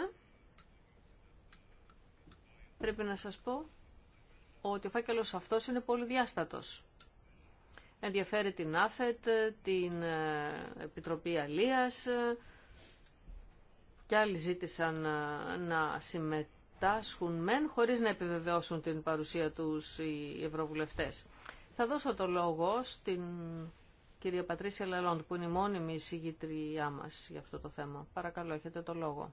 πρέπει να σας πω ότι ο φάκελος αυτός είναι πολυδιάστατος. Ενδιαφέρει την ΑΦΕΤ, την ε, Επιτροπή Αλίας, και άλλοι ζήτησαν ε, να συμμετάσχουν μεν χωρίς να επιβεβαιώσουν την παρουσία τους οι ευρωβουλευτές. Θα δώσω το λόγο στην κυρία Πατρίσια Λαλόντ που είναι η μόνιμη εισηγήτριά μας για αυτό το θέμα. Παρακαλώ, έχετε το λόγο.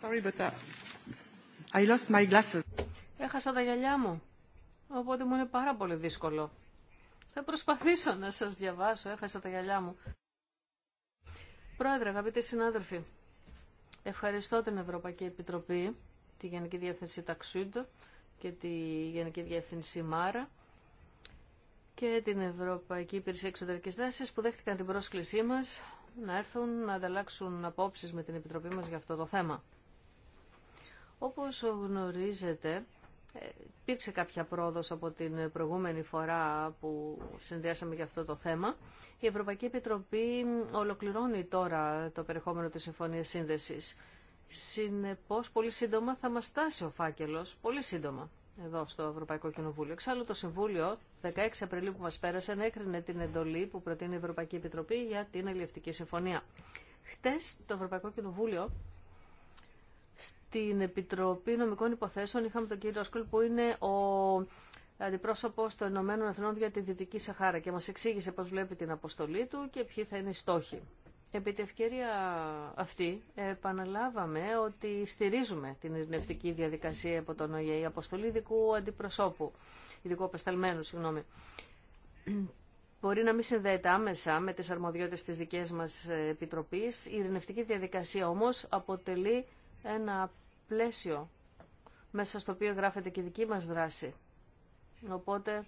Sorry, but uh, I lost my glasses. Έχασα τα γυαλιά μου οπότε μου είναι πάρα πολύ δύσκολο. Θα προσπαθήσω να σας διαβάσω, έχασα τα γυαλιά μου. Πρόεδρε, αγαπητοί συνάδελφοι, ευχαριστώ την Ευρωπαϊκή Επιτροπή, τη Γενική Διεύθυνση Ταξούντο και τη Γενική Διεύθυνση Μάρα και την Ευρωπαϊκή Υπηρεσία Εξωτερικής Δράσης που δέχτηκαν την πρόσκλησή μας να έρθουν να ανταλλάξουν απόψεις με την Επιτροπή μας για αυτό το θέμα. Όπως γνωρίζετε, υπήρξε κάποια πρόοδος από την προηγούμενη φορά που συνδυάσαμε για αυτό το θέμα. Η Ευρωπαϊκή Επιτροπή ολοκληρώνει τώρα το περιεχόμενο της Συμφωνίας Σύνδεσης. Συνεπώς, πολύ σύντομα θα μας στάσει ο φάκελος, πολύ σύντομα, εδώ στο Ευρωπαϊκό Κοινοβούλιο. Εξάλλου το Συμβούλιο, 16 Απριλίου που μας πέρασε, έκρινε την εντολή που προτείνει η Ευρωπαϊκή Επιτροπή για την Ελληνική Συμφωνία. Χτες το Ευρωπαϊκό Κοινοβούλιο στην Επιτροπή Νομικών Υποθέσεων είχαμε τον κύριο Σκουλ που είναι ο αντιπρόσωπο των Ηνωμένων Εθνών για τη Δυτική Σαχάρα και μα εξήγησε πώ βλέπει την αποστολή του και ποιοι θα είναι οι στόχοι. Επί τη ευκαιρία αυτή επαναλάβαμε ότι στηρίζουμε την ειρηνευτική διαδικασία από τον ΟΗΕ, η αποστολή ειδικού αντιπροσώπου, ειδικού απεσταλμένου, συγγνώμη. Μπορεί να μην συνδέεται άμεσα με τι αρμοδιότητε τη δική μα ε, επιτροπή, Η ειρηνευτική διαδικασία όμω αποτελεί ένα πλαίσιο μέσα στο οποίο γράφεται και η δική μας δράση. Οπότε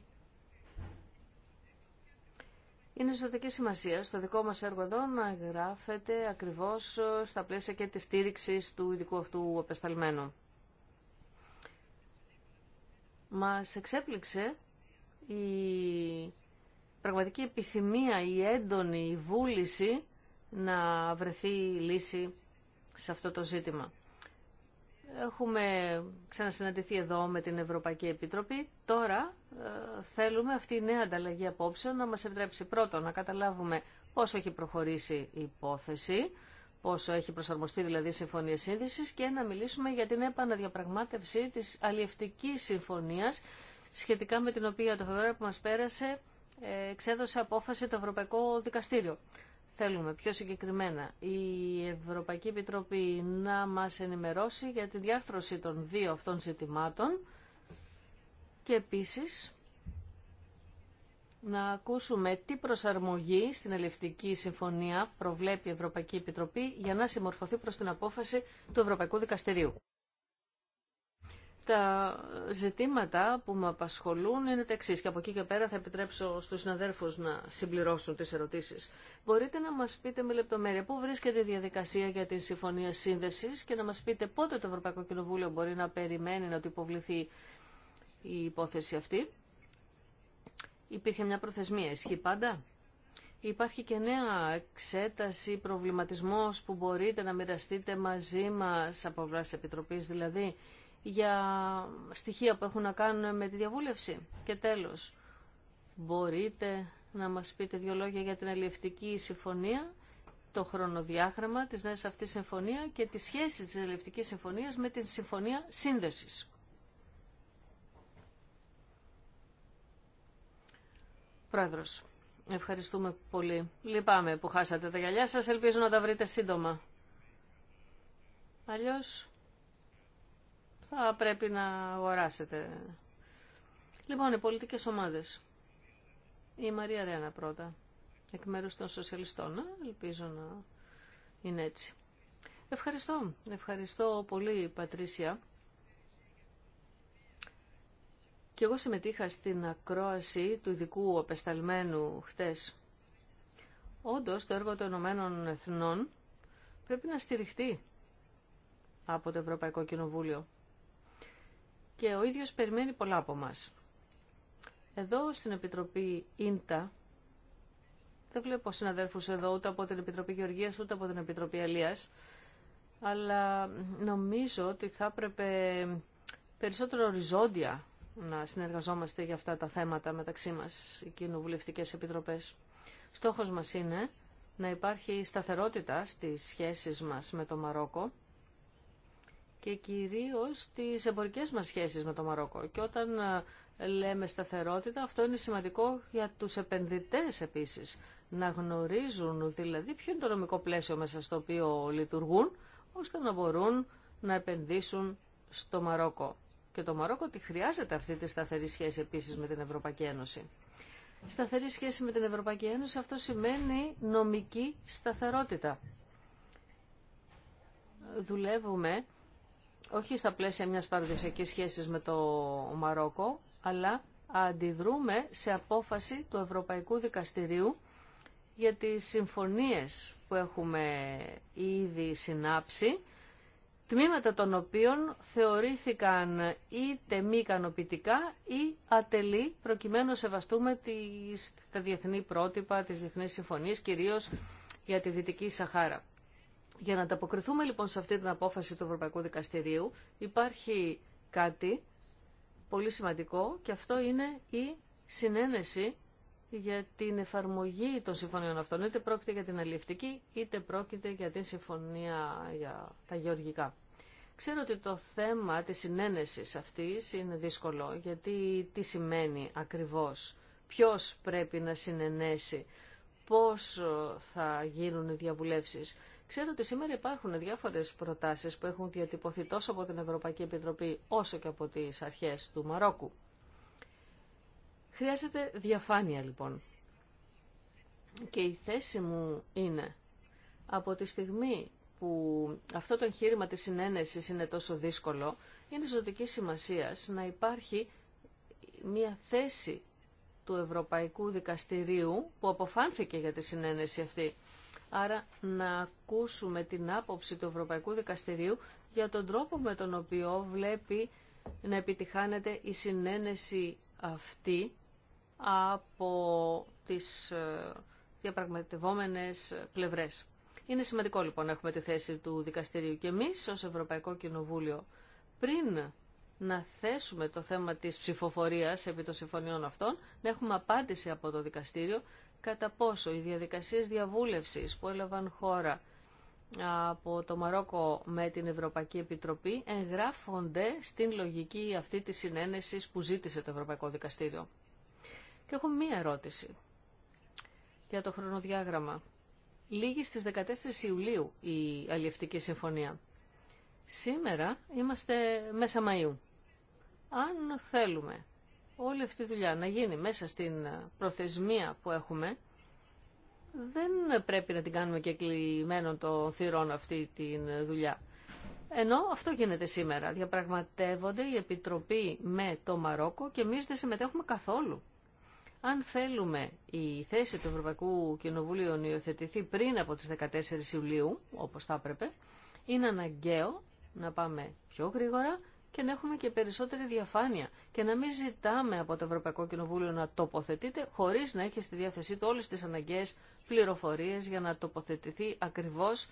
είναι ζωτική σημασία στο δικό μας έργο εδώ να γράφεται ακριβώς στα πλαίσια και της στήριξης του ειδικού αυτού απεσταλμένου. Μας εξέπληξε η πραγματική επιθυμία, η έντονη βούληση να βρεθεί λύση σε αυτό το ζήτημα. Έχουμε ξανασυναντηθεί εδώ με την Ευρωπαϊκή Επίτροπη. Τώρα ε, θέλουμε αυτή η νέα ανταλλαγή απόψεων να μας επιτρέψει πρώτο να καταλάβουμε πόσο έχει προχωρήσει η υπόθεση, πόσο έχει προσαρμοστεί δηλαδή η Συμφωνία Σύνδεσης και να μιλήσουμε για την επαναδιαπραγμάτευση της αλλιευτικής συμφωνίας σχετικά με την οποία το Φεβρουάριο που μας πέρασε ε, εξέδωσε απόφαση το Ευρωπαϊκό Δικαστήριο. Θέλουμε πιο συγκεκριμένα η Ευρωπαϊκή Επιτροπή να μας ενημερώσει για τη διάρθρωση των δύο αυτών ζητημάτων και επίσης να ακούσουμε τι προσαρμογή στην Ελευτική Συμφωνία προβλέπει η Ευρωπαϊκή Επιτροπή για να συμμορφωθεί προς την απόφαση του Ευρωπαϊκού Δικαστηρίου τα ζητήματα που με απασχολούν είναι τα εξή και από εκεί και πέρα θα επιτρέψω στους συναδέρφους να συμπληρώσουν τι ερωτήσει. Μπορείτε να μα πείτε με λεπτομέρεια πού βρίσκεται η διαδικασία για την Συμφωνία σύνδεση και να μα πείτε πότε το Ευρωπαϊκό Κοινοβούλιο μπορεί να περιμένει να του υποβληθεί η υπόθεση αυτή. Υπήρχε μια προθεσμία, ισχύει πάντα. Υπάρχει και νέα εξέταση, προβληματισμός που μπορείτε να μοιραστείτε μαζί μας από βράση επιτροπής δηλαδή για στοιχεία που έχουν να κάνουν με τη διαβούλευση. Και τέλος, μπορείτε να μας πείτε δύο λόγια για την αλληλευτική συμφωνία, το χρονοδιάγραμμα της νέας αυτής συμφωνία και τη σχέση της αλληλευτικής συμφωνίας με την συμφωνία σύνδεσης. Πρόεδρος, ευχαριστούμε πολύ. Λυπάμαι που χάσατε τα γυαλιά σας, ελπίζω να τα βρείτε σύντομα. Αλλιώς θα πρέπει να αγοράσετε. Λοιπόν, οι πολιτικές ομάδες. Η Μαρία Ρένα πρώτα, εκ μέρους των σοσιαλιστών. Ε, ελπίζω να είναι έτσι. Ευχαριστώ. Ευχαριστώ πολύ, Πατρίσια. Και εγώ συμμετείχα στην ακρόαση του ειδικού απεσταλμένου χτες. Όντως, το έργο των Ηνωμένων Εθνών πρέπει να στηριχτεί από το Ευρωπαϊκό Κοινοβούλιο και ο ίδιος περιμένει πολλά από μας. Εδώ στην Επιτροπή ΙΝΤΑ, δεν βλέπω συναδέρφους εδώ ούτε από την Επιτροπή Γεωργίας ούτε από την Επιτροπή Αλίας, αλλά νομίζω ότι θα έπρεπε περισσότερο οριζόντια να συνεργαζόμαστε για αυτά τα θέματα μεταξύ μας, οι κοινοβουλευτικές επιτροπές. Στόχος μας είναι να υπάρχει σταθερότητα στις σχέσεις μας με το Μαρόκο και κυρίως τις εμπορικές μας σχέσεις με το Μαρόκο. Και όταν ε, λέμε σταθερότητα, αυτό είναι σημαντικό για τους επενδυτές επίσης. Να γνωρίζουν δηλαδή ποιο είναι το νομικό πλαίσιο μέσα στο οποίο λειτουργούν, ώστε να μπορούν να επενδύσουν στο Μαρόκο. Και το Μαρόκο τη χρειάζεται αυτή τη σταθερή σχέση επίσης με την Ευρωπαϊκή Ένωση. Σταθερή σχέση με την Ευρωπαϊκή Ένωση αυτό σημαίνει νομική σταθερότητα. Δουλεύουμε όχι στα πλαίσια μιας παραδοσιακής σχέσης με το Μαρόκο, αλλά αντιδρούμε σε απόφαση του Ευρωπαϊκού Δικαστηρίου για τις συμφωνίες που έχουμε ήδη συνάψει, τμήματα των οποίων θεωρήθηκαν είτε μη ικανοποιητικά ή ατελή, προκειμένου να σεβαστούμε τις, τα διεθνή πρότυπα, τις διεθνείς συμφωνίες, κυρίως για τη Δυτική Σαχάρα. Για να ανταποκριθούμε λοιπόν σε αυτή την απόφαση του Ευρωπαϊκού Δικαστηρίου υπάρχει κάτι πολύ σημαντικό και αυτό είναι η συνένεση για την εφαρμογή των συμφωνιών αυτών. Είτε πρόκειται για την αλληλευτική, είτε πρόκειται για την συμφωνία για τα γεωργικά. Ξέρω ότι το θέμα της συνένεσης αυτής είναι δύσκολο, γιατί τι σημαίνει ακριβώς, ποιος πρέπει να συνενέσει, πώς θα γίνουν οι διαβουλεύσεις. Ξέρω ότι σήμερα υπάρχουν διάφορες προτάσεις που έχουν διατυπωθεί τόσο από την Ευρωπαϊκή Επιτροπή όσο και από τις αρχές του Μαρόκου. Χρειάζεται διαφάνεια λοιπόν. Και η θέση μου είναι από τη στιγμή που αυτό το εγχείρημα της συνένεσης είναι τόσο δύσκολο, είναι ζωτική σημασία να υπάρχει μια θέση του Ευρωπαϊκού Δικαστηρίου που αποφάνθηκε για τη συνένεση αυτή άρα να ακούσουμε την άποψη του Ευρωπαϊκού Δικαστηρίου για τον τρόπο με τον οποίο βλέπει να επιτυχάνεται η συνένεση αυτή από τις ε, διαπραγματευόμενες πλευρές. Είναι σημαντικό λοιπόν να έχουμε τη θέση του δικαστηρίου και εμείς ως Ευρωπαϊκό Κοινοβούλιο πριν να θέσουμε το θέμα της ψηφοφορίας επί των συμφωνιών αυτών, να έχουμε απάντηση από το δικαστήριο κατά πόσο οι διαδικασίες διαβούλευσης που έλαβαν χώρα από το Μαρόκο με την Ευρωπαϊκή Επιτροπή εγγράφονται στην λογική αυτή της συνένεσης που ζήτησε το Ευρωπαϊκό Δικαστήριο. Και έχω μία ερώτηση για το χρονοδιάγραμμα. Λίγη στις 14 Ιουλίου η Αλληλευτική Συμφωνία. Σήμερα είμαστε μέσα Μαΐου. Αν θέλουμε όλη αυτή η δουλειά να γίνει μέσα στην προθεσμία που έχουμε, δεν πρέπει να την κάνουμε και κλειμένο των θυρών αυτή τη δουλειά. Ενώ αυτό γίνεται σήμερα. Διαπραγματεύονται η Επιτροπή με το Μαρόκο και εμεί δεν συμμετέχουμε καθόλου. Αν θέλουμε η θέση του Ευρωπαϊκού Κοινοβουλίου να υιοθετηθεί πριν από τις 14 Ιουλίου, όπως θα έπρεπε, είναι αναγκαίο να πάμε πιο γρήγορα και να έχουμε και περισσότερη διαφάνεια και να μην ζητάμε από το Ευρωπαϊκό Κοινοβούλιο να τοποθετείται χωρίς να έχει στη διάθεσή του όλες τις αναγκαίες πληροφορίες για να τοποθετηθεί ακριβώς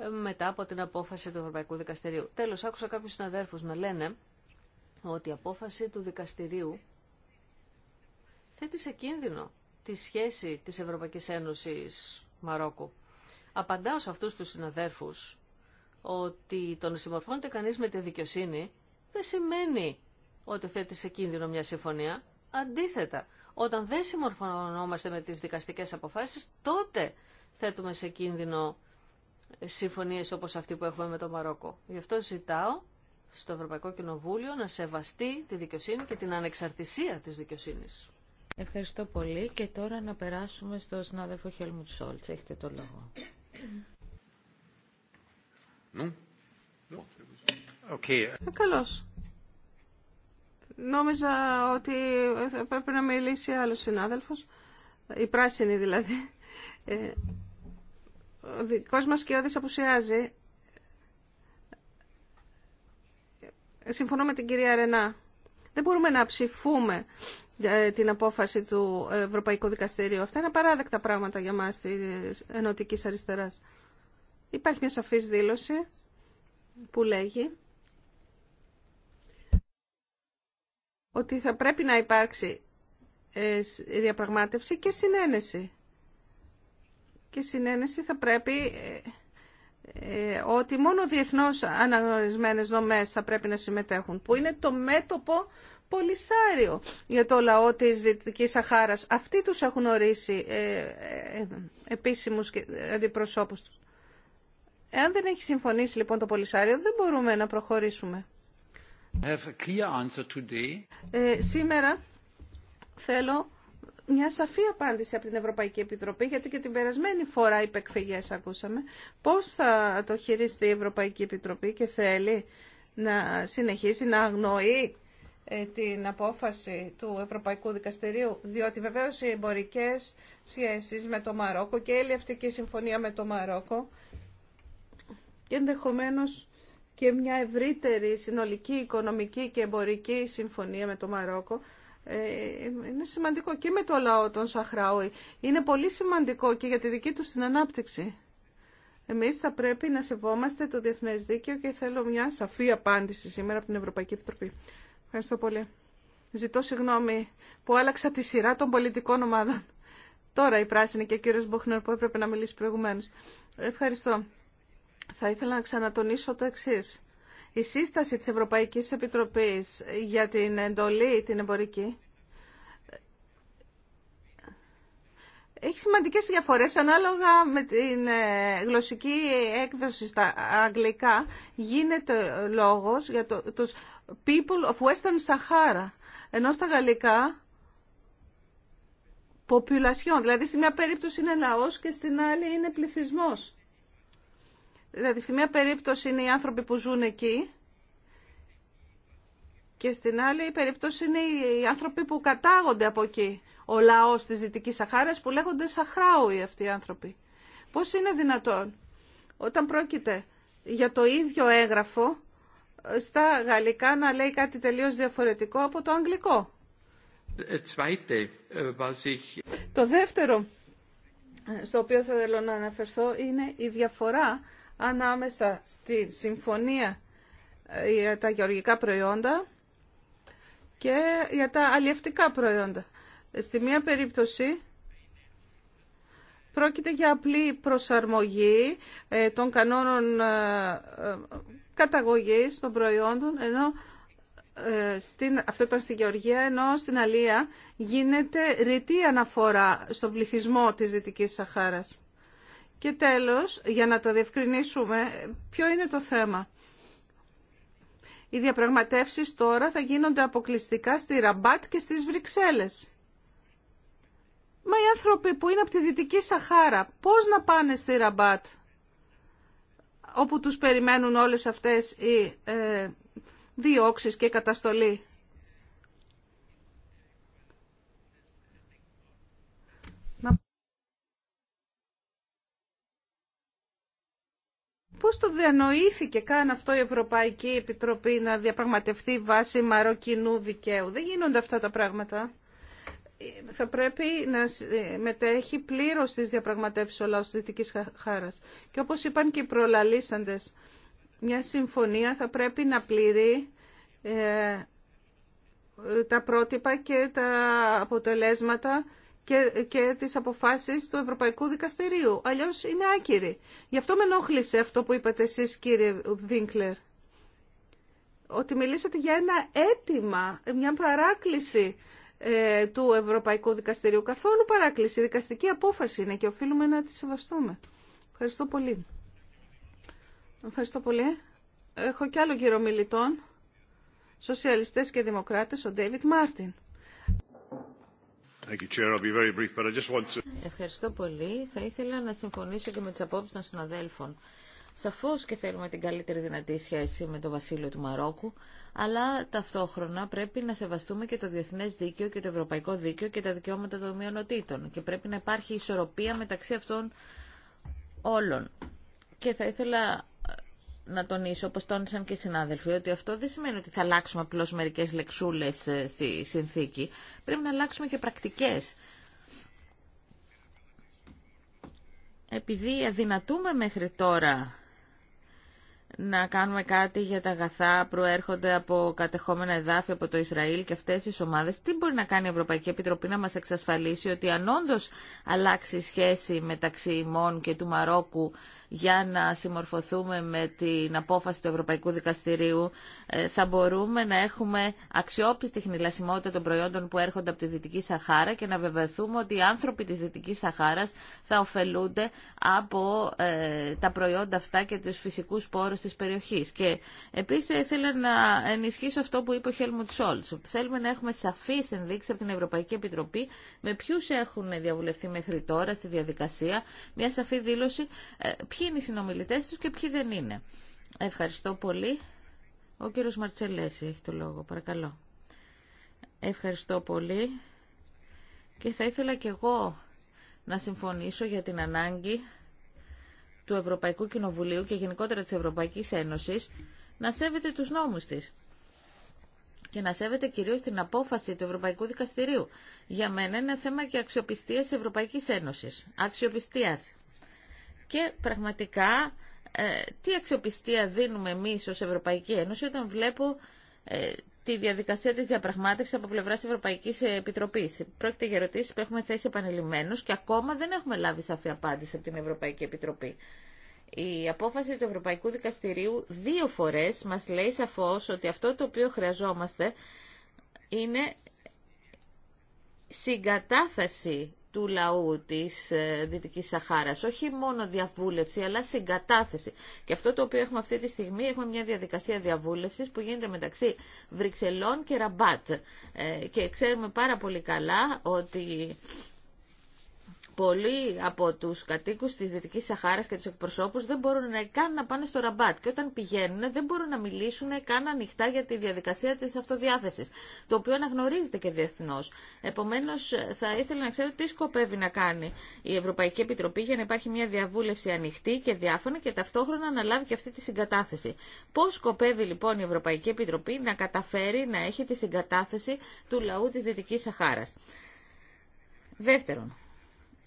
ε, μετά από την απόφαση του Ευρωπαϊκού Δικαστηρίου. Τέλος, άκουσα κάποιους συναδέρφους να λένε ότι η απόφαση του δικαστηρίου θέτει σε κίνδυνο τη σχέση της Ευρωπαϊκής Ένωσης Μαρόκου. Απαντάω σε αυτούς τους συναδέρφους ότι το να συμμορφώνεται κανείς με τη δικαιοσύνη δεν σημαίνει ότι θέτει σε κίνδυνο μια συμφωνία. Αντίθετα, όταν δεν συμμορφωνόμαστε με τις δικαστικές αποφάσεις, τότε θέτουμε σε κίνδυνο συμφωνίες όπως αυτή που έχουμε με το Μαρόκο. Γι' αυτό ζητάω στο Ευρωπαϊκό Κοινοβούλιο να σεβαστεί τη δικαιοσύνη και την ανεξαρτησία της δικαιοσύνης. Ευχαριστώ πολύ και τώρα να περάσουμε στο συνάδελφο Χέλμουτ Σόλτς. Έχετε το λόγο. Ε, καλώς. Νόμιζα ότι θα πρέπει να μιλήσει άλλος συνάδελφος, η πράσινη δηλαδή. Ε, ο δικός μας σκιώδης απουσιάζει. Ε, συμφωνώ με την κυρία Ρενά. Δεν μπορούμε να ψηφούμε την απόφαση του Ευρωπαϊκού Δικαστηρίου. Αυτά είναι παράδεκτα πράγματα για μας της ενωτικής αριστεράς. Υπάρχει μια σαφής δήλωση που λέγει ότι θα πρέπει να υπάρξει ε, διαπραγμάτευση και συνένεση. Και συνένεση θα πρέπει ε, ε, ότι μόνο διεθνώς αναγνωρισμένες δομές θα πρέπει να συμμετέχουν, που είναι το μέτωπο πολυσάριο για το λαό της Δυτικής Σαχάρας. Αυτοί τους έχουν ορίσει επίσημους αντιπροσώπους τους. Εάν δεν έχει συμφωνήσει λοιπόν το Πολυσάριο, δεν μπορούμε να προχωρήσουμε. Ε, σήμερα θέλω μια σαφή απάντηση από την Ευρωπαϊκή Επιτροπή, γιατί και την περασμένη φορά υπεκφυγές ακούσαμε. Πώς θα το χειριστεί η Ευρωπαϊκή Επιτροπή και θέλει να συνεχίσει να αγνοεί ε, την απόφαση του Ευρωπαϊκού Δικαστηρίου, διότι βεβαίως οι εμπορικές σχέσεις με το Μαρόκο και η ελευτική συμφωνία με το Μαρόκο και ενδεχομένως και μια ευρύτερη συνολική οικονομική και εμπορική συμφωνία με το Μαρόκο ε, είναι σημαντικό και με το λαό των Σαχράουι. Είναι πολύ σημαντικό και για τη δική τους την ανάπτυξη. Εμείς θα πρέπει να σεβόμαστε το διεθνές δίκαιο και θέλω μια σαφή απάντηση σήμερα από την Ευρωπαϊκή Επιτροπή. Ευχαριστώ πολύ. Ζητώ συγγνώμη που άλλαξα τη σειρά των πολιτικών ομάδων. Τώρα η πράσινη και ο κύριος Μποχνερ που έπρεπε να μιλήσει προηγουμένως. Ευχαριστώ. Θα ήθελα να ξανατονίσω το εξή. Η σύσταση της Ευρωπαϊκής Επιτροπής για την εντολή την εμπορική έχει σημαντικές διαφορές ανάλογα με την ε, γλωσσική έκδοση στα αγγλικά γίνεται λόγος για το, τους people of Western Sahara ενώ στα γαλλικά population, δηλαδή στη μια περίπτωση είναι λαός και στην άλλη είναι πληθυσμός. Δηλαδή, στη μία περίπτωση είναι οι άνθρωποι που ζουν εκεί και στην άλλη περίπτωση είναι οι άνθρωποι που κατάγονται από εκεί. Ο λαός της Δυτικής Σαχάρας που λέγονται Σαχράουι αυτοί οι άνθρωποι. Πώς είναι δυνατόν όταν πρόκειται για το ίδιο έγγραφο στα γαλλικά να λέει κάτι τελείως διαφορετικό από το αγγλικό. Ε, το δεύτερο ε, στο οποίο θα θέλω να αναφερθώ είναι η διαφορά ανάμεσα στη συμφωνία ε, για τα γεωργικά προϊόντα και για τα αλλιευτικά προϊόντα. Στη μία περίπτωση πρόκειται για απλή προσαρμογή ε, των κανόνων ε, καταγωγής των προϊόντων, ενώ στην, αυτό στη Γεωργία, ενώ στην Αλία γίνεται ρητή αναφορά στον πληθυσμό της Δυτικής Σαχάρας. Και τέλος, για να το διευκρινίσουμε, ποιο είναι το θέμα. Οι διαπραγματεύσεις τώρα θα γίνονται αποκλειστικά στη Ραμπάτ και στις Βρυξέλλες. Μα οι άνθρωποι που είναι από τη Δυτική Σαχάρα, πώς να πάνε στη Ραμπάτ, όπου τους περιμένουν όλες αυτές οι ε, διώξεις και καταστολή. Πώς το διανοήθηκε καν αυτό η Ευρωπαϊκή Επιτροπή να διαπραγματευτεί βάση μαροκινού δικαίου. Δεν γίνονται αυτά τα πράγματα. Θα πρέπει να ε, μετέχει πλήρω στις διαπραγματεύσει ο λαός της Δυτικής Χάρας. Και όπως είπαν και οι προλαλήσαντες, μια συμφωνία θα πρέπει να πληρεί ε, ε, τα πρότυπα και τα αποτελέσματα και, και τις αποφάσεις του Ευρωπαϊκού Δικαστηρίου. Αλλιώς είναι άκυρη. Γι' αυτό με ενόχλησε αυτό που είπατε εσείς κύριε Βίνκλερ. Ότι μιλήσατε για ένα αίτημα, μια παράκληση ε, του Ευρωπαϊκού Δικαστηρίου. Καθόλου παράκληση. δικαστική απόφαση είναι και οφείλουμε να τη σεβαστούμε. Ευχαριστώ πολύ. Ευχαριστώ πολύ. Έχω κι άλλο γύρω μιλητών. Σοσιαλιστές και Δημοκράτες, ο Ντέιβιτ Μάρτιν. Ευχαριστώ πολύ. Θα ήθελα να συμφωνήσω και με τις απόψεις των συναδέλφων. Σαφώς και θέλουμε την καλύτερη δυνατή σχέση με το βασίλειο του Μαρόκου, αλλά ταυτόχρονα πρέπει να σεβαστούμε και το διεθνές δίκαιο και το ευρωπαϊκό δίκαιο και τα δικαιώματα των μειονοτήτων και πρέπει να υπάρχει ισορροπία μεταξύ αυτών όλων. Και θα ήθελα να τονίσω, όπω τόνισαν και οι συνάδελφοι, ότι αυτό δεν σημαίνει ότι θα αλλάξουμε απλώ μερικέ λεξούλες ε, στη συνθήκη. Πρέπει να αλλάξουμε και πρακτικές. Επειδή αδυνατούμε μέχρι τώρα να κάνουμε κάτι για τα αγαθά προέρχονται από κατεχόμενα εδάφη από το Ισραήλ και αυτές τις ομάδες. Τι μπορεί να κάνει η Ευρωπαϊκή Επιτροπή να μας εξασφαλίσει ότι αν όντω αλλάξει η σχέση μεταξύ ημών και του Μαρόκου για να συμμορφωθούμε με την απόφαση του Ευρωπαϊκού Δικαστηρίου ε, θα μπορούμε να έχουμε αξιόπιστη χνηλασιμότητα των προϊόντων που έρχονται από τη Δυτική Σαχάρα και να βεβαιωθούμε ότι οι άνθρωποι της Δυτικής Σαχάρας θα ωφελούνται από ε, τα προϊόντα αυτά και τους φυσικούς πόρους της περιοχής. Και επίσης ήθελα να ενισχύσω αυτό που είπε ο Χέλμουντ Σόλτς. Θέλουμε να έχουμε σαφείς ενδείξεις από την Ευρωπαϊκή Επιτροπή με ποιους έχουν διαβουλευτεί μέχρι τώρα στη διαδικασία, μια σαφή δήλωση ε, ποιοι είναι οι συνομιλητές τους και ποιοι δεν είναι. Ευχαριστώ πολύ. Ο κύριος Μαρτσελέση έχει το λόγο. Παρακαλώ. Ευχαριστώ πολύ. Και θα ήθελα και εγώ να συμφωνήσω για την ανάγκη του Ευρωπαϊκού Κοινοβουλίου και γενικότερα της Ευρωπαϊκής Ένωσης να σέβεται τους νόμους της και να σέβεται κυρίως την απόφαση του Ευρωπαϊκού Δικαστηρίου. Για μένα είναι θέμα και αξιοπιστίας Ευρωπαϊκής Ένωσης. Αξιοπιστίας. Και πραγματικά ε, τι αξιοπιστία δίνουμε εμείς ως Ευρωπαϊκή Ένωση όταν βλέπω ε, τη διαδικασία της διαπραγμάτευσης από πλευράς Ευρωπαϊκή Επιτροπή. Πρόκειται για ερωτήσει που έχουμε θέσει επανειλημμένω και ακόμα δεν έχουμε λάβει σαφή απάντηση από την Ευρωπαϊκή Επιτροπή. Η απόφαση του Ευρωπαϊκού Δικαστηρίου δύο φορέ μας λέει σαφώς ότι αυτό το οποίο χρειαζόμαστε είναι συγκατάθεση του λαού της ε, Δυτικής Σαχάρας. Όχι μόνο διαβούλευση, αλλά συγκατάθεση. Και αυτό το οποίο έχουμε αυτή τη στιγμή, έχουμε μια διαδικασία διαβούλευσης που γίνεται μεταξύ Βρυξελών και Ραμπάτ. Ε, και ξέρουμε πάρα πολύ καλά ότι πολλοί από του κατοίκου τη Δυτικής Σαχάρα και του εκπροσώπους δεν μπορούν να, καν να πάνε στο ραμπάτ και όταν πηγαίνουν δεν μπορούν να μιλήσουν καν ανοιχτά για τη διαδικασία τη αυτοδιάθεση, το οποίο αναγνωρίζεται και διεθνώ. Επομένω, θα ήθελα να ξέρω τι σκοπεύει να κάνει η Ευρωπαϊκή Επιτροπή για να υπάρχει μια διαβούλευση ανοιχτή και διάφανη και ταυτόχρονα να λάβει και αυτή τη συγκατάθεση. Πώ σκοπεύει λοιπόν η Ευρωπαϊκή Επιτροπή να καταφέρει να έχει τη συγκατάθεση του λαού τη Δυτικής Σαχάρα. Δεύτερον,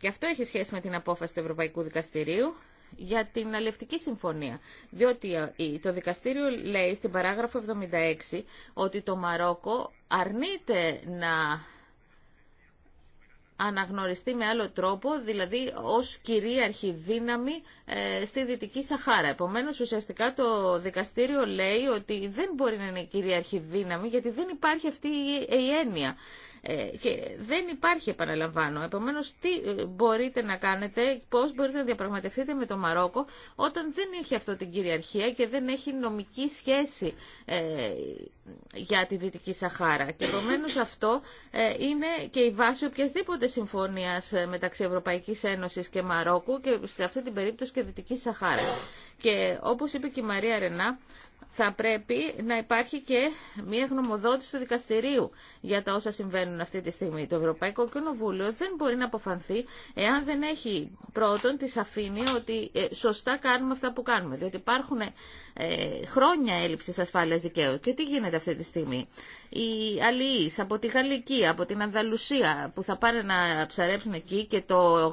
και αυτό έχει σχέση με την απόφαση του Ευρωπαϊκού Δικαστηρίου για την Αλευτική Συμφωνία. Διότι ε, το δικαστήριο λέει στην παράγραφο 76 ότι το Μαρόκο αρνείται να αναγνωριστεί με άλλο τρόπο, δηλαδή ως κυρίαρχη δύναμη ε, στη Δυτική Σαχάρα. Επομένως, ουσιαστικά το δικαστήριο λέει ότι δεν μπορεί να είναι κυρίαρχη δύναμη, γιατί δεν υπάρχει αυτή η έννοια. Ε, και δεν υπάρχει, επαναλαμβάνω. Επομένω, τι ε, μπορείτε να κάνετε, πώ μπορείτε να διαπραγματευτείτε με το Μαρόκο όταν δεν έχει αυτό την κυριαρχία και δεν έχει νομική σχέση ε, για τη Δυτική Σαχάρα. Και επομένω αυτό είναι και η βάση οποιασδήποτε συμφωνία μεταξύ Ευρωπαϊκή Ένωση και Μαρόκου και σε αυτή την περίπτωση και Δυτική Σαχάρα. Και όπως είπε και η Μαρία Ρενά, θα πρέπει να υπάρχει και μια γνωμοδότηση του δικαστηρίου για τα όσα συμβαίνουν αυτή τη στιγμή. Το Ευρωπαϊκό Κοινοβούλιο δεν μπορεί να αποφανθεί εάν δεν έχει πρώτον τη σαφήνεια ότι ε, σωστά κάνουμε αυτά που κάνουμε. Διότι υπάρχουν ε, χρόνια έλλειψη ασφάλεια δικαίου. Και τι γίνεται αυτή τη στιγμή οι αλληλείς από τη Γαλλική, από την Ανδαλουσία που θα πάνε να ψαρέψουν εκεί και το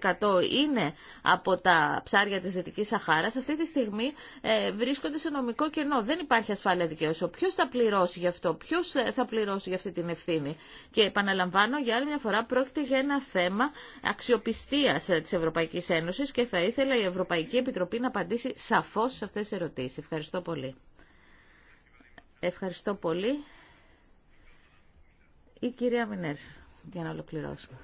80% είναι από τα ψάρια της Δυτικής Σαχάρας, αυτή τη στιγμή ε, βρίσκονται σε νομικό κενό. Δεν υπάρχει ασφάλεια δικαίωση. Ποιο θα πληρώσει γι' αυτό, ποιο ε, θα πληρώσει γι' αυτή την ευθύνη. Και επαναλαμβάνω για άλλη μια φορά πρόκειται για ένα θέμα αξιοπιστία ε, της Ευρωπαϊκής Ένωσης και θα ήθελα η Ευρωπαϊκή Επιτροπή να απαντήσει σαφώς σε αυτές τις ερωτήσεις. Ευχαριστώ πολύ. Ευχαριστώ πολύ η κυρία Μινέρ για να ολοκληρώσουμε.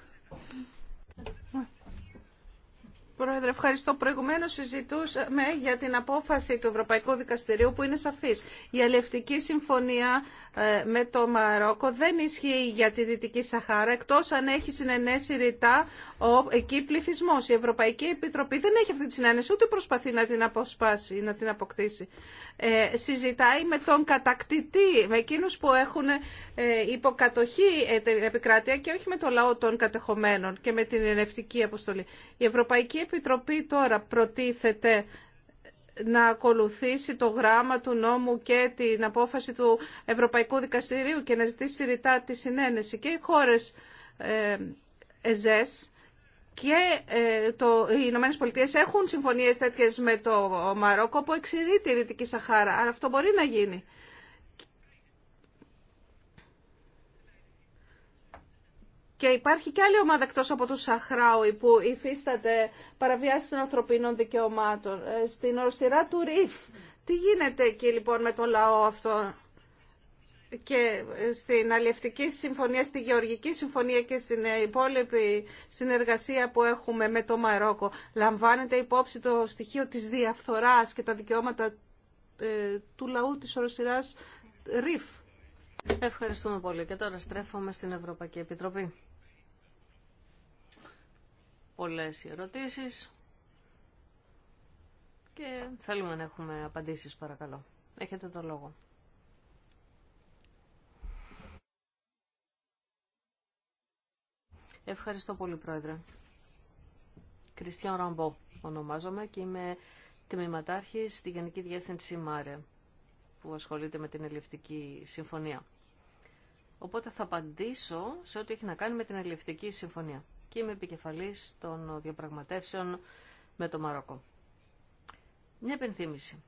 Πρόεδρε, ευχαριστώ. Προηγουμένω συζητούσαμε για την απόφαση του Ευρωπαϊκού Δικαστηρίου που είναι σαφή. Η αλληλευτική συμφωνία ε, με το Μαρόκο δεν ισχύει για τη Δυτική Σαχάρα εκτό αν έχει συνενέσει ρητά ο εκεί πληθυσμό. Η Ευρωπαϊκή Επιτροπή δεν έχει αυτή τη συνένεση ούτε προσπαθεί να την αποσπάσει ή να την αποκτήσει. Ε, συζητάει με τον κατακτητή, με εκείνου που έχουν ε, υποκατοχή την επικράτεια και όχι με το λαό των κατεχομένων και με την ενευτική αποστολή. Η Ευρωπαϊκή Επιτροπή τώρα προτίθεται να ακολουθήσει το γράμμα του νόμου και την απόφαση του Ευρωπαϊκού Δικαστηρίου και να ζητήσει ρητά τη συνένεση και οι χώρες ε, ΕΖΕΣ και ε, το, οι Ηνωμένε Πολιτείε έχουν συμφωνίες τέτοιες με το Μαρόκο που εξηρεί τη Δυτική Σαχάρα. αλλά αυτό μπορεί να γίνει. Και υπάρχει και άλλη ομάδα εκτός από τους Σαχράουι που υφίσταται παραβιάσεις των ανθρωπίνων δικαιωμάτων. Ε, στην οροσυρά του Ριφ. Τι γίνεται εκεί λοιπόν με τον λαό αυτό και ε, στην αλλιευτική συμφωνία, στη γεωργική συμφωνία και στην ε, υπόλοιπη συνεργασία που έχουμε με το Μαρόκο. Λαμβάνεται υπόψη το στοιχείο της διαφθοράς και τα δικαιώματα του λαού της οροσυράς Ριφ. Ευχαριστούμε πολύ και τώρα στρέφομαι στην Ευρωπαϊκή Επιτροπή πολλές ερωτήσεις και θέλουμε να έχουμε απαντήσεις παρακαλώ. Έχετε το λόγο. Ευχαριστώ πολύ Πρόεδρε. Κριστιαν Ραμπό ονομάζομαι και είμαι τμήματάρχης στη Γενική Διεύθυνση ΜΑΡΕ που ασχολείται με την Ελληνική Συμφωνία. Οπότε θα απαντήσω σε ό,τι έχει να κάνει με την Ελληνική Συμφωνία και είμαι επικεφαλής των διαπραγματεύσεων με το Μαρόκο. Μια επενθύμηση.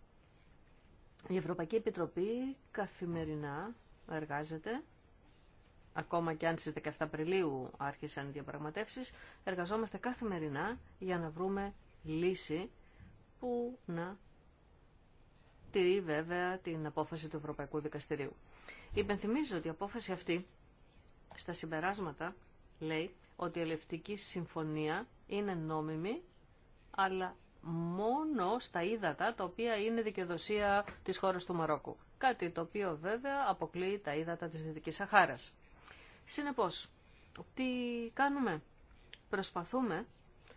Η Ευρωπαϊκή Επιτροπή καθημερινά εργάζεται, ακόμα και αν στις 17 Απριλίου άρχισαν οι διαπραγματεύσεις, εργαζόμαστε καθημερινά για να βρούμε λύση που να τηρεί βέβαια την απόφαση του Ευρωπαϊκού Δικαστηρίου. Υπενθυμίζω ότι η απόφαση αυτή στα συμπεράσματα λέει ότι η ελευτική συμφωνία είναι νόμιμη, αλλά μόνο στα ύδατα τα οποία είναι δικαιοδοσία της χώρας του Μαρόκου. Κάτι το οποίο βέβαια αποκλείει τα ύδατα της Δυτικής Σαχάρας. Συνεπώς, τι κάνουμε. Προσπαθούμε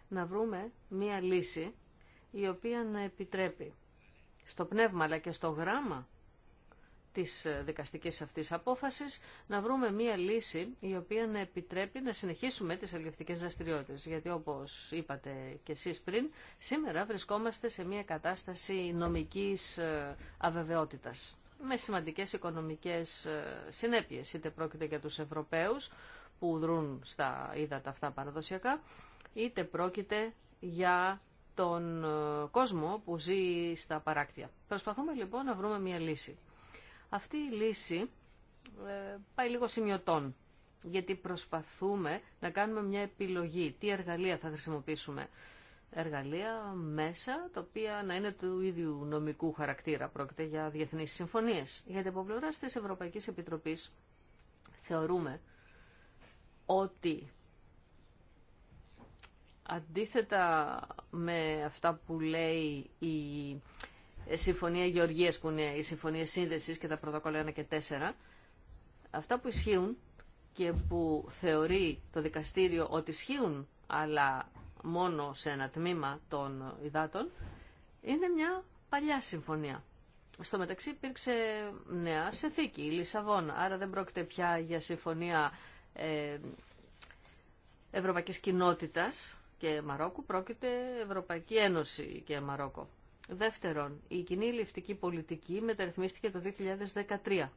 να βρούμε μία λύση η οποία να επιτρέπει στο πνεύμα αλλά και στο γράμμα της δικαστικής αυτής απόφασης να βρούμε μία λύση η οποία να επιτρέπει να συνεχίσουμε τις αλληλευτικές δραστηριότητες. Γιατί όπως είπατε και εσείς πριν, σήμερα βρισκόμαστε σε μία κατάσταση νομικής ε, αβεβαιότητας με σημαντικές οικονομικές ε, συνέπειες, είτε πρόκειται για τους Ευρωπαίους που δρούν στα ύδατα αυτά παραδοσιακά, είτε πρόκειται για τον ε, κόσμο που ζει στα παράκτια. Προσπαθούμε λοιπόν να βρούμε μια λύση. Αυτή η λύση ε, πάει λίγο σημειωτών, γιατί προσπαθούμε να κάνουμε μια επιλογή. Τι εργαλεία θα χρησιμοποιήσουμε. Εργαλεία μέσα, τα οποία να είναι του ίδιου νομικού χαρακτήρα. Πρόκειται για διεθνείς συμφωνίες. Γιατί από πλευρά της Ευρωπαϊκής Επιτροπής θεωρούμε ότι αντίθετα με αυτά που λέει η ε, συμφωνία Γεωργίας που είναι η Συμφωνία Σύνδεση και τα πρωτοκόλλα 1 και 4, αυτά που ισχύουν και που θεωρεί το δικαστήριο ότι ισχύουν αλλά μόνο σε ένα τμήμα των υδάτων, είναι μια παλιά συμφωνία. Στο μεταξύ υπήρξε νέα θήκη, η Λισαβόνα, άρα δεν πρόκειται πια για συμφωνία ε, Ευρωπαϊκής Κοινότητας και Μαρόκου, πρόκειται Ευρωπαϊκή Ένωση και Μαρόκο. Δεύτερον, η κοινή ληφτική πολιτική μεταρρυθμίστηκε το 2013.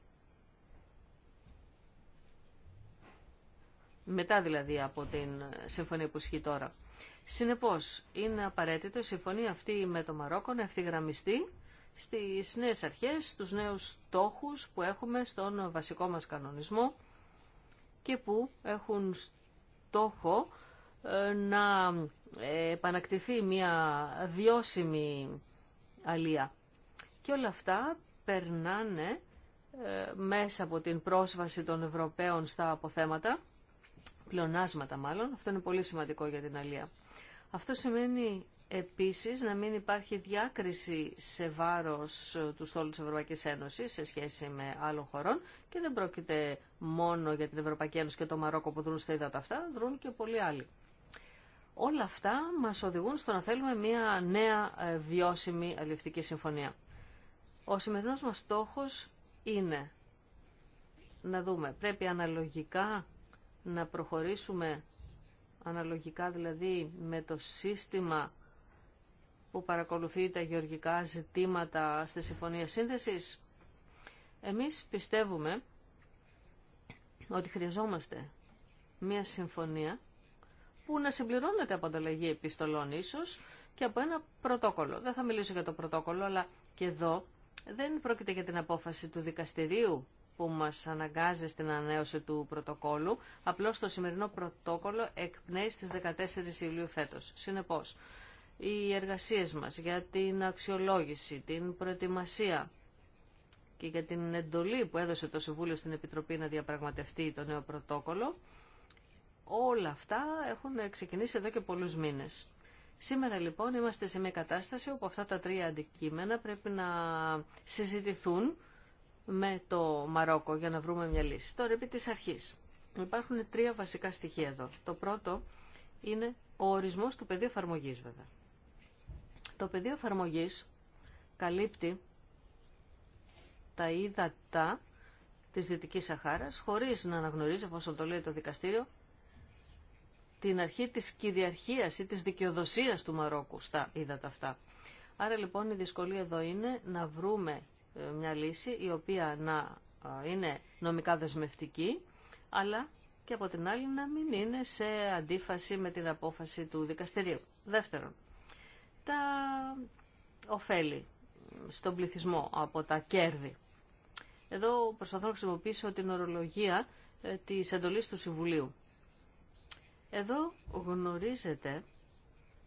Μετά δηλαδή από την συμφωνία που ισχύει τώρα. Συνεπώς, είναι απαραίτητο η συμφωνία αυτή με το Μαρόκο να ευθυγραμμιστεί στις νέες αρχές, στους νέους στόχους που έχουμε στον βασικό μας κανονισμό και που έχουν στόχο ε, να ε, επανακτηθεί μια βιώσιμη αλία. Και όλα αυτά περνάνε ε, μέσα από την πρόσβαση των Ευρωπαίων στα αποθέματα, πλονάσματα μάλλον, αυτό είναι πολύ σημαντικό για την αλία. Αυτό σημαίνει επίσης να μην υπάρχει διάκριση σε βάρος ε, του στόλου της Ευρωπαϊκής Ένωσης σε σχέση με άλλων χωρών και δεν πρόκειται μόνο για την Ευρωπαϊκή Ένωση και το Μαρόκο που δρούν στα ύδατα αυτά, δρούν και πολλοί άλλοι. Όλα αυτά μας οδηγούν στο να θέλουμε μια νέα ε, βιώσιμη αλληλευτική συμφωνία. Ο σημερινός μας στόχος είναι να δούμε, πρέπει αναλογικά να προχωρήσουμε, αναλογικά δηλαδή με το σύστημα που παρακολουθεί τα γεωργικά ζητήματα στη Συμφωνία Σύνδεσης. Εμείς πιστεύουμε ότι χρειαζόμαστε μια συμφωνία που να συμπληρώνεται από ανταλλαγή επιστολών ίσως και από ένα πρωτόκολλο. Δεν θα μιλήσω για το πρωτόκολλο, αλλά και εδώ δεν πρόκειται για την απόφαση του δικαστηρίου που μας αναγκάζει στην ανανέωση του πρωτοκόλλου, απλώς το σημερινό πρωτόκολλο εκπνέει στις 14 Ιουλίου φέτος. Συνεπώς, οι εργασίες μας για την αξιολόγηση, την προετοιμασία και για την εντολή που έδωσε το Συμβούλιο στην Επιτροπή να διαπραγματευτεί το νέο πρωτόκολλο, όλα αυτά έχουν ξεκινήσει εδώ και πολλούς μήνες. Σήμερα λοιπόν είμαστε σε μια κατάσταση όπου αυτά τα τρία αντικείμενα πρέπει να συζητηθούν με το Μαρόκο για να βρούμε μια λύση. Τώρα επί της αρχής υπάρχουν τρία βασικά στοιχεία εδώ. Το πρώτο είναι ο ορισμός του πεδίου εφαρμογή βέβαια. Το πεδίο εφαρμογή καλύπτει τα ύδατα της Δυτικής Σαχάρας χωρίς να αναγνωρίζει εφόσον το λέει το δικαστήριο την αρχή της κυριαρχίας ή της δικαιοδοσίας του Μαρόκου στα ύδατα αυτά. Άρα λοιπόν η δυσκολία εδώ είναι να βρούμε ε, μια λύση η οποία να είναι νομικά δεσμευτική, αλλά και από την άλλη να μην είναι σε αντίφαση με την απόφαση του δικαστηρίου. Δεύτερον, τα ωφέλη στον πληθυσμό από τα κέρδη. Εδώ προσπαθώ να χρησιμοποιήσω την ορολογία ε, της εντολής του Συμβουλίου. Εδώ γνωρίζετε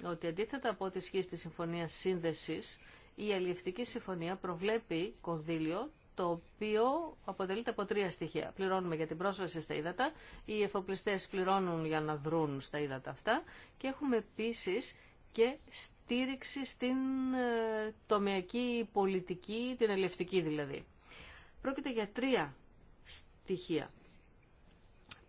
ότι αντίθετα από ό,τι ισχύει στη Συμφωνία Σύνδεσης, η Αλληλευτική Συμφωνία προβλέπει κονδύλιο το οποίο αποτελείται από τρία στοιχεία. Πληρώνουμε για την πρόσβαση στα ύδατα, οι εφοπλιστές πληρώνουν για να δρούν στα ύδατα αυτά και έχουμε επίση και στήριξη στην ε, τομεακή πολιτική, την ελευτική δηλαδή. Πρόκειται για τρία στοιχεία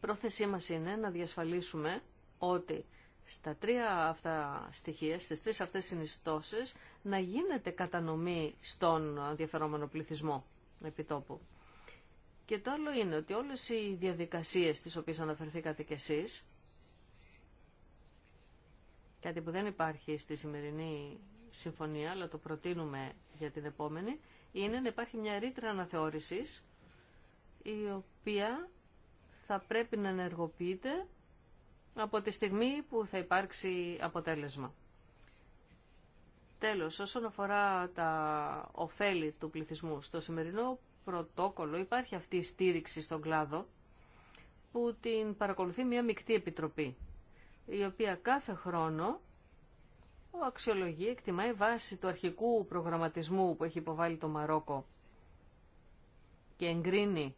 πρόθεσή μας είναι να διασφαλίσουμε ότι στα τρία αυτά στοιχεία, στις τρεις αυτές συνιστώσεις, να γίνεται κατανομή στον ενδιαφερόμενο πληθυσμό επιτόπου. Και το άλλο είναι ότι όλες οι διαδικασίες τις οποίες αναφερθήκατε κι εσείς, κάτι που δεν υπάρχει στη σημερινή συμφωνία, αλλά το προτείνουμε για την επόμενη, είναι να υπάρχει μια ρήτρα αναθεώρησης, η οποία θα πρέπει να ενεργοποιείται από τη στιγμή που θα υπάρξει αποτέλεσμα. Τέλος, όσον αφορά τα ωφέλη του πληθυσμού, στο σημερινό πρωτόκολλο υπάρχει αυτή η στήριξη στον κλάδο που την παρακολουθεί μια μεικτή επιτροπή, η οποία κάθε χρόνο ο αξιολογεί, εκτιμάει βάση του αρχικού προγραμματισμού που έχει υποβάλει το Μαρόκο και εγκρίνει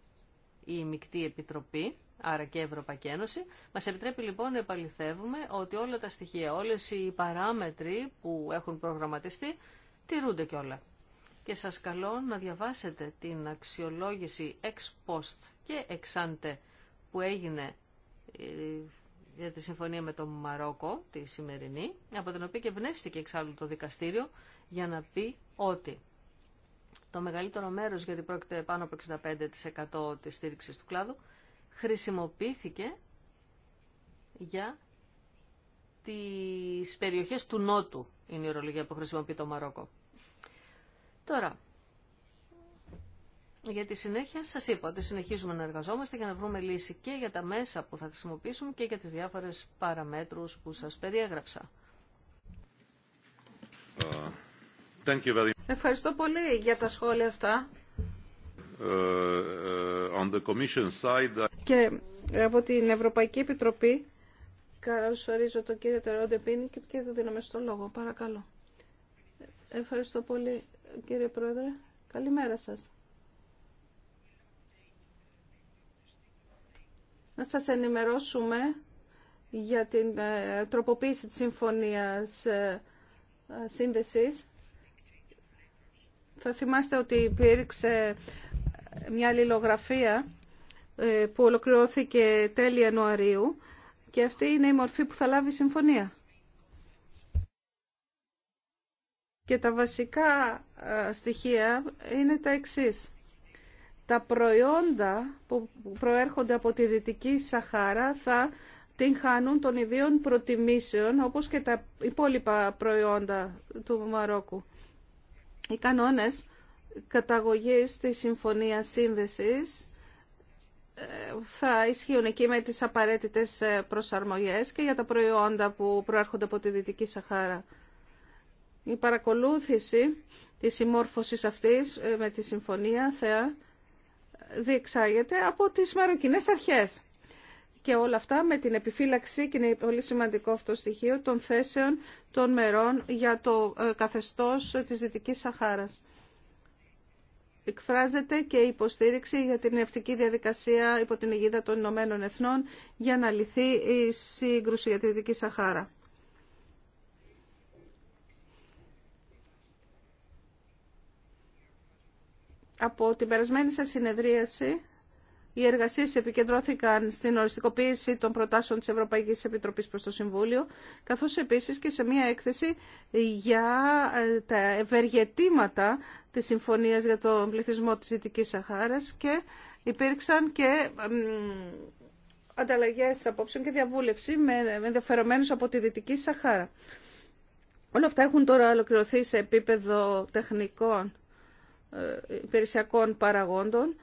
η μεικτή επιτροπή άρα και Ευρωπαϊκή Ένωση, μας επιτρέπει λοιπόν να επαληθεύουμε ότι όλα τα στοιχεία, όλες οι παράμετροι που έχουν προγραμματιστεί, τηρούνται κιόλα. Και σας καλώ να διαβάσετε την αξιολόγηση ex post και ex ante που έγινε ε, για τη συμφωνία με το Μαρόκο, τη σημερινή, από την οποία και εμπνεύστηκε εξάλλου το δικαστήριο για να πει ότι το μεγαλύτερο μέρος, γιατί πρόκειται πάνω από 65% της στήριξης του κλάδου, χρησιμοποιήθηκε για τις περιοχές του Νότου, είναι η ορολογία που χρησιμοποιεί το Μαρόκο. Τώρα, για τη συνέχεια σας είπα ότι συνεχίζουμε να εργαζόμαστε για να βρούμε λύση και για τα μέσα που θα χρησιμοποιήσουμε και για τις διάφορες παραμέτρους που σας περιέγραψα. Uh, very... Ευχαριστώ πολύ για τα σχόλια αυτά. Uh, uh on the commission side... Και από την Ευρωπαϊκή Επιτροπή καλωσορίζω τον κύριο Τερόντε Πίνη και του δίνομαι στο λόγο. Παρακαλώ. Ευχαριστώ πολύ κύριε Πρόεδρε. Καλημέρα σας. Να σας ενημερώσουμε για την ε, τροποποίηση της συμφωνίας ε, σύνδεσης. Θα θυμάστε ότι υπήρξε μια αλληλογραφία ε, που ολοκληρώθηκε τέλη Ιανουαρίου και αυτή είναι η μορφή που θα λάβει η συμφωνία. Και τα βασικά ε, στοιχεία είναι τα εξής. Τα προϊόντα που προέρχονται από τη Δυτική Σαχάρα θα την χάνουν των ιδίων προτιμήσεων όπως και τα υπόλοιπα προϊόντα του Μαρόκου. Οι κανόνες καταγωγής της Συμφωνίας Σύνδεσης θα ισχύουν εκεί με τις απαραίτητες ε, προσαρμογές και για τα προϊόντα που προέρχονται από τη Δυτική Σαχάρα. Η παρακολούθηση της συμμόρφωσης αυτής ε, με τη συμφωνία ΘΕΑ διεξάγεται από τις μαροκινές αρχές. Και όλα αυτά με την επιφύλαξη, και είναι πολύ σημαντικό αυτό στοιχείο, των θέσεων των μερών για το ε, καθεστώς της Δυτικής Σαχάρας εκφράζεται και η υποστήριξη για την ευτική διαδικασία υπό την αιγίδα των Ηνωμένων Εθνών για να λυθεί η σύγκρουση για τη Δυτική Σαχάρα. Από την περασμένη σας συνεδρίαση οι εργασίε επικεντρώθηκαν στην οριστικοποίηση των προτάσεων της Ευρωπαϊκής Επιτροπής προς το Συμβούλιο, καθώς επίσης και σε μια έκθεση για ε, τα ευεργετήματα της Συμφωνίας για τον πληθυσμό της Δυτική Σαχάρα, και υπήρξαν και ανταλλαγέ απόψεων και διαβούλευση με ενδιαφερομένου από τη Δυτική Σαχάρα. Όλα αυτά έχουν τώρα ολοκληρωθεί σε επίπεδο τεχνικών ε, υπηρεσιακών παραγόντων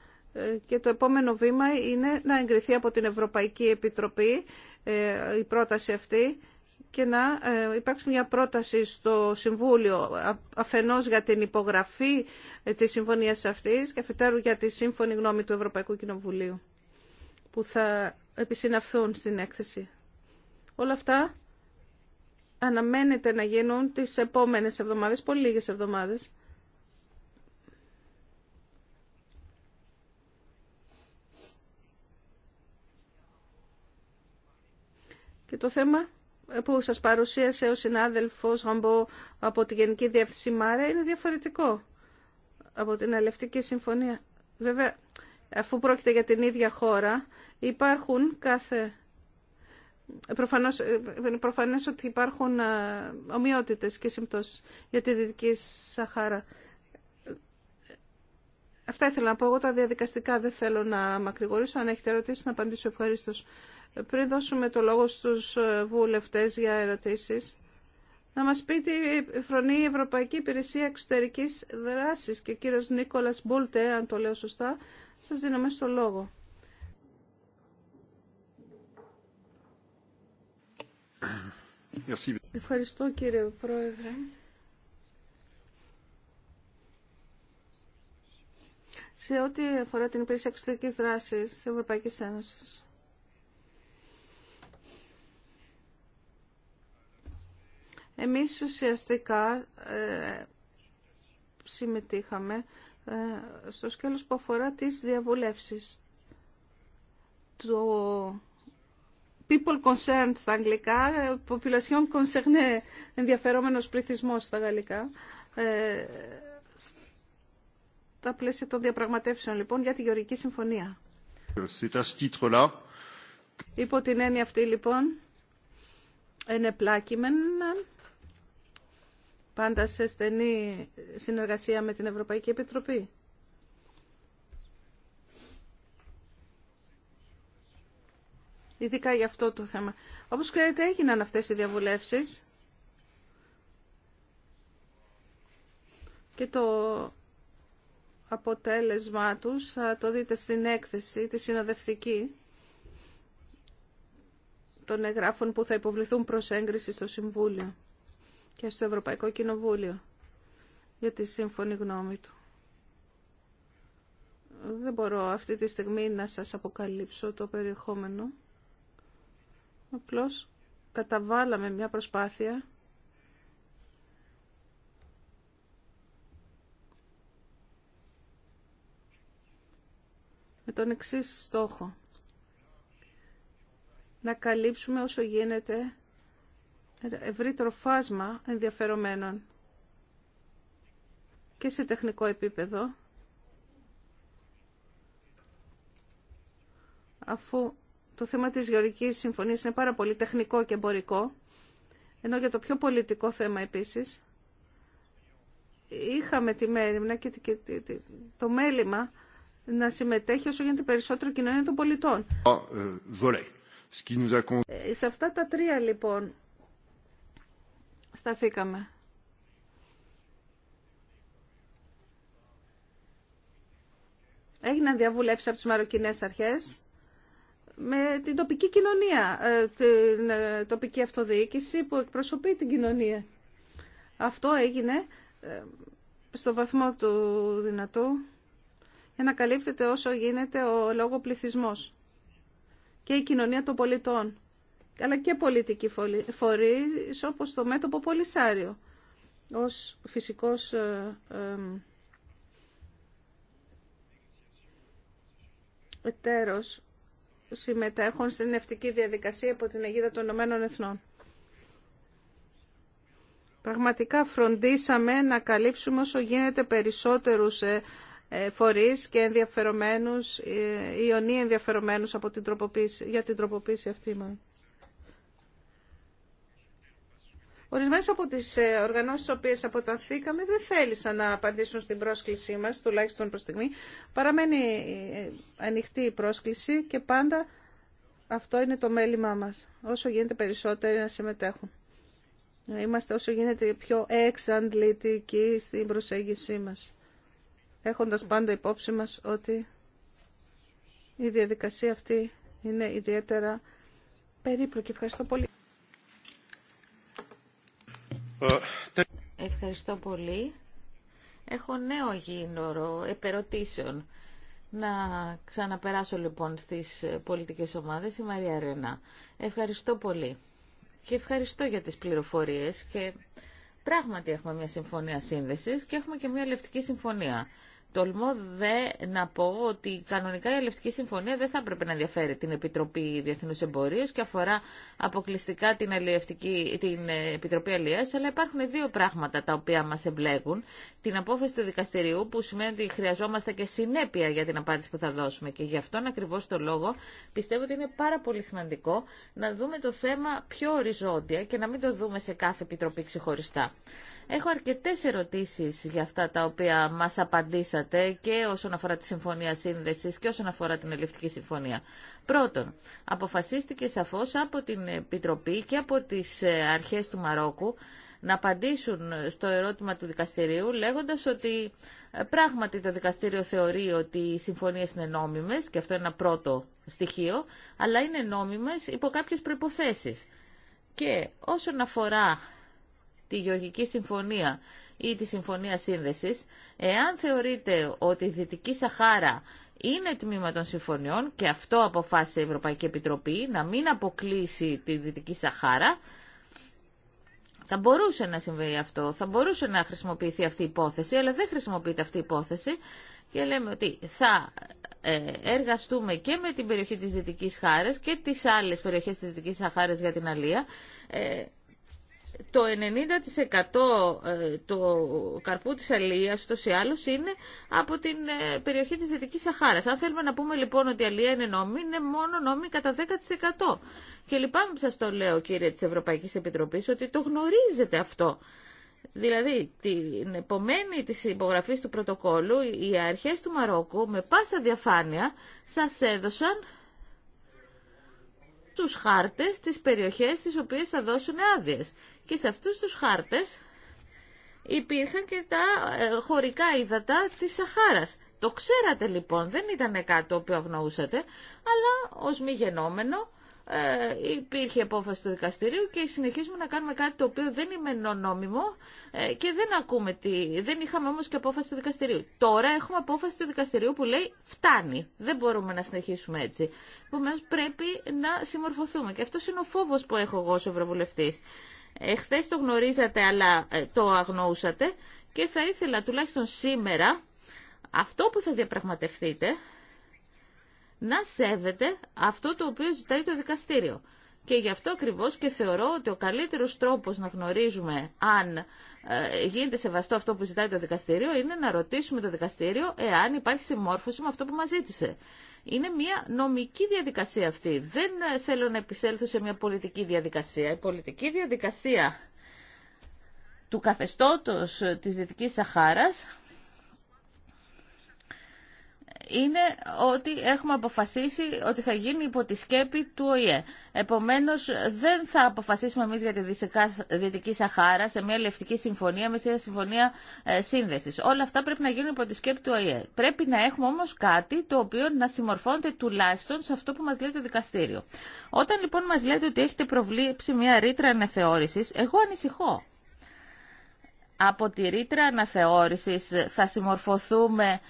και το επόμενο βήμα είναι να εγκριθεί από την Ευρωπαϊκή Επιτροπή ε, η πρόταση αυτή και να ε, υπάρξει μια πρόταση στο Συμβούλιο αφενός για την υπογραφή ε, της συμφωνίας αυτής και αφετέρου για τη σύμφωνη γνώμη του Ευρωπαϊκού Κοινοβουλίου που θα επισυναυθούν στην έκθεση. Όλα αυτά αναμένεται να γίνουν τις επόμενες εβδομάδες, πολύ λίγες εβδομάδες. Και το θέμα που σας παρουσίασε ο συνάδελφος Γαμπό από τη Γενική Διεύθυνση ΜΑΡΕ είναι διαφορετικό από την Αλευτική Συμφωνία. Βέβαια, αφού πρόκειται για την ίδια χώρα, υπάρχουν κάθε... Προφανώς, ε, προφανές ότι υπάρχουν ε, ομοιότητες και συμπτώσεις για τη Δυτική Σαχάρα. Αυτά ήθελα να πω εγώ τα διαδικαστικά. Δεν θέλω να μακρηγορήσω. Αν έχετε ερωτήσει να απαντήσω ευχαρίστως πριν δώσουμε το λόγο στους ε, βουλευτές για ερωτήσεις, να μας πει η φρονεί η Ευρωπαϊκή Υπηρεσία Εξωτερικής Δράσης και ο κύριος Νίκολας Μπούλτε, αν το λέω σωστά, σας δίνω μέσα το λόγο. Ευχαριστώ κύριε Πρόεδρε. Σε ό,τι αφορά την υπηρεσία εξωτερική δράση τη Ευρωπαϊκή Ένωση, Εμείς ουσιαστικά ε, συμμετείχαμε ε, στο σκέλος που αφορά τις διαβουλεύσεις. Το people concerned στα αγγλικά, ε, population concerned, ενδιαφερόμενος πληθυσμός στα γαλλικά, στα πλαίσια των διαπραγματεύσεων λοιπόν για τη Γεωργική Συμφωνία. Υπό την έννοια αυτή λοιπόν, είναι πλάκιμεν πάντα σε στενή συνεργασία με την Ευρωπαϊκή Επιτροπή. Ειδικά για αυτό το θέμα. Όπως ξέρετε έγιναν αυτές οι διαβουλεύσεις και το αποτέλεσμα τους θα το δείτε στην έκθεση, τη συνοδευτική των εγγράφων που θα υποβληθούν προς έγκριση στο Συμβούλιο και στο Ευρωπαϊκό Κοινοβούλιο για τη σύμφωνη γνώμη του. Δεν μπορώ αυτή τη στιγμή να σας αποκαλύψω το περιεχόμενο. Απλώς καταβάλαμε μια προσπάθεια με τον εξής στόχο. Να καλύψουμε όσο γίνεται ευρύτερο φάσμα ενδιαφερομένων και σε τεχνικό επίπεδο αφού το θέμα της Γεωργικής Συμφωνίας είναι πάρα πολύ τεχνικό και εμπορικό ενώ για το πιο πολιτικό θέμα επίσης είχαμε τη μέρημνα και το μέλημα να συμμετέχει όσο γίνεται περισσότερο κοινωνία των πολιτών. Ε, ε, σε αυτά τα τρία λοιπόν σταθήκαμε. Έγιναν διαβουλεύσεις από τις μαροκινές αρχές με την τοπική κοινωνία, ε, την ε, τοπική αυτοδιοίκηση που εκπροσωπεί την κοινωνία. Αυτό έγινε ε, στο βαθμό του δυνατού για να καλύπτεται όσο γίνεται ο λόγο πληθυσμός και η κοινωνία των πολιτών αλλά και πολιτικοί φορείς όπως το μέτωπο Πολυσάριο ως φυσικός ε, εταίρος συμμετέχουν στην νευτική διαδικασία από την Αιγύδα των Ηνωμένων Εθνών. Πραγματικά φροντίσαμε να καλύψουμε όσο γίνεται περισσότερους ε, ε, φορείς και ενδιαφερομένους, ιονί ενδιαφερομένους από την τροποποίηση, για την τροποποίηση αυτή. Ορισμένε από τις ε, οργανώσεις τι οποίε αποταθήκαμε δεν θέλησαν να απαντήσουν στην πρόσκλησή μας, τουλάχιστον προς στιγμή. Παραμένει ε, ανοιχτή η πρόσκληση και πάντα αυτό είναι το μέλημά μας. Όσο γίνεται περισσότεροι να συμμετέχουν. Είμαστε όσο γίνεται πιο εξαντλητικοί στην προσέγγιση μας. Έχοντας πάντα υπόψη μας ότι η διαδικασία αυτή είναι ιδιαίτερα περίπλοκη. Ευχαριστώ πολύ. Ευχαριστώ πολύ. Έχω νέο γύνορο επερωτήσεων. Να ξαναπεράσω λοιπόν στις πολιτικές ομάδες η Μαρία Ρενά. Ευχαριστώ πολύ. Και ευχαριστώ για τις πληροφορίες και πράγματι έχουμε μια συμφωνία σύνδεσης και έχουμε και μια λευτική συμφωνία. Τολμώ δε να πω ότι κανονικά η Ελευτική Συμφωνία δεν θα έπρεπε να ενδιαφέρει την Επιτροπή Διεθνούς Εμπορίου και αφορά αποκλειστικά την, την ε, Επιτροπή Αλληλείας, αλλά υπάρχουν δύο πράγματα τα οποία μα εμπλέκουν. Την απόφαση του δικαστηριού που σημαίνει ότι χρειαζόμαστε και συνέπεια για την απάντηση που θα δώσουμε και γι' αυτόν ακριβώ το λόγο πιστεύω ότι είναι πάρα πολύ σημαντικό να δούμε το θέμα πιο οριζόντια και να μην το δούμε σε κάθε Επιτροπή ξεχωριστά. Έχω αρκετές ερωτήσεις για αυτά τα οποία μας απαντήσατε και όσον αφορά τη Συμφωνία Σύνδεσης και όσον αφορά την Ελληνική Συμφωνία. Πρώτον, αποφασίστηκε σαφώς από την Επιτροπή και από τις ε, αρχές του Μαρόκου να απαντήσουν στο ερώτημα του δικαστηρίου λέγοντας ότι ε, πράγματι το δικαστήριο θεωρεί ότι οι συμφωνίες είναι νόμιμες και αυτό είναι ένα πρώτο στοιχείο, αλλά είναι νόμιμες υπό κάποιες προϋποθέσεις. Και όσον αφορά τη Γεωργική Συμφωνία ή τη Συμφωνία Σύνδεσης, εάν θεωρείτε ότι η Δυτική Σαχάρα είναι τμήμα των συμφωνιών και αυτό αποφάσισε η Ευρωπαϊκή Επιτροπή να μην αποκλείσει τη Δυτική Σαχάρα, θα μπορούσε να συμβεί αυτό, θα μπορούσε να χρησιμοποιηθεί αυτή η υπόθεση, αλλά δεν χρησιμοποιείται αυτή η υπόθεση και λέμε ότι θα ε, εργαστούμε και με την περιοχή της Δυτικής Χάρας και τις άλλες περιοχές της Δυτικής Σαχάρας για την Αλία ε, το 90% του ε, καρπού της αλίας ούτως ή άλλως είναι από την ε, περιοχή της Δυτικής Σαχάρας. Αν θέλουμε να πούμε λοιπόν ότι η αλία είναι νόμιμη, είναι μόνο ειναι νομη ειναι μονο νομη κατα 10%. Και λυπάμαι που σας το λέω κύριε της Ευρωπαϊκής Επιτροπής ότι το γνωρίζετε αυτό. Δηλαδή, την επομένη της υπογραφής του πρωτοκόλου, οι αρχές του Μαρόκου με πάσα διαφάνεια σας έδωσαν τους χάρτες τις περιοχές τις οποίες θα δώσουν άδειε. Και σε αυτούς τους χάρτες υπήρχαν και τα ε, χωρικά ύδατα της Σαχάρας. Το ξέρατε λοιπόν, δεν ήταν κάτι το οποίο αγνοούσατε, αλλά ως μη γενόμενο ε, υπήρχε απόφαση του δικαστηρίου και συνεχίζουμε να κάνουμε κάτι το οποίο δεν είναι νόμιμο ε, και δεν ακούμε τι. Δεν είχαμε όμως και απόφαση του δικαστηρίου. Τώρα έχουμε απόφαση του δικαστηρίου που λέει φτάνει. Δεν μπορούμε να συνεχίσουμε έτσι. Επομένω πρέπει να συμμορφωθούμε. Και αυτό είναι ο φόβο που έχω εγώ ω Ευρωβουλευτή. Εχθέ το γνωρίζατε, αλλά ε, το αγνοούσατε. Και θα ήθελα τουλάχιστον σήμερα αυτό που θα διαπραγματευτείτε να σέβεται αυτό το οποίο ζητάει το δικαστήριο. Και γι' αυτό ακριβώ και θεωρώ ότι ο καλύτερο τρόπο να γνωρίζουμε αν ε, γίνεται σεβαστό αυτό που ζητάει το δικαστήριο είναι να ρωτήσουμε το δικαστήριο εάν υπάρχει συμμόρφωση με αυτό που μα ζήτησε. Είναι μια νομική διαδικασία αυτή. Δεν ε, θέλω να επισέλθω σε μια πολιτική διαδικασία. Η πολιτική διαδικασία του καθεστώτος ε, της Δυτικής Σαχάρας είναι ότι έχουμε αποφασίσει ότι θα γίνει υπό τη σκέπη του ΟΗΕ. Επομένω, δεν θα αποφασίσουμε εμεί για τη Δυτική Σαχάρα σε μια λευτική συμφωνία, με μια συμφωνία ε, σύνδεση. Όλα αυτά πρέπει να γίνουν υπό τη σκέπη του ΟΗΕ. Πρέπει να έχουμε όμω κάτι το οποίο να συμμορφώνεται τουλάχιστον σε αυτό που μα λέει το δικαστήριο. Όταν λοιπόν μα λέτε ότι έχετε προβλήψει μια ρήτρα αναθεώρηση. εγώ ανησυχώ από τη ρήτρα αναθεώρηση θα συμμορφωθούμε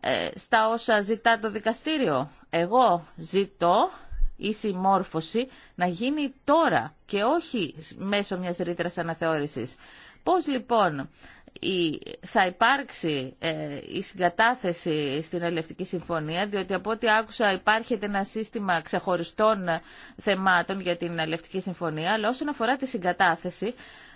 ε, στα όσα ζητά το δικαστήριο. Εγώ ζητώ η συμμόρφωση να γίνει τώρα και όχι μέσω μιας ρήτρας αναθεώρησης. Πώς λοιπόν θα υπάρξει ε, η συγκατάθεση στην Ελευτική Συμφωνία, διότι από ό,τι άκουσα υπάρχει ένα σύστημα ξεχωριστών θεμάτων για την Ελευτική Συμφωνία, αλλά όσον αφορά τη συγκατάθεση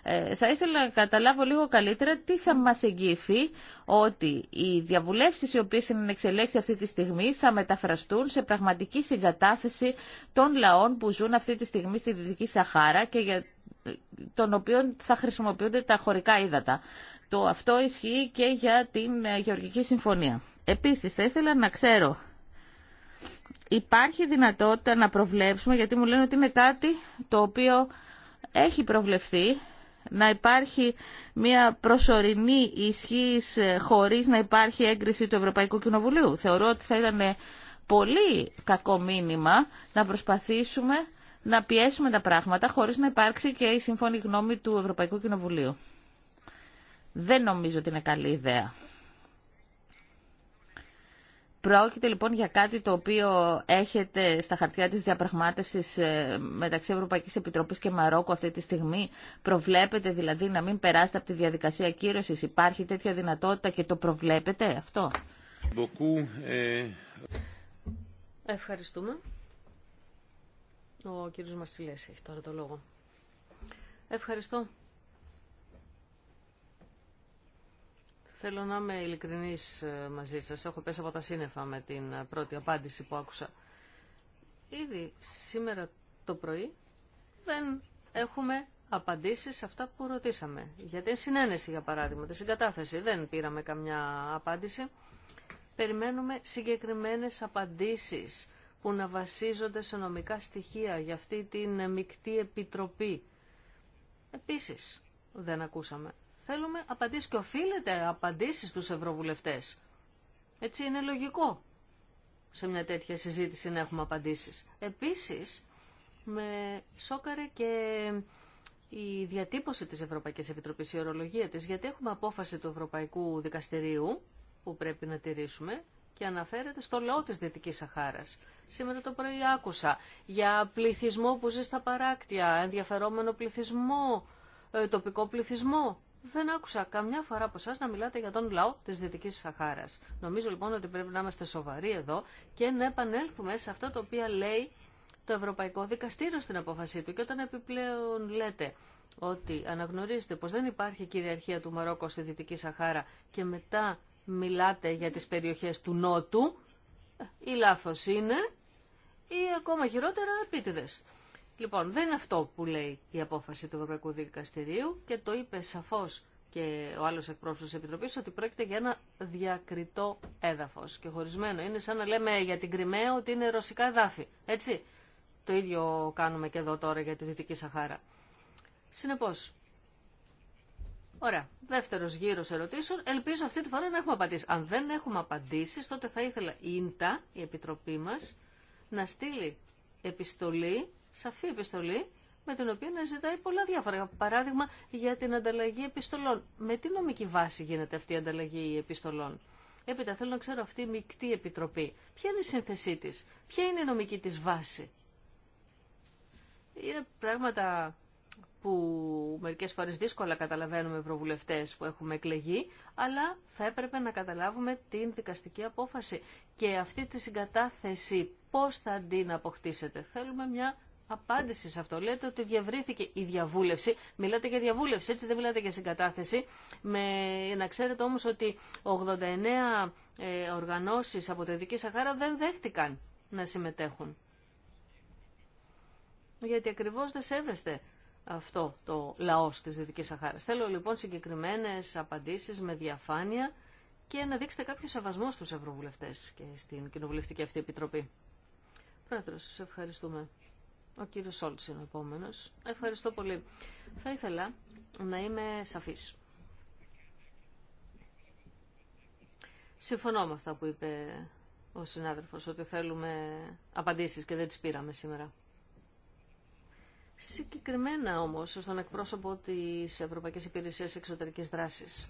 ε, θα ήθελα να καταλάβω λίγο καλύτερα τι θα μας εγγύθει ότι οι διαβουλεύσεις οι οποίες είναι εξελέξει αυτή τη στιγμή θα μεταφραστούν σε πραγματική συγκατάθεση των λαών που ζουν αυτή τη στιγμή στη Δυτική Σαχάρα και για ε, των οποίων θα χρησιμοποιούνται τα χωρικά ύδατα. Το αυτό ισχύει και για την ε, Γεωργική Συμφωνία. Επίσης, θα ήθελα να ξέρω, υπάρχει δυνατότητα να προβλέψουμε, γιατί μου λένε ότι είναι κάτι το οποίο έχει προβλεφθεί να υπάρχει μια προσωρινή ισχύ ε, χωρίς να υπάρχει έγκριση του Ευρωπαϊκού Κοινοβουλίου. Θεωρώ ότι θα ήταν πολύ κακό μήνυμα να προσπαθήσουμε να πιέσουμε τα πράγματα χωρίς να υπάρξει και η σύμφωνη γνώμη του Ευρωπαϊκού Κοινοβουλίου. Δεν νομίζω ότι είναι καλή ιδέα. Πρόκειται λοιπόν για κάτι το οποίο έχετε στα χαρτιά της διαπραγμάτευσης ε, μεταξύ Ευρωπαϊκής Επιτροπής και Μαρόκου αυτή τη στιγμή. Προβλέπετε δηλαδή να μην περάσετε από τη διαδικασία κύρωσης. Υπάρχει τέτοια δυνατότητα και το προβλέπετε αυτό. Ε, Ευχαριστούμε. Ο κύριος Μασιλές έχει τώρα το λόγο. Ευχαριστώ. Θέλω να είμαι ειλικρινής ε, μαζί σας. Έχω πέσει από τα σύννεφα με την ε, πρώτη απάντηση που άκουσα. Ήδη σήμερα το πρωί δεν έχουμε απαντήσεις σε αυτά που ρωτήσαμε. Για την συνένεση, για παράδειγμα, τη συγκατάθεση. Δεν πήραμε καμιά απάντηση. Περιμένουμε συγκεκριμένες απαντήσεις που να βασίζονται σε νομικά στοιχεία για αυτή την μεικτή επιτροπή. Επίσης, δεν ακούσαμε Θέλουμε απαντήσεις και οφείλεται απαντήσεις στους ευρωβουλευτές. Έτσι είναι λογικό σε μια τέτοια συζήτηση να έχουμε απαντήσεις. Επίσης, με σόκαρε και η διατύπωση της Ευρωπαϊκής Επιτροπής, η ορολογία της, γιατί έχουμε απόφαση του Ευρωπαϊκού Δικαστηρίου που πρέπει να τηρήσουμε και αναφέρεται στο λαό της Δυτικής Σαχάρας. Σήμερα το πρωί άκουσα για πληθυσμό που ζει στα παράκτια, ενδιαφερόμενο πληθυσμό, ε, τοπικό πληθυσμό. Δεν άκουσα καμιά φορά από εσά να μιλάτε για τον λαό τη Δυτική Σαχάρα. Νομίζω λοιπόν ότι πρέπει να είμαστε σοβαροί εδώ και να επανέλθουμε σε αυτό το οποίο λέει το Ευρωπαϊκό Δικαστήριο στην απόφασή του. Και όταν επιπλέον λέτε ότι αναγνωρίζετε πως δεν υπάρχει κυριαρχία του Μαρόκο στη Δυτική Σαχάρα και μετά μιλάτε για τις περιοχές του Νότου, ή λάθος είναι, ή ακόμα χειρότερα επίτηδες. Λοιπόν, δεν είναι αυτό που λέει η απόφαση του Ευρωπαϊκού Δικαστηρίου και το είπε σαφώ και ο άλλο εκπρόσωπος τη Επιτροπή ότι πρόκειται για ένα διακριτό έδαφο. και χωρισμένο. Είναι σαν να λέμε για την Κρυμαία ότι είναι ρωσικά εδάφη, έτσι. Το ίδιο κάνουμε και εδώ τώρα για τη Δυτική Σαχάρα. Συνεπώ. Ωραία. Δεύτερο γύρο ερωτήσεων. Ελπίζω αυτή τη φορά να έχουμε απαντήσει. Αν δεν έχουμε απαντήσει, τότε θα ήθελα η ΙΝΤΑ, η Επιτροπή μα, να στείλει επιστολή σαφή επιστολή με την οποία να ζητάει πολλά διάφορα. Παράδειγμα, για την ανταλλαγή επιστολών. Με τι νομική βάση γίνεται αυτή η ανταλλαγή επιστολών. Έπειτα θέλω να ξέρω αυτή η μεικτή επιτροπή. Ποια είναι η σύνθεσή τη, ποια είναι η νομική τη βάση. Είναι πράγματα που μερικές φορές δύσκολα καταλαβαίνουμε ευρωβουλευτές που έχουμε εκλεγεί, αλλά θα έπρεπε να καταλάβουμε την δικαστική απόφαση και αυτή τη συγκατάθεση πώς θα την αποκτήσετε. Θέλουμε μια απάντηση σε αυτό. Λέτε ότι διαβρύθηκε η διαβούλευση. Μιλάτε για διαβούλευση, έτσι δεν μιλάτε για συγκατάθεση. Με... Να ξέρετε όμως ότι 89 ε, οργανώσεις από τη Δική Σαχάρα δεν δέχτηκαν να συμμετέχουν. Γιατί ακριβώς δεν σέβεστε αυτό το λαό της Δυτικής Σαχάρας. Θέλω λοιπόν συγκεκριμένες απαντήσεις με διαφάνεια και να δείξετε κάποιο σεβασμό στους ευρωβουλευτές και στην κοινοβουλευτική αυτή επιτροπή. Πρόεδρος, ευχαριστούμε. Ο κύριο Σόλτ είναι ο επόμενος. Ευχαριστώ πολύ. Θα ήθελα να είμαι σαφής. Συμφωνώ με αυτά που είπε ο συνάδελφος, ότι θέλουμε απαντήσεις και δεν τις πήραμε σήμερα. Συγκεκριμένα όμως, στον εκπρόσωπο της Ευρωπαϊκής Υπηρεσίας Εξωτερικής Δράσης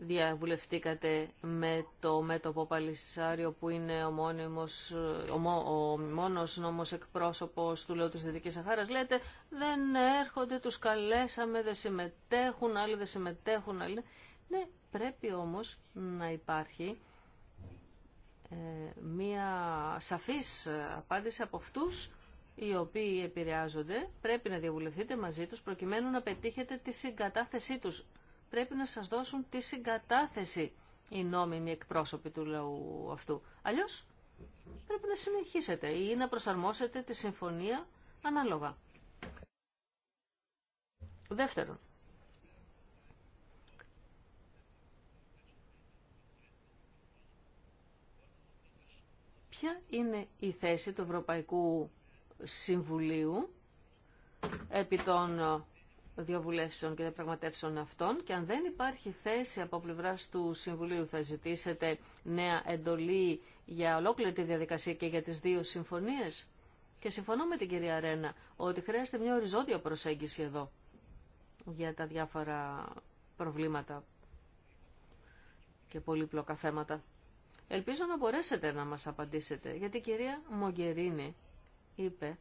διαβουλευτήκατε με το μέτωπο Παλισσάριο που είναι ο, μόνιμος, ο, ο μόνος νόμος εκπρόσωπος του λαού της Δυτικής Σαχάρας. Λέτε δεν έρχονται, τους καλέσαμε, δεν συμμετέχουν, άλλοι δεν συμμετέχουν. Άλλοι. Ναι, πρέπει όμως να υπάρχει ε, μία σαφής απάντηση από αυτούς οι οποίοι επηρεάζονται, πρέπει να διαβουλευτείτε μαζί τους προκειμένου να πετύχετε τη συγκατάθεσή τους πρέπει να σας δώσουν τη συγκατάθεση οι νόμιμοι εκπρόσωποι του λαού αυτού. Αλλιώς πρέπει να συνεχίσετε ή να προσαρμόσετε τη συμφωνία ανάλογα. Δεύτερον, ποια είναι η θέση του Ευρωπαϊκού Συμβουλίου επί των διαβουλεύσεων και διαπραγματεύσεων αυτών και αν δεν υπάρχει θέση από πλευρά του Συμβουλίου θα ζητήσετε νέα εντολή για ολόκληρη τη διαδικασία και για τις δύο συμφωνίες. Και συμφωνώ με την κυρία Ρένα ότι χρειάζεται μια οριζόντια προσέγγιση εδώ για τα διάφορα προβλήματα και πολύπλοκα θέματα. Ελπίζω να μπορέσετε να μας απαντήσετε, γιατί η κυρία Μογκερίνη είπε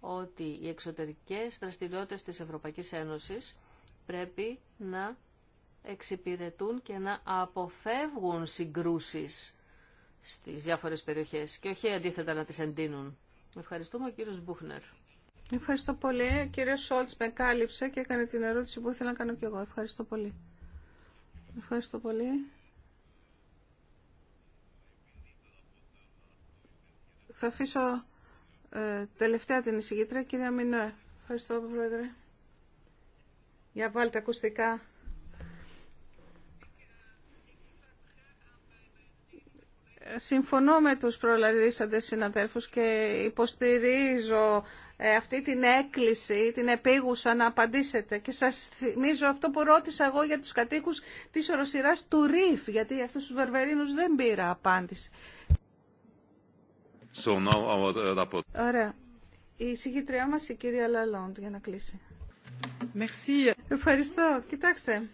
ότι οι εξωτερικές δραστηριότητες της Ευρωπαϊκής Ένωσης πρέπει να εξυπηρετούν και να αποφεύγουν συγκρούσεις στις διάφορες περιοχές και όχι αντίθετα να τις εντείνουν. Ευχαριστούμε ο κύριος Μπούχνερ. Ευχαριστώ πολύ. Ο κύριος Σόλτς με κάλυψε και έκανε την ερώτηση που ήθελα να κάνω κι εγώ. Ευχαριστώ πολύ. Ευχαριστώ πολύ. Θα αφήσω ε, τελευταία την εισηγήτρια, κυρία Μινέ. Ευχαριστώ, Πρόεδρε. Για βάλτε ακουστικά. συμφωνώ με τους προλαλήσαντες συναδέλφους και υποστηρίζω ε, αυτή την έκκληση, την επίγουσα να απαντήσετε. Και σας θυμίζω αυτό που ρώτησα εγώ για τους κατοίκους της οροσυράς του ΡΙΦ, γιατί αυτούς τους βαρβερίνους δεν πήρα απάντηση. Uh, Ωραία. Η συγκήτριά μας η κυρία Λαλόντ για να κλείσει. Ευχαριστώ. Κοιτάξτε.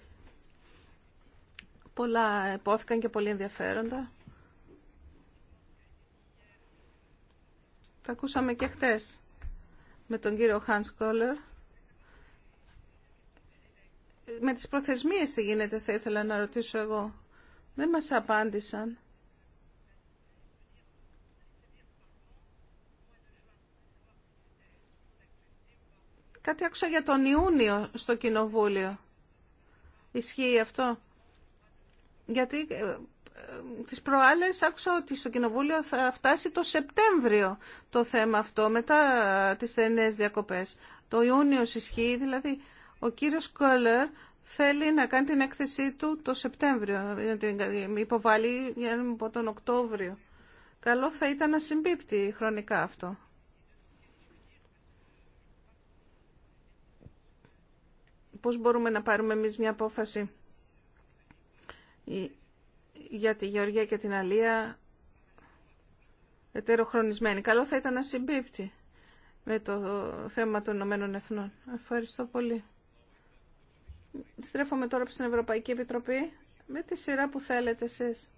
Πολλά υπόθηκαν και πολύ ενδιαφέροντα. Τα ακούσαμε και χτες με τον κύριο Χαν Κόλλερ. Με τις προθεσμίες τι γίνεται θα ήθελα να ρωτήσω εγώ. Δεν μας απάντησαν. Κάτι άκουσα για τον Ιούνιο στο Κοινοβούλιο. Ισχύει αυτό. Γιατί ε, ε, τις προάλλες άκουσα ότι στο Κοινοβούλιο θα φτάσει το Σεπτέμβριο το θέμα αυτό, μετά ε, τις θερινές διακοπές. Το Ιούνιο ισχύει, δηλαδή ο κύριος Κόλλερ θέλει να κάνει την έκθεσή του το Σεπτέμβριο, να την υποβάλει για τον Οκτώβριο. Καλό θα ήταν να συμπίπτει χρονικά αυτό. πώς μπορούμε να πάρουμε εμείς μια απόφαση για τη Γεωργία και την Αλία ετεροχρονισμένη. Καλό θα ήταν να συμπίπτει με το θέμα των Ηνωμένων Εθνών. Ευχαριστώ πολύ. Στρέφομαι τώρα στην Ευρωπαϊκή Επιτροπή με τη σειρά που θέλετε εσείς.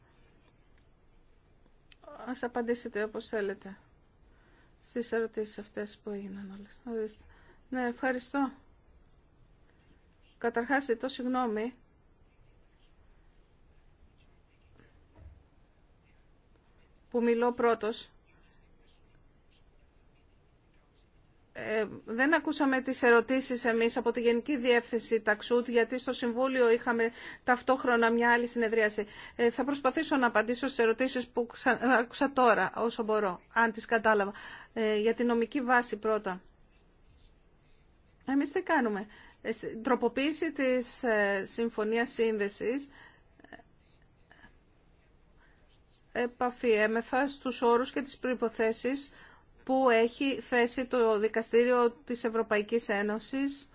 Ας απαντήσετε όπως θέλετε στις ερωτήσεις αυτές που έγιναν όλες. Ναι, ευχαριστώ. Καταρχάς, ζητώ συγγνώμη. Που μιλώ πρώτος. Ε, δεν ακούσαμε τις ερωτήσεις εμείς από τη Γενική Διεύθυνση Ταξούτ, γιατί στο Συμβούλιο είχαμε ταυτόχρονα μια άλλη συνεδρίαση. Ε, θα προσπαθήσω να απαντήσω στις ερωτήσεις που άκουσα τώρα, όσο μπορώ, αν τις κατάλαβα. Ε, για τη νομική βάση πρώτα. Εμείς τι κάνουμε τροποποίηση της ε, Συμφωνίας Σύνδεσης επαφιέμεθα στους όρους και τις προϋποθέσεις που έχει θέσει το Δικαστήριο της Ευρωπαϊκής Ένωσης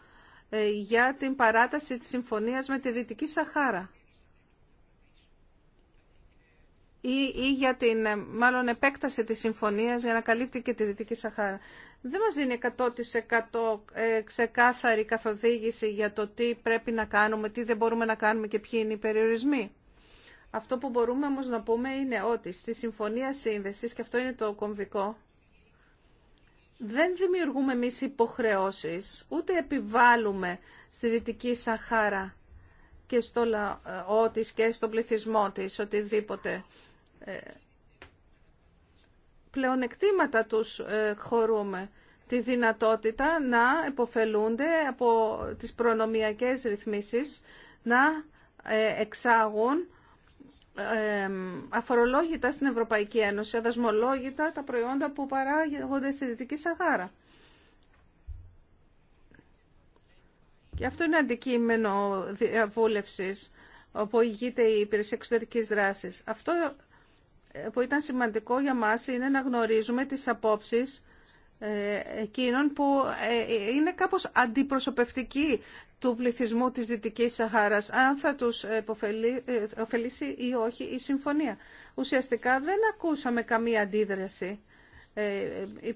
ε, για την παράταση της συμφωνίας με τη Δυτική Σαχάρα ή, ή για την ε, μάλλον επέκταση της συμφωνίας για να καλύπτει και τη Δυτική Σαχάρα δεν μας δίνει 100% ε, ξεκάθαρη καθοδήγηση για το τι πρέπει να κάνουμε, τι δεν μπορούμε να κάνουμε και ποιοι είναι οι περιορισμοί. Αυτό που μπορούμε όμως να πούμε είναι ότι στη Συμφωνία Σύνδεσης, και αυτό είναι το κομβικό, δεν δημιουργούμε εμεί υποχρεώσεις, ούτε επιβάλλουμε στη Δυτική Σαχάρα και στο λαό ε, της και στον πληθυσμό της οτιδήποτε ε, πλεονεκτήματα τους ε, χωρούμε. Τη δυνατότητα να επωφελούνται από τις προνομιακές ρυθμίσεις, να ε, εξάγουν αφορολόγητα στην Ευρωπαϊκή Ένωση, αδασμολόγητα τα προϊόντα που παράγονται στη Δυτική Σαχάρα. Και αυτό είναι αντικείμενο διαβούλευσης όπου ηγείται η υπηρεσία εξωτερικής δράση. Αυτό που ήταν σημαντικό για μας είναι να γνωρίζουμε τις απόψεις ε, εκείνων που ε, είναι κάπως αντιπροσωπευτικοί του πληθυσμού της Δυτικής Σαχάρας, αν θα τους ε, ωφελήσει ή όχι η συμφωνία. Ουσιαστικά δεν ακούσαμε καμία αντίδραση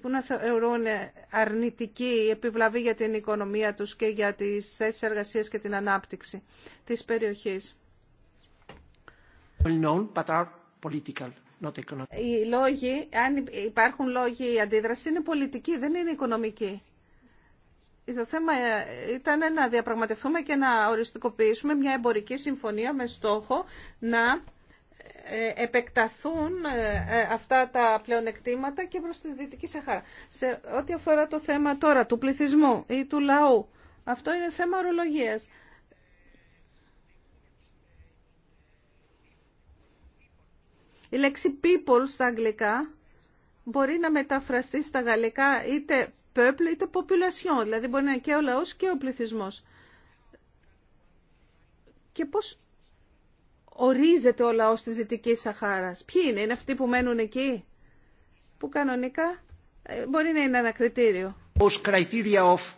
που να θεωρούν αρνητική επιβλαβή για την οικονομία τους και για τις θέσεις εργασίας και την ανάπτυξη της περιοχής. Well known, but οι λόγοι, αν υπάρχουν λόγοι η αντίδραση, είναι πολιτική, δεν είναι οικονομική. Το θέμα ε, ήταν να διαπραγματευτούμε και να οριστικοποιήσουμε μια εμπορική συμφωνία με στόχο να ε, επεκταθούν ε, αυτά τα πλεονεκτήματα και προς τη Δυτική Σαχάρα. Σε ό,τι αφορά το θέμα τώρα του πληθυσμού ή του λαού, αυτό είναι θέμα ορολογίας. Η λέξη people στα αγγλικά μπορεί να μεταφραστεί στα γαλλικά είτε peuple είτε population, δηλαδή μπορεί να είναι και ο λαός και ο πληθυσμός. Και πώς ορίζεται ο λαός της Δυτικής Σαχάρας. Ποιοι είναι, είναι αυτοί που μένουν εκεί, που κανονικά ε, μπορεί να είναι ένα κριτήριο. Ως criteria of...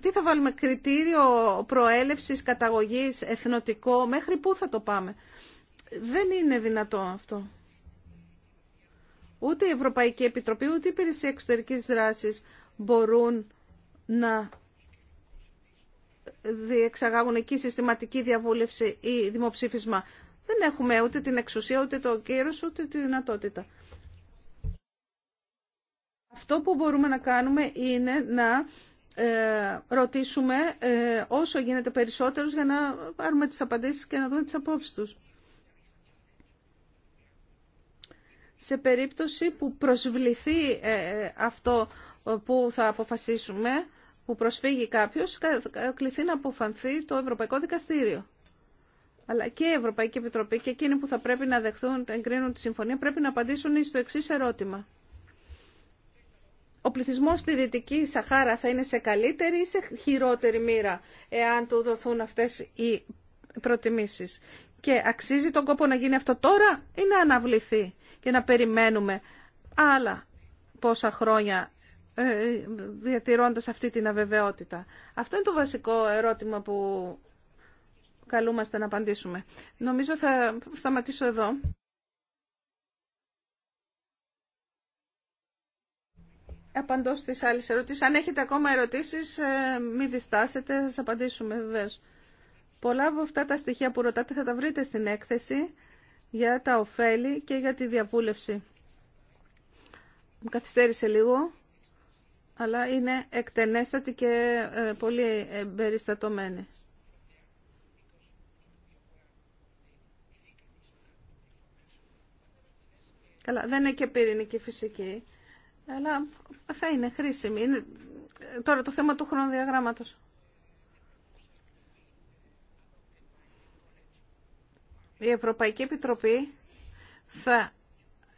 Τι θα βάλουμε κριτήριο προέλευσης, καταγωγής, εθνοτικό, μέχρι πού θα το πάμε. Δεν είναι δυνατό αυτό. Ούτε η Ευρωπαϊκή Επιτροπή, ούτε η Υπηρεσία Εξωτερικής Δράσης μπορούν να διεξαγάγουν εκεί συστηματική διαβούλευση ή δημοψήφισμα. Δεν έχουμε ούτε την εξουσία, ούτε το κύρος, ούτε τη δυνατότητα. Αυτό που μπορούμε να κάνουμε είναι να ε, ρωτήσουμε ε, όσο γίνεται περισσότερους για να πάρουμε τις απαντήσεις και να δούμε τις απόψεις τους. σε περίπτωση που προσβληθεί ε, ε, αυτό ε, που θα αποφασίσουμε, που προσφύγει κάποιος, κληθεί να αποφανθεί το Ευρωπαϊκό Δικαστήριο. Αλλά και η Ευρωπαϊκή Επιτροπή και εκείνοι που θα πρέπει να δεχθούν, να εγκρίνουν τη συμφωνία, πρέπει να απαντήσουν στο εξή ερώτημα. Ο πληθυσμό στη Δυτική Σαχάρα θα είναι σε καλύτερη ή σε χειρότερη μοίρα εάν του δοθούν αυτέ οι προτιμήσει. Και αξίζει τον κόπο να γίνει αυτό τώρα ή να αναβληθεί και να περιμένουμε άλλα πόσα χρόνια ε, διατηρώντας αυτή την αβεβαιότητα. Αυτό είναι το βασικό ερώτημα που καλούμαστε να απαντήσουμε. Νομίζω θα σταματήσω εδώ. Απαντώ στις άλλες ερωτήσεις. Αν έχετε ακόμα ερωτήσεις, ε, μη διστάσετε, θα σας απαντήσουμε βεβαίως. Πολλά από αυτά τα στοιχεία που ρωτάτε θα τα βρείτε στην έκθεση για τα ωφέλη και για τη διαβούλευση. Μου καθυστέρησε λίγο, αλλά είναι εκτενέστατη και ε, πολύ περιστατωμένη. Καλά, δεν είναι και πυρηνική φυσική, αλλά θα είναι χρήσιμη. Είναι... Ε, τώρα το θέμα του χρονοδιαγράμματος. η Ευρωπαϊκή Επιτροπή θα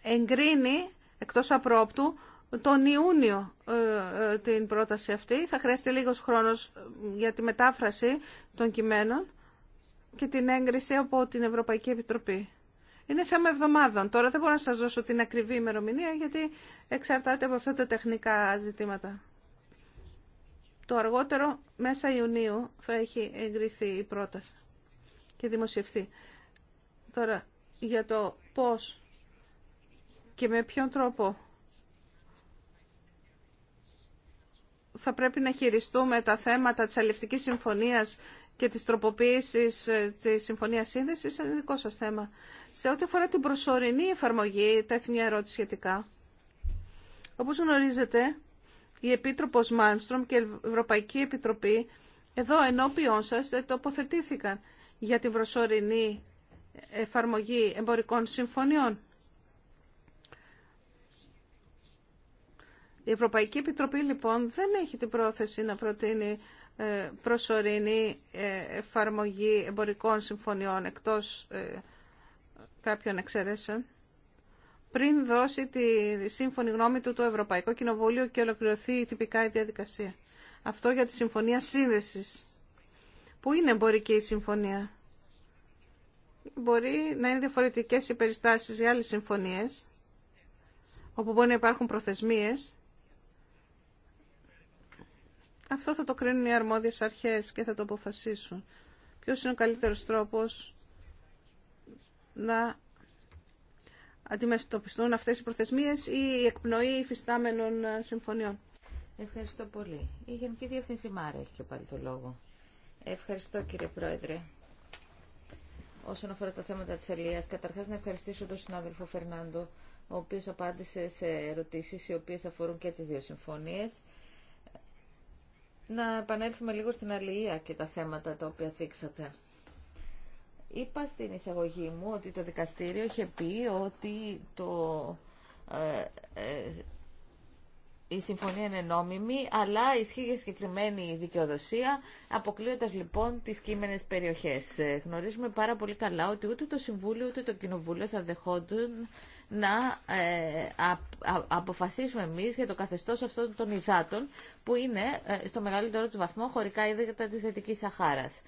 εγκρίνει εκτός απρόπτου τον Ιούνιο ε, ε, την πρόταση αυτή. Θα χρειαστεί λίγος χρόνος ε, για τη μετάφραση των κειμένων και την έγκριση από την Ευρωπαϊκή Επιτροπή. Είναι θέμα εβδομάδων. Τώρα δεν μπορώ να σας δώσω την ακριβή ημερομηνία γιατί εξαρτάται από αυτά τα τεχνικά ζητήματα. Το αργότερο μέσα Ιουνίου θα έχει εγκριθεί η πρόταση και δημοσιευθεί. Τώρα, για το πώς και με ποιον τρόπο θα πρέπει να χειριστούμε τα θέματα της αλληλευτικής συμφωνίας και της τροποποίησης ε, της Συμφωνίας Σύνδεσης είναι δικό σας θέμα. Σε ό,τι αφορά την προσωρινή εφαρμογή, τα μια ερώτηση σχετικά. Όπως γνωρίζετε, η Επίτροπος Μάνστρομ και η Ευρωπαϊκή Επιτροπή εδώ ενώπιόν σας ε, τοποθετήθηκαν για την προσωρινή εφαρμογή εμπορικών συμφωνιών. Η Ευρωπαϊκή Επιτροπή λοιπόν δεν έχει την πρόθεση να προτείνει ε, προσωρινή ε, εφαρμογή εμπορικών συμφωνιών εκτός ε, κάποιων εξαιρέσεων πριν δώσει τη σύμφωνη γνώμη του το Ευρωπαϊκό Κοινοβούλιο και ολοκληρωθεί τυπικά η διαδικασία. Αυτό για τη Συμφωνία Σύνδεσης, που είναι εμπορική συμφωνία μπορεί να είναι διαφορετικές οι περιστάσεις για άλλες συμφωνίες, όπου μπορεί να υπάρχουν προθεσμίες. Αυτό θα το κρίνουν οι αρμόδιες αρχές και θα το αποφασίσουν. Ποιος είναι ο καλύτερος τρόπος να αντιμετωπιστούν αυτές οι προθεσμίες ή η εκπνοή υφιστάμενων ε, συμφωνιών. Ευχαριστώ πολύ. Η Γενική Διευθύνση Μάρα έχει και πάλι το λόγο. Ευχαριστώ κύριε Πρόεδρε όσον αφορά τα θέματα της ελλείας, Καταρχάς να ευχαριστήσω τον συνάδελφο Φερνάντο, ο οποίος απάντησε σε ερωτήσεις οι οποίες αφορούν και τις δύο συμφωνίες. Να επανέλθουμε λίγο στην αλληλεία και τα θέματα τα οποία θίξατε. Είπα στην εισαγωγή μου ότι το δικαστήριο είχε πει ότι το ε, ε, η συμφωνία είναι νόμιμη, αλλά ισχύει για συγκεκριμένη δικαιοδοσία, αποκλείοντα λοιπόν τι κείμενε περιοχέ. Ε, γνωρίζουμε πάρα πολύ καλά ότι ούτε το Συμβούλιο ούτε το Κοινοβούλιο θα δεχόντουν να ε, αποφασίσουμε εμείς για το καθεστώς αυτών των υδάτων που είναι ε, στο μεγαλύτερο του βαθμό χωρικά κατά της Δυτικής Σαχάρας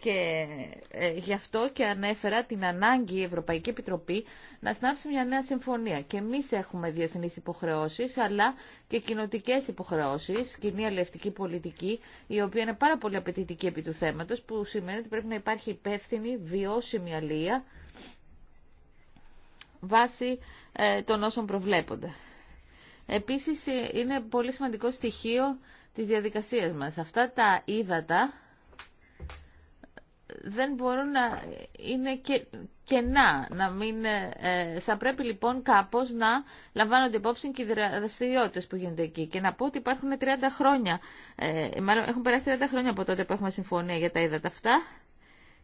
και ε, γι' αυτό και ανέφερα την ανάγκη η Ευρωπαϊκή Επιτροπή να συνάψει μια νέα συμφωνία. Και εμεί έχουμε διεθνεί υποχρεώσει, αλλά και κοινοτικέ υποχρεώσει, κοινή αλληλευτική πολιτική, η οποία είναι πάρα πολύ απαιτητική επί του θέματο, που σημαίνει ότι πρέπει να υπάρχει υπεύθυνη, βιώσιμη αλληλεία βάσει των όσων προβλέπονται. Επίσης ε, είναι πολύ σημαντικό στοιχείο της διαδικασίας μας. Αυτά τα ύδατα δεν μπορούν να είναι και, κενά. Να μην, ε, θα πρέπει λοιπόν κάπως να λαμβάνονται υπόψη και οι δραστηριότητε που γίνονται εκεί. Και να πω ότι υπάρχουν 30 χρόνια, ε, μάλλον έχουν περάσει 30 χρόνια από τότε που έχουμε συμφωνία για τα ύδατα αυτά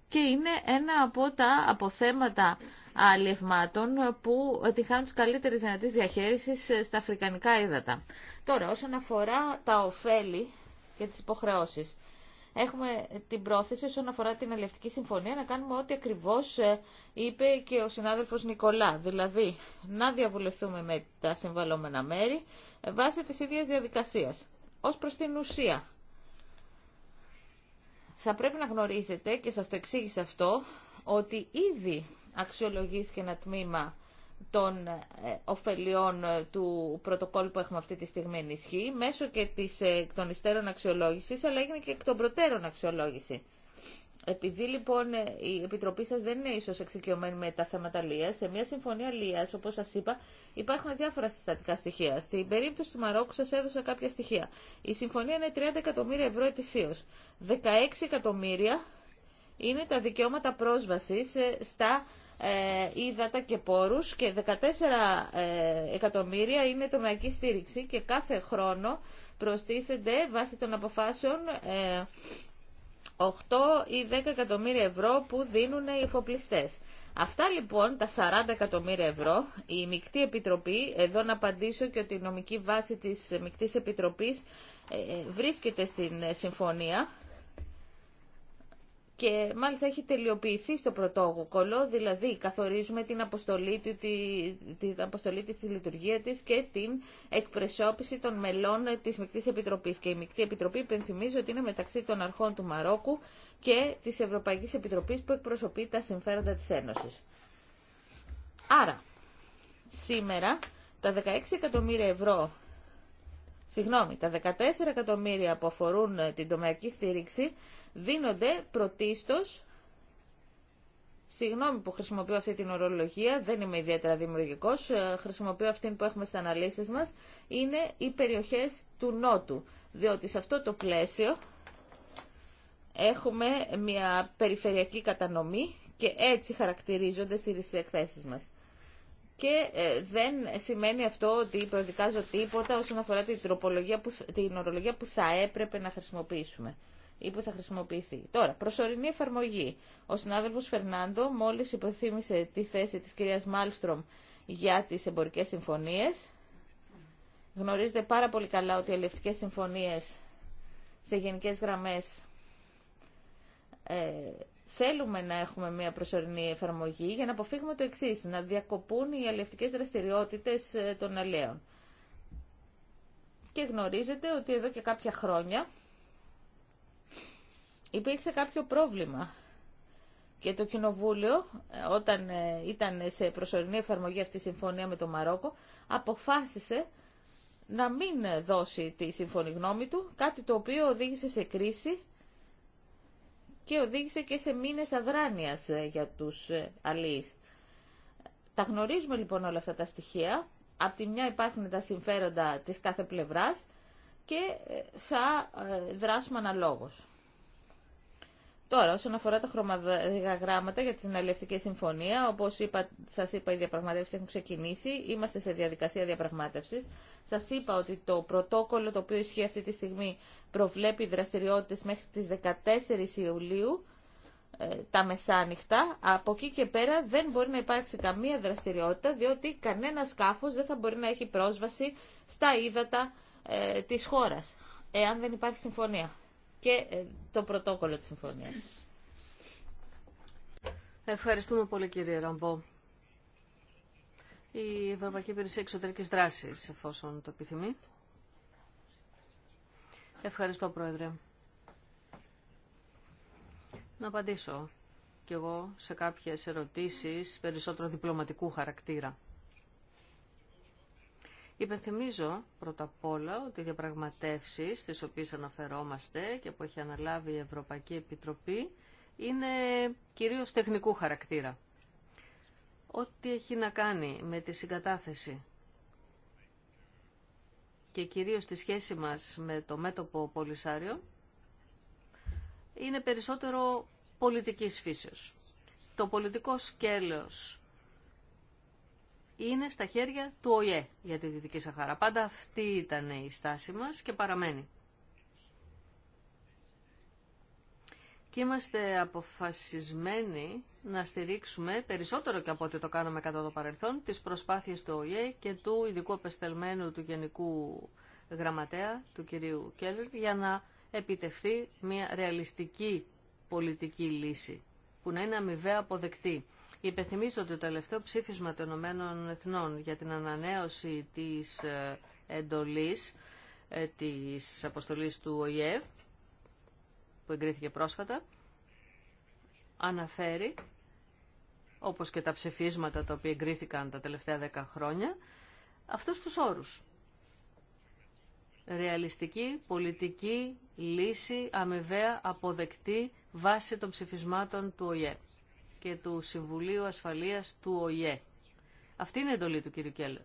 και είναι ένα από τα αποθέματα αλλιευμάτων που τυχάνουν τις καλύτερες δυνατή διαχείριση ε, στα αφρικανικά ύδατα. Τώρα, όσον αφορά τα ωφέλη και τις υποχρεώσεις έχουμε την πρόθεση όσον αφορά την αλληλευτική συμφωνία να κάνουμε ό,τι ακριβώς ε, είπε και ο συνάδελφος Νικολά. Δηλαδή, να διαβουλευτούμε με τα συμβαλόμενα μέρη ε, βάσει της ίδιας διαδικασίας. Ως προς την ουσία. Θα πρέπει να γνωρίζετε και σας το εξήγησα αυτό ότι ήδη αξιολογήθηκε ένα τμήμα των ε, ωφελιών ε, του πρωτοκόλλου που έχουμε αυτή τη στιγμή ενισχύει, μέσω και της ε, εκ των υστέρων αξιολόγησης, αλλά έγινε και εκ των προτέρων αξιολόγηση. Επειδή λοιπόν η Επιτροπή σας δεν είναι ίσως εξοικειωμένη με τα θέματα λίας, σε μια συμφωνία λίας, όπως σας είπα, υπάρχουν διάφορα συστατικά στοιχεία. Στην περίπτωση του Μαρόκου σας έδωσα κάποια στοιχεία. Η συμφωνία είναι 30 εκατομμύρια ευρώ ετησίως. 16 εκατομμύρια είναι τα δικαιώματα πρόσβασης στα ε, ύδατα και πόρους και 14 ε, εκατομμύρια είναι τομεακή στήριξη και κάθε χρόνο προστίθενται βάσει των αποφάσεων 8 ε, ή 10 εκατομμύρια ευρώ που δίνουν οι εφοπλιστές. Αυτά λοιπόν τα 40 εκατομμύρια ευρώ, η Μικτή Επιτροπή, εδώ να απαντήσω και ότι η νομική βάση της Μικτής Επιτροπής βρίσκεται στην συμφωνία και μάλιστα έχει τελειοποιηθεί στο πρωτόκολλο, δηλαδή καθορίζουμε την αποστολή, τη, την αποστολή της, τη λειτουργία της και την εκπροσώπηση των μελών της Μικτής Επιτροπής. Και η Μικτή Επιτροπή υπενθυμίζω ότι είναι μεταξύ των αρχών του Μαρόκου και της Ευρωπαϊκής Επιτροπής που εκπροσωπεί τα συμφέροντα της Ένωσης. Άρα, σήμερα τα 16 εκατομμύρια ευρώ Συγγνώμη, τα 14 εκατομμύρια που αφορούν την τομεακή στήριξη δίνονται πρωτίστως Συγγνώμη που χρησιμοποιώ αυτή την ορολογία, δεν είμαι ιδιαίτερα δημιουργικό, ε, χρησιμοποιώ αυτή που έχουμε στι αναλύσει μα, είναι οι περιοχέ του Νότου. Διότι σε αυτό το πλαίσιο έχουμε μια περιφερειακή κατανομή και έτσι χαρακτηρίζονται στι εκθέσει μα. Και ε, δεν σημαίνει αυτό ότι προδικάζω τίποτα όσον αφορά που, την ορολογία που θα έπρεπε να χρησιμοποιήσουμε ή που θα χρησιμοποιηθεί. Τώρα, προσωρινή εφαρμογή. Ο συνάδελφος Φερνάντο μόλις υποθύμησε τη θέση της κυρίας Μάλστρομ για τις εμπορικές συμφωνίες. Γνωρίζετε πάρα πολύ καλά ότι οι ελευτικές συμφωνίες σε γενικές γραμμές ε, θέλουμε να έχουμε μια προσωρινή εφαρμογή για να αποφύγουμε το εξή, να διακοπούν οι αλληλευτικές δραστηριότητε ε, των αλέων. Και γνωρίζετε ότι εδώ και κάποια χρόνια υπήρξε κάποιο πρόβλημα. Και το Κοινοβούλιο, ε, όταν ε, ήταν σε προσωρινή εφαρμογή αυτή η συμφωνία με το Μαρόκο, αποφάσισε να μην ε, δώσει τη συμφωνή γνώμη του, κάτι το οποίο οδήγησε σε κρίση και οδήγησε και σε μήνες αδράνειας για τους αλείς. Τα γνωρίζουμε λοιπόν όλα αυτά τα στοιχεία. Απ' τη μια υπάρχουν τα συμφέροντα της κάθε πλευράς και θα δράσουμε αναλόγως. Τώρα, όσον αφορά τα γράμματα για την αλληλευτική συμφωνία, όπω σα είπα, οι διαπραγματεύσει έχουν ξεκινήσει. Είμαστε σε διαδικασία διαπραγμάτευση. Σα είπα ότι το πρωτόκολλο το οποίο ισχύει αυτή τη στιγμή προβλέπει δραστηριότητε μέχρι τι 14 Ιουλίου ε, τα μεσάνυχτα, από εκεί και πέρα δεν μπορεί να υπάρξει καμία δραστηριότητα, διότι κανένα σκάφος δεν θα μπορεί να έχει πρόσβαση στα ύδατα ε, της χώρας, εάν δεν υπάρχει συμφωνία και ε, το πρωτόκολλο της συμφωνίας. Ευχαριστούμε πολύ κύριε Ραμπό. Η Ευρωπαϊκή Υπηρεσία εξωτερική Δράσης, εφόσον το επιθυμεί. Ευχαριστώ Πρόεδρε. Να απαντήσω κι εγώ σε κάποιες ερωτήσεις περισσότερο διπλωματικού χαρακτήρα. Υπενθυμίζω πρώτα απ' όλα ότι οι διαπραγματεύσεις στι οποίες αναφερόμαστε και που έχει αναλάβει η Ευρωπαϊκή Επιτροπή είναι κυρίως τεχνικού χαρακτήρα. Ό,τι έχει να κάνει με τη συγκατάθεση και κυρίως τη σχέση μας με το μέτωπο Πολυσάριο είναι περισσότερο πολιτικής φύσεως. Το πολιτικό σκέλος είναι στα χέρια του ΟΕ, για τη Δυτική Σαχάρα. Πάντα αυτή ήταν η στάση μας και παραμένει. Και είμαστε αποφασισμένοι να στηρίξουμε περισσότερο και από ό,τι το κάναμε κατά το παρελθόν τις προσπάθειες του ΟΕ και του ειδικού απεσταλμένου του Γενικού Γραμματέα, του κυρίου Κέλλερ, για να επιτευχθεί μια ρεαλιστική πολιτική λύση που να είναι αμοιβαία αποδεκτή Υπενθυμίζω ότι το τελευταίο ψήφισμα των Ηνωμένων Εθνών για την ανανέωση της ε, εντολής ε, της αποστολής του ΟΗΕ που εγκρίθηκε πρόσφατα αναφέρει όπως και τα ψηφίσματα τα οποία εγκρίθηκαν τα τελευταία δέκα χρόνια αυτούς τους όρους. Ρεαλιστική πολιτική λύση αμοιβαία αποδεκτή βάση των ψηφισμάτων του ΟΗΕ και του Συμβουλίου Ασφαλείας του ΟΗΕ. Αυτή είναι η εντολή του κύριου Κέλλερ.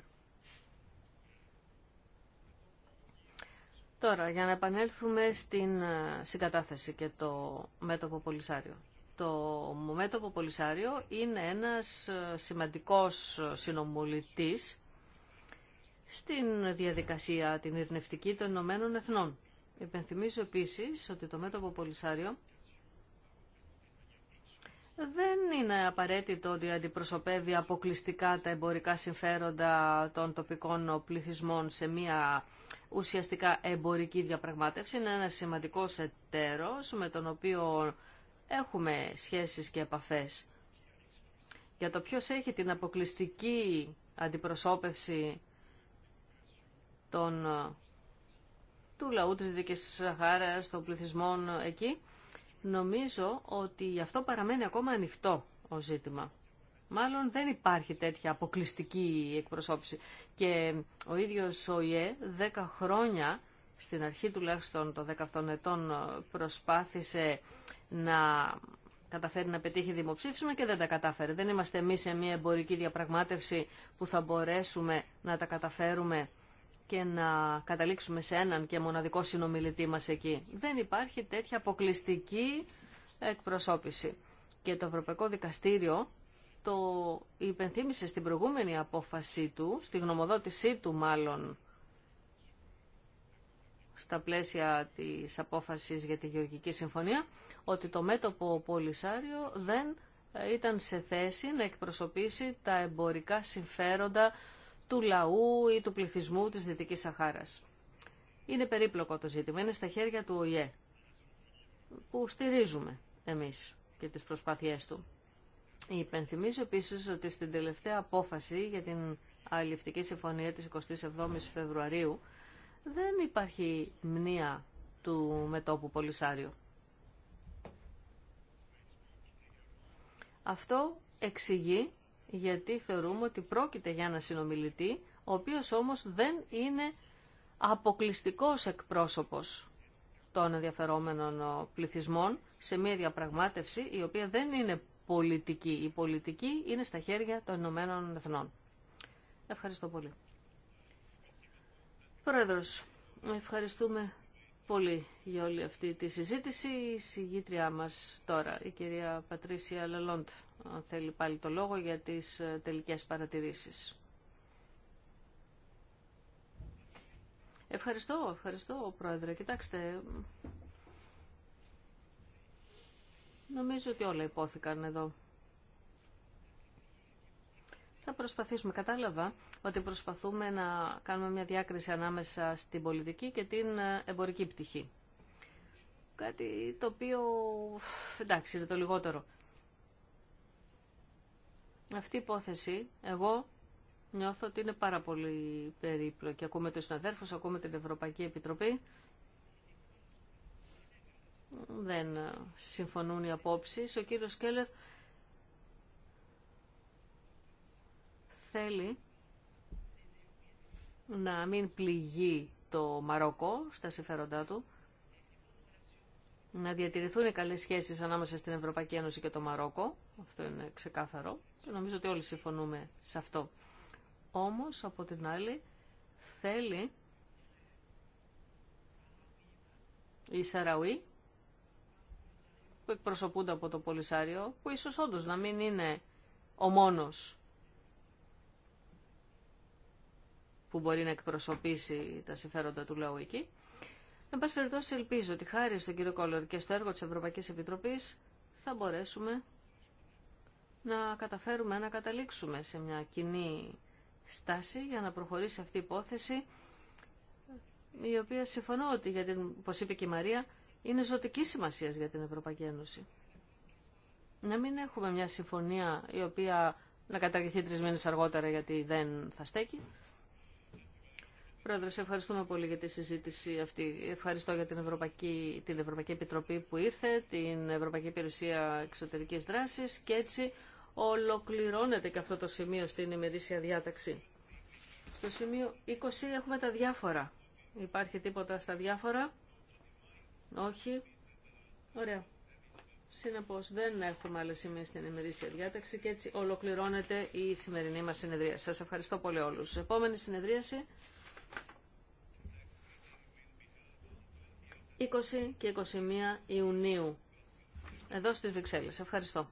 Τώρα, για να επανέλθουμε στην ε, συγκατάθεση και το μέτωπο Πολυσάριο. Το μέτωπο Πολυσάριο είναι ένας ε, σημαντικός ε, συνομολητής στην διαδικασία την ειρνευτική των Ηνωμένων Εθνών. Υπενθυμίζω επίσης ότι το μέτωπο Πολυσάριο δεν είναι απαραίτητο ότι αντιπροσωπεύει αποκλειστικά τα εμπορικά συμφέροντα των τοπικών πληθυσμών σε μια ουσιαστικά εμπορική διαπραγμάτευση. Είναι ένα σημαντικό εταίρο με τον οποίο έχουμε σχέσεις και επαφές. Για το ποιος έχει την αποκλειστική αντιπροσώπευση των, του λαού της Δυτικής Σαχάρας, των πληθυσμών εκεί, Νομίζω ότι αυτό παραμένει ακόμα ανοιχτό ο ζήτημα. Μάλλον δεν υπάρχει τέτοια αποκλειστική εκπροσώπηση. Και ο ίδιος ο ΙΕ δέκα χρόνια, στην αρχή τουλάχιστον των 17 ετών, προσπάθησε να καταφέρει να πετύχει δημοψήφισμα και δεν τα κατάφερε. Δεν είμαστε εμείς σε μια εμπορική διαπραγμάτευση που θα μπορέσουμε να τα καταφέρουμε και να καταλήξουμε σε έναν και μοναδικό συνομιλητή μας εκεί. Δεν υπάρχει τέτοια αποκλειστική εκπροσώπηση. Και το Ευρωπαϊκό Δικαστήριο το υπενθύμησε στην προηγούμενη απόφασή του, στη γνωμοδότησή του μάλλον, στα πλαίσια της απόφασης για τη Γεωργική Συμφωνία, ότι το μέτωπο Πολυσάριο δεν ήταν σε θέση να εκπροσωπήσει τα εμπορικά συμφέροντα του λαού ή του πληθυσμού της Δυτικής Σαχάρας. Είναι περίπλοκο το ζήτημα, είναι στα χέρια του ΟΗΕ, που στηρίζουμε εμείς και τις προσπάθειές του. Υπενθυμίζω επίσης ότι στην τελευταία απόφαση για την αλληλευτική συμφωνία της 27ης Φεβρουαρίου δεν υπάρχει μνήα του μετόπου Πολυσάριο. Αυτό εξηγεί γιατί θεωρούμε ότι πρόκειται για ένα συνομιλητή, ο οποίος όμως δεν είναι αποκλειστικός εκπρόσωπος των ενδιαφερόμενων πληθυσμών σε μια διαπραγμάτευση η οποία δεν είναι πολιτική. Η πολιτική είναι στα χέρια των Ηνωμένων Εθνών. Ευχαριστώ πολύ. Πρόεδρος, ευχαριστούμε πολύ για όλη αυτή τη συζήτηση. Η συγγήτριά μας τώρα, η κυρία Πατρίσια Λελόντ, θέλει πάλι το λόγο για τις ε, τελικές παρατηρήσεις. Ευχαριστώ, ευχαριστώ Πρόεδρε. Κοιτάξτε, νομίζω ότι όλα υπόθηκαν εδώ θα προσπαθήσουμε. Κατάλαβα ότι προσπαθούμε να κάνουμε μια διάκριση ανάμεσα στην πολιτική και την ε, εμπορική πτυχή. Κάτι το οποίο, εντάξει, είναι το λιγότερο. Αυτή η υπόθεση, εγώ νιώθω ότι είναι πάρα πολύ περίπλοκη. Ακούμε τους συναδέρφους, ακούμε την Ευρωπαϊκή Επιτροπή. Δεν ε, συμφωνούν οι απόψεις. Ο κύριος Κέλλερ θέλει να μην πληγεί το Μαρόκο στα συμφέροντά του, να διατηρηθούν οι καλές σχέσεις ανάμεσα στην Ευρωπαϊκή Ένωση και το Μαρόκο, αυτό είναι ξεκάθαρο και νομίζω ότι όλοι συμφωνούμε σε αυτό. Όμως, από την άλλη, θέλει η Σαραουή που εκπροσωπούνται από το Πολυσάριο, που ίσως όντως να μην είναι ο μόνος που μπορεί να εκπροσωπήσει τα συμφέροντα του λαού εκεί. Εν πάση περιπτώσει, ελπίζω ότι χάρη στον κύριο Κόλλορ και στο έργο τη Ευρωπαϊκή Επιτροπή θα μπορέσουμε να καταφέρουμε να καταλήξουμε σε μια κοινή στάση για να προχωρήσει αυτή η υπόθεση η οποία συμφωνώ ότι, για την, όπως είπε και η Μαρία, είναι ζωτική σημασία για την Ευρωπαϊκή Ένωση. Να μην έχουμε μια συμφωνία η οποία να καταργηθεί τρεις μήνες αργότερα γιατί δεν θα στέκει. Πρόεδρε, ευχαριστούμε πολύ για τη συζήτηση αυτή. Ευχαριστώ για την Ευρωπαϊκή, την Ευρωπαϊκή Επιτροπή που ήρθε, την Ευρωπαϊκή Υπηρεσία εξωτερική δράση και έτσι ολοκληρώνεται και αυτό το σημείο στην ημερήσια διάταξη. Στο σημείο 20 έχουμε τα διάφορα. Υπάρχει τίποτα στα διάφορα. Όχι. Ωραία. Συνεπώ, δεν έχουμε άλλε σημείε στην ημερήσια διάταξη και έτσι ολοκληρώνεται η σημερινή μα συνεδρία. Σα ευχαριστώ πολύ όλου. Επόμενη συνεδρίαση. 20 και 21 Ιουνίου εδώ στις Βρυξέλλες. Ευχαριστώ.